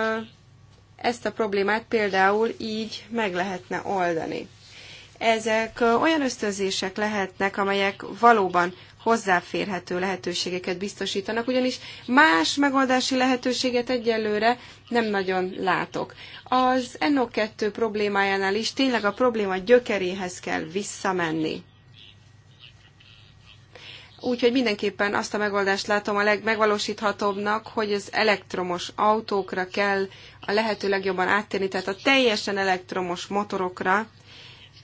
ezt a problémát például így meg lehetne oldani. Ezek olyan ösztönzések lehetnek, amelyek valóban hozzáférhető lehetőségeket biztosítanak, ugyanis más megoldási lehetőséget egyelőre nem nagyon látok. Az NO2 problémájánál is tényleg a probléma gyökeréhez kell visszamenni. Úgyhogy mindenképpen azt a megoldást látom a legmegvalósíthatóbbnak, hogy az elektromos autókra kell a lehető legjobban áttérni, tehát a teljesen elektromos motorokra.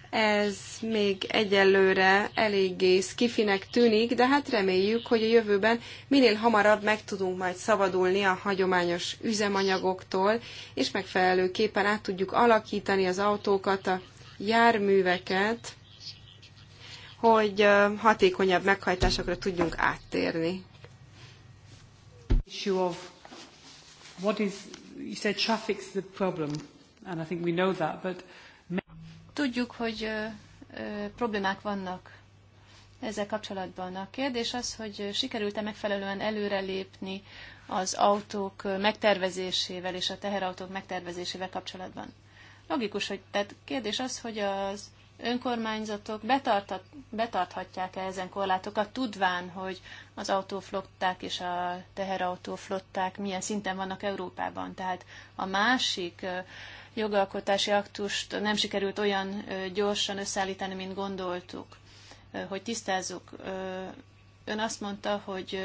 Ez még egyelőre eléggé skifinek tűnik, de hát reméljük, hogy a jövőben minél hamarabb meg tudunk majd szabadulni a hagyományos üzemanyagoktól, és megfelelőképpen át tudjuk alakítani az autókat, a járműveket, hogy hatékonyabb meghajtásokra tudjunk áttérni. Issue of what is you said traffic's the problem and I think we know that but tudjuk, hogy ö, ö, problémák vannak ezzel kapcsolatban. A kérdés az, hogy sikerült-e megfelelően előrelépni az autók megtervezésével és a teherautók megtervezésével kapcsolatban. Logikus, hogy tehát kérdés az, hogy az önkormányzatok betartat, betarthatják-e ezen korlátokat, tudván, hogy az autóflották és a teherautóflották milyen szinten vannak Európában. Tehát a másik jogalkotási aktust nem sikerült olyan gyorsan összeállítani, mint gondoltuk, hogy tisztázzuk. Ön azt mondta, hogy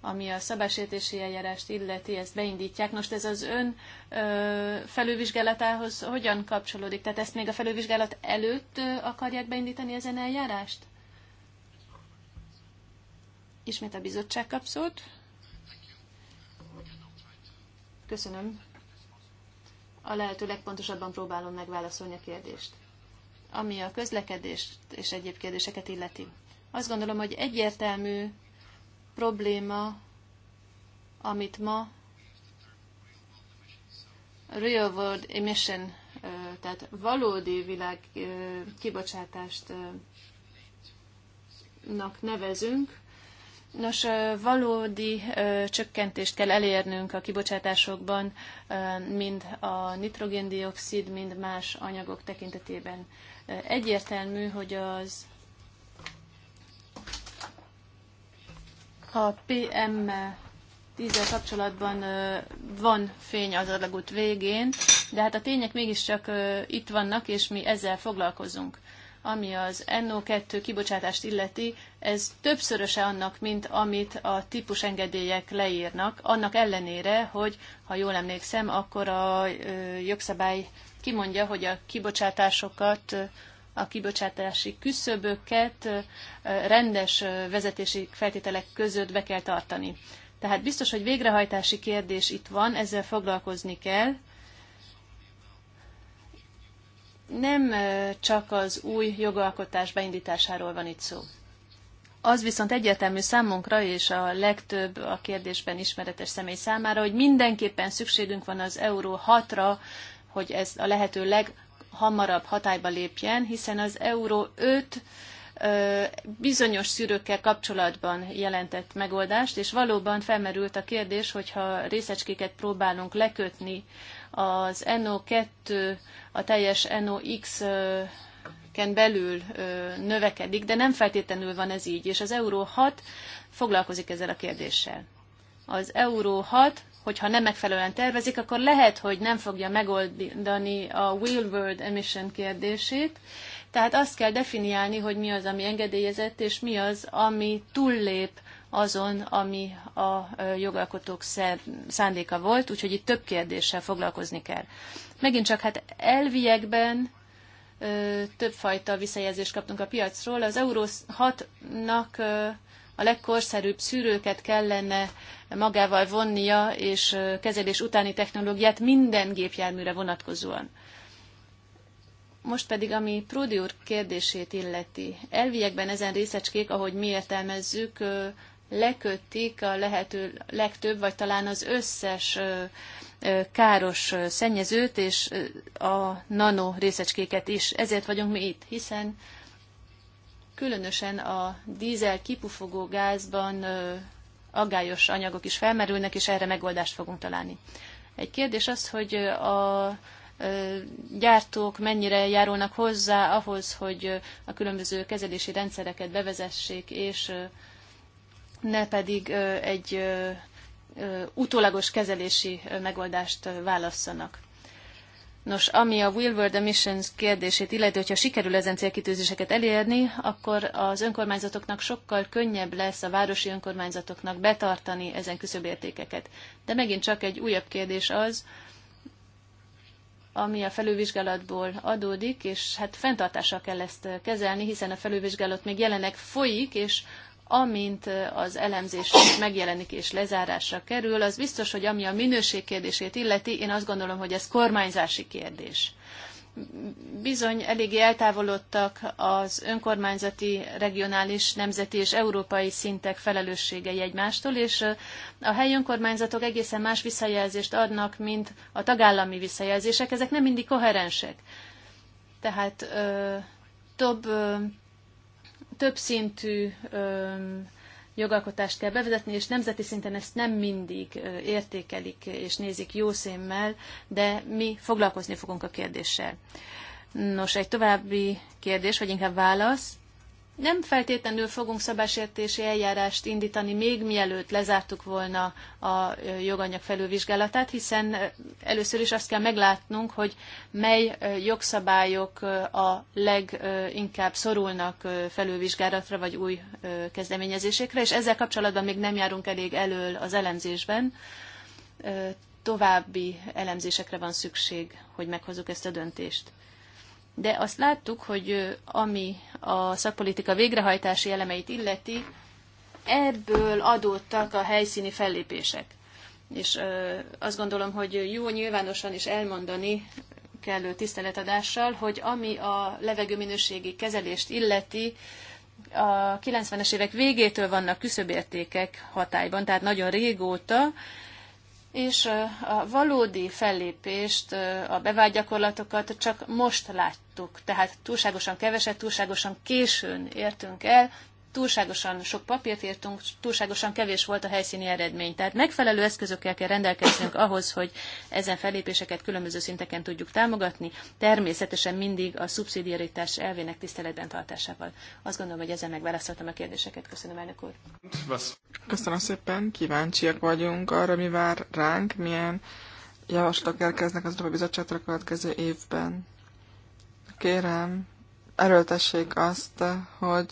ami a szabásértési eljárást illeti, ezt beindítják. Most ez az ön ö, felülvizsgálatához hogyan kapcsolódik? Tehát ezt még a felülvizsgálat előtt ö, akarják beindítani ezen eljárást? Ismét a bizottság kap szót. Köszönöm. A lehető legpontosabban próbálom megválaszolni a kérdést. Ami a közlekedést és egyéb kérdéseket illeti. Azt gondolom, hogy egyértelmű probléma, amit ma real world emission, tehát valódi világ kibocsátást nevezünk. Nos, valódi csökkentést kell elérnünk a kibocsátásokban, mind a nitrogéndiokszid, mind más anyagok tekintetében. Egyértelmű, hogy az A PM 10 kapcsolatban van fény az adagút végén, de hát a tények mégiscsak itt vannak, és mi ezzel foglalkozunk. Ami az NO2 kibocsátást illeti, ez többszöröse annak, mint amit a típusengedélyek leírnak, annak ellenére, hogy, ha jól emlékszem, akkor a jogszabály kimondja, hogy a kibocsátásokat a kibocsátási küszöböket rendes vezetési feltételek között be kell tartani. Tehát biztos, hogy végrehajtási kérdés itt van, ezzel foglalkozni kell. Nem csak az új jogalkotás beindításáról van itt szó. Az viszont egyértelmű számunkra és a legtöbb a kérdésben ismeretes személy számára, hogy mindenképpen szükségünk van az Euró 6-ra, hogy ez a lehető leg hamarabb hatályba lépjen, hiszen az Euró 5 bizonyos szűrőkkel kapcsolatban jelentett megoldást, és valóban felmerült a kérdés, hogyha részecskéket próbálunk lekötni az NO2, a teljes NOx ken belül növekedik, de nem feltétlenül van ez így, és az Euró 6 foglalkozik ezzel a kérdéssel. Az Euró 6 hogyha nem megfelelően tervezik, akkor lehet, hogy nem fogja megoldani a real world emission kérdését. Tehát azt kell definiálni, hogy mi az, ami engedélyezett, és mi az, ami túllép azon, ami a jogalkotók szándéka volt, úgyhogy itt több kérdéssel foglalkozni kell. Megint csak hát elviekben többfajta visszajelzést kaptunk a piacról. Az Euró 6-nak a legkorszerűbb szűrőket kellene magával vonnia, és kezelés utáni technológiát minden gépjárműre vonatkozóan. Most pedig, ami Pródi úr kérdését illeti. Elviekben ezen részecskék, ahogy mi értelmezzük, lekötik a lehető legtöbb, vagy talán az összes káros szennyezőt és a nano részecskéket is. Ezért vagyunk mi itt, hiszen különösen a dízel kipufogó gázban aggályos anyagok is felmerülnek, és erre megoldást fogunk találni. Egy kérdés az, hogy a gyártók mennyire járulnak hozzá ahhoz, hogy a különböző kezelési rendszereket bevezessék, és ne pedig egy utólagos kezelési megoldást válasszanak. Nos, ami a Will World Emissions kérdését illeti, hogyha sikerül ezen célkitűzéseket elérni, akkor az önkormányzatoknak sokkal könnyebb lesz a városi önkormányzatoknak betartani ezen küszöbértékeket. De megint csak egy újabb kérdés az, ami a felülvizsgálatból adódik, és hát fenntartással kell ezt kezelni, hiszen a felülvizsgálat még jelenleg folyik, és amint az elemzés megjelenik és lezárásra kerül, az biztos, hogy ami a minőség kérdését illeti, én azt gondolom, hogy ez kormányzási kérdés. Bizony eléggé eltávolodtak az önkormányzati, regionális, nemzeti és európai szintek felelősségei egymástól, és a helyi önkormányzatok egészen más visszajelzést adnak, mint a tagállami visszajelzések. Ezek nem mindig koherensek. Tehát több többszintű jogalkotást kell bevezetni, és nemzeti szinten ezt nem mindig értékelik és nézik jó szemmel, de mi foglalkozni fogunk a kérdéssel. Nos, egy további kérdés, vagy inkább válasz nem feltétlenül fogunk szabásértési eljárást indítani, még mielőtt lezártuk volna a joganyag felülvizsgálatát, hiszen először is azt kell meglátnunk, hogy mely jogszabályok a leginkább szorulnak felülvizsgálatra vagy új kezdeményezésekre, és ezzel kapcsolatban még nem járunk elég elől az elemzésben. További elemzésekre van szükség, hogy meghozzuk ezt a döntést de azt láttuk, hogy ami a szakpolitika végrehajtási elemeit illeti, ebből adódtak a helyszíni fellépések. És azt gondolom, hogy jó nyilvánosan is elmondani kellő tiszteletadással, hogy ami a levegőminőségi kezelést illeti, a 90-es évek végétől vannak küszöbértékek hatályban, tehát nagyon régóta, és a valódi fellépést, a bevált gyakorlatokat csak most láttuk, tehát túlságosan keveset, túlságosan későn értünk el, túlságosan sok papírt írtunk, túlságosan kevés volt a helyszíni eredmény. Tehát megfelelő eszközökkel kell rendelkeznünk ahhoz, hogy ezen felépéseket különböző szinteken tudjuk támogatni, természetesen mindig a szubszidiaritás elvének tiszteletben tartásával. Azt gondolom, hogy ezzel megválaszoltam a kérdéseket. Köszönöm, elnök úr. Köszönöm szépen, kíváncsiak vagyunk arra, mi vár ránk, milyen javaslatok érkeznek az Európai Bizottságra következő évben. Kérem, erőltessék azt, hogy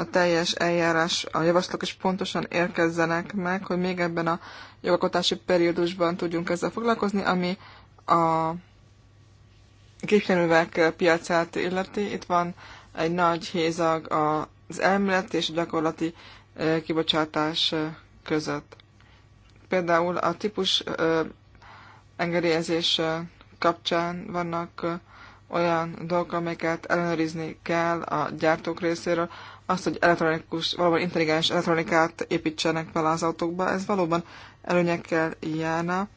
a teljes eljárás, a javaslatok is pontosan érkezzenek meg, hogy még ebben a jogalkotási periódusban tudjunk ezzel foglalkozni, ami a gépjárművek piacát illeti. Itt van egy nagy hézag az elmélet és a gyakorlati kibocsátás között. Például a típus engedélyezés kapcsán vannak olyan dolgok, amiket ellenőrizni kell a gyártók részéről, azt, hogy elektronikus, valóban intelligens elektronikát építsenek bele az autókba, ez valóban előnyekkel járna.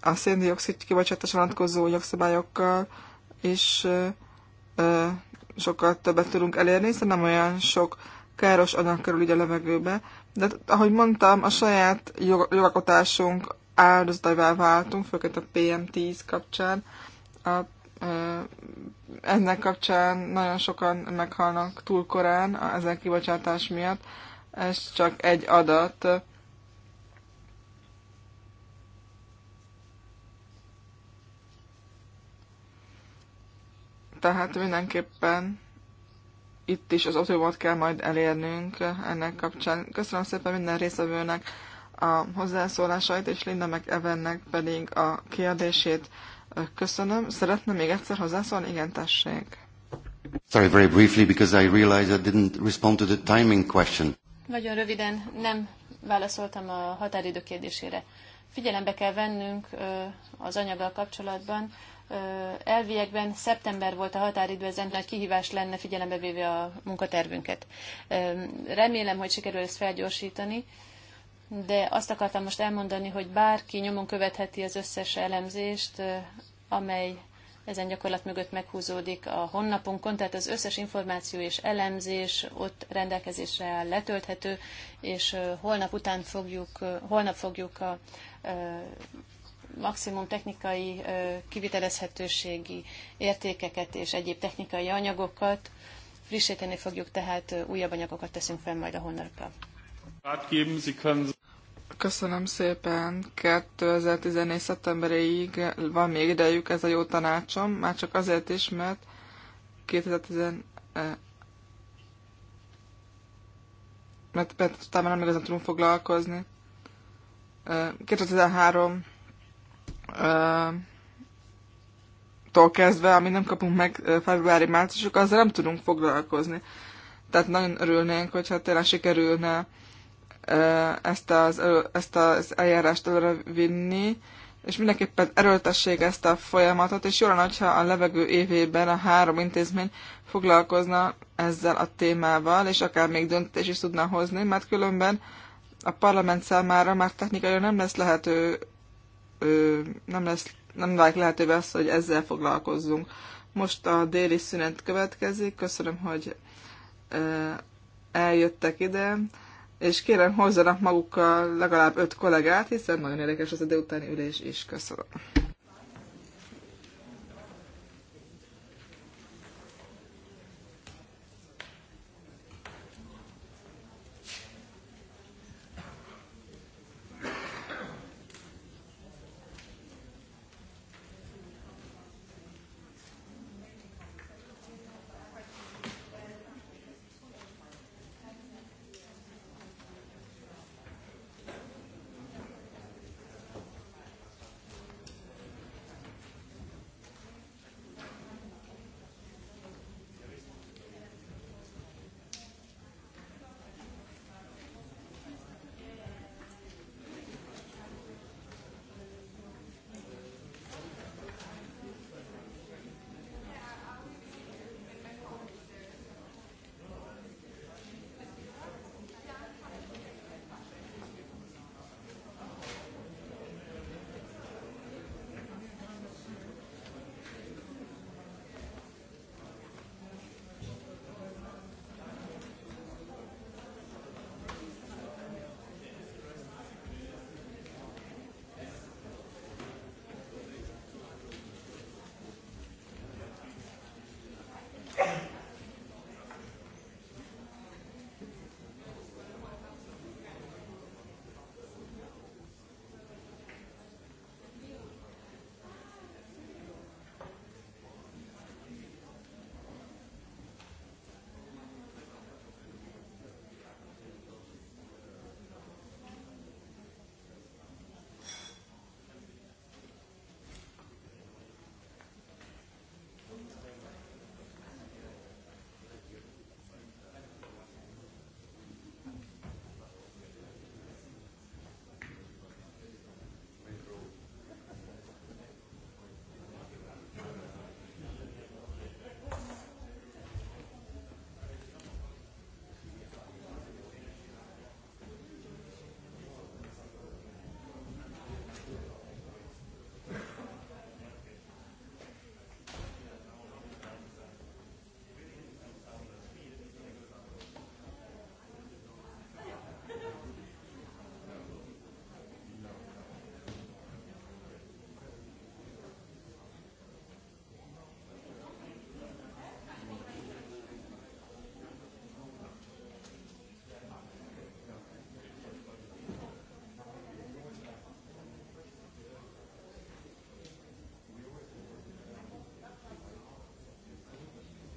A széndiokszid kibocsátás vonatkozó jogszabályokkal is ö, sokkal többet tudunk elérni, hiszen nem olyan sok káros anyag kerül így a levegőbe. De ahogy mondtam, a saját jog, jogakotásunk áldozatává váltunk, főként a PM10 kapcsán. A ennek kapcsán nagyon sokan meghalnak túl korán ezen kibocsátás miatt. Ez csak egy adat. Tehát mindenképpen itt is az otthonot kell majd elérnünk ennek kapcsán. Köszönöm szépen minden részvevőnek a hozzászólásait, és Linda meg Evennek pedig a kérdését. Köszönöm. Szeretne még egyszer hozzászólni? Igen, tessék. Sorry, very briefly, because I realized I didn't respond to the timing question. Nagyon röviden nem válaszoltam a határidő kérdésére. Figyelembe kell vennünk az anyaggal kapcsolatban. Elviekben szeptember volt a határidő, ez nagy kihívás lenne figyelembe véve a munkatervünket. Remélem, hogy sikerül ezt felgyorsítani de azt akartam most elmondani, hogy bárki nyomon követheti az összes elemzést, amely ezen gyakorlat mögött meghúzódik a honlapunkon, tehát az összes információ és elemzés ott rendelkezésre áll, letölthető, és holnap után fogjuk, holnap fogjuk a maximum technikai kivitelezhetőségi értékeket és egyéb technikai anyagokat. Frissíteni fogjuk, tehát újabb anyagokat teszünk fel majd a honlapra. Köszönöm szépen. 2014. szeptemberéig van még idejük, ez a jó tanácsom, már csak azért is, mert 2010 eh, mert, mert utána nem igazán tudunk foglalkozni. 2013 eh, eh, tól kezdve, amíg nem kapunk meg februári márciusok, azzal nem tudunk foglalkozni. Tehát nagyon örülnénk, hogyha tényleg sikerülne ezt az, ezt az eljárást előre vinni, és mindenképpen erőltessék ezt a folyamatot, és jó lenne, hogyha a levegő évében a három intézmény foglalkozna ezzel a témával, és akár még döntés is tudna hozni, mert különben a parlament számára már technikailag nem lesz lehető, nem lesz, nem válik lehetővé az, hogy ezzel foglalkozzunk. Most a déli szünet következik, köszönöm, hogy eljöttek ide és kérem hozzanak magukkal legalább öt kollégát, hiszen nagyon érdekes az a délutáni ülés is. Köszönöm.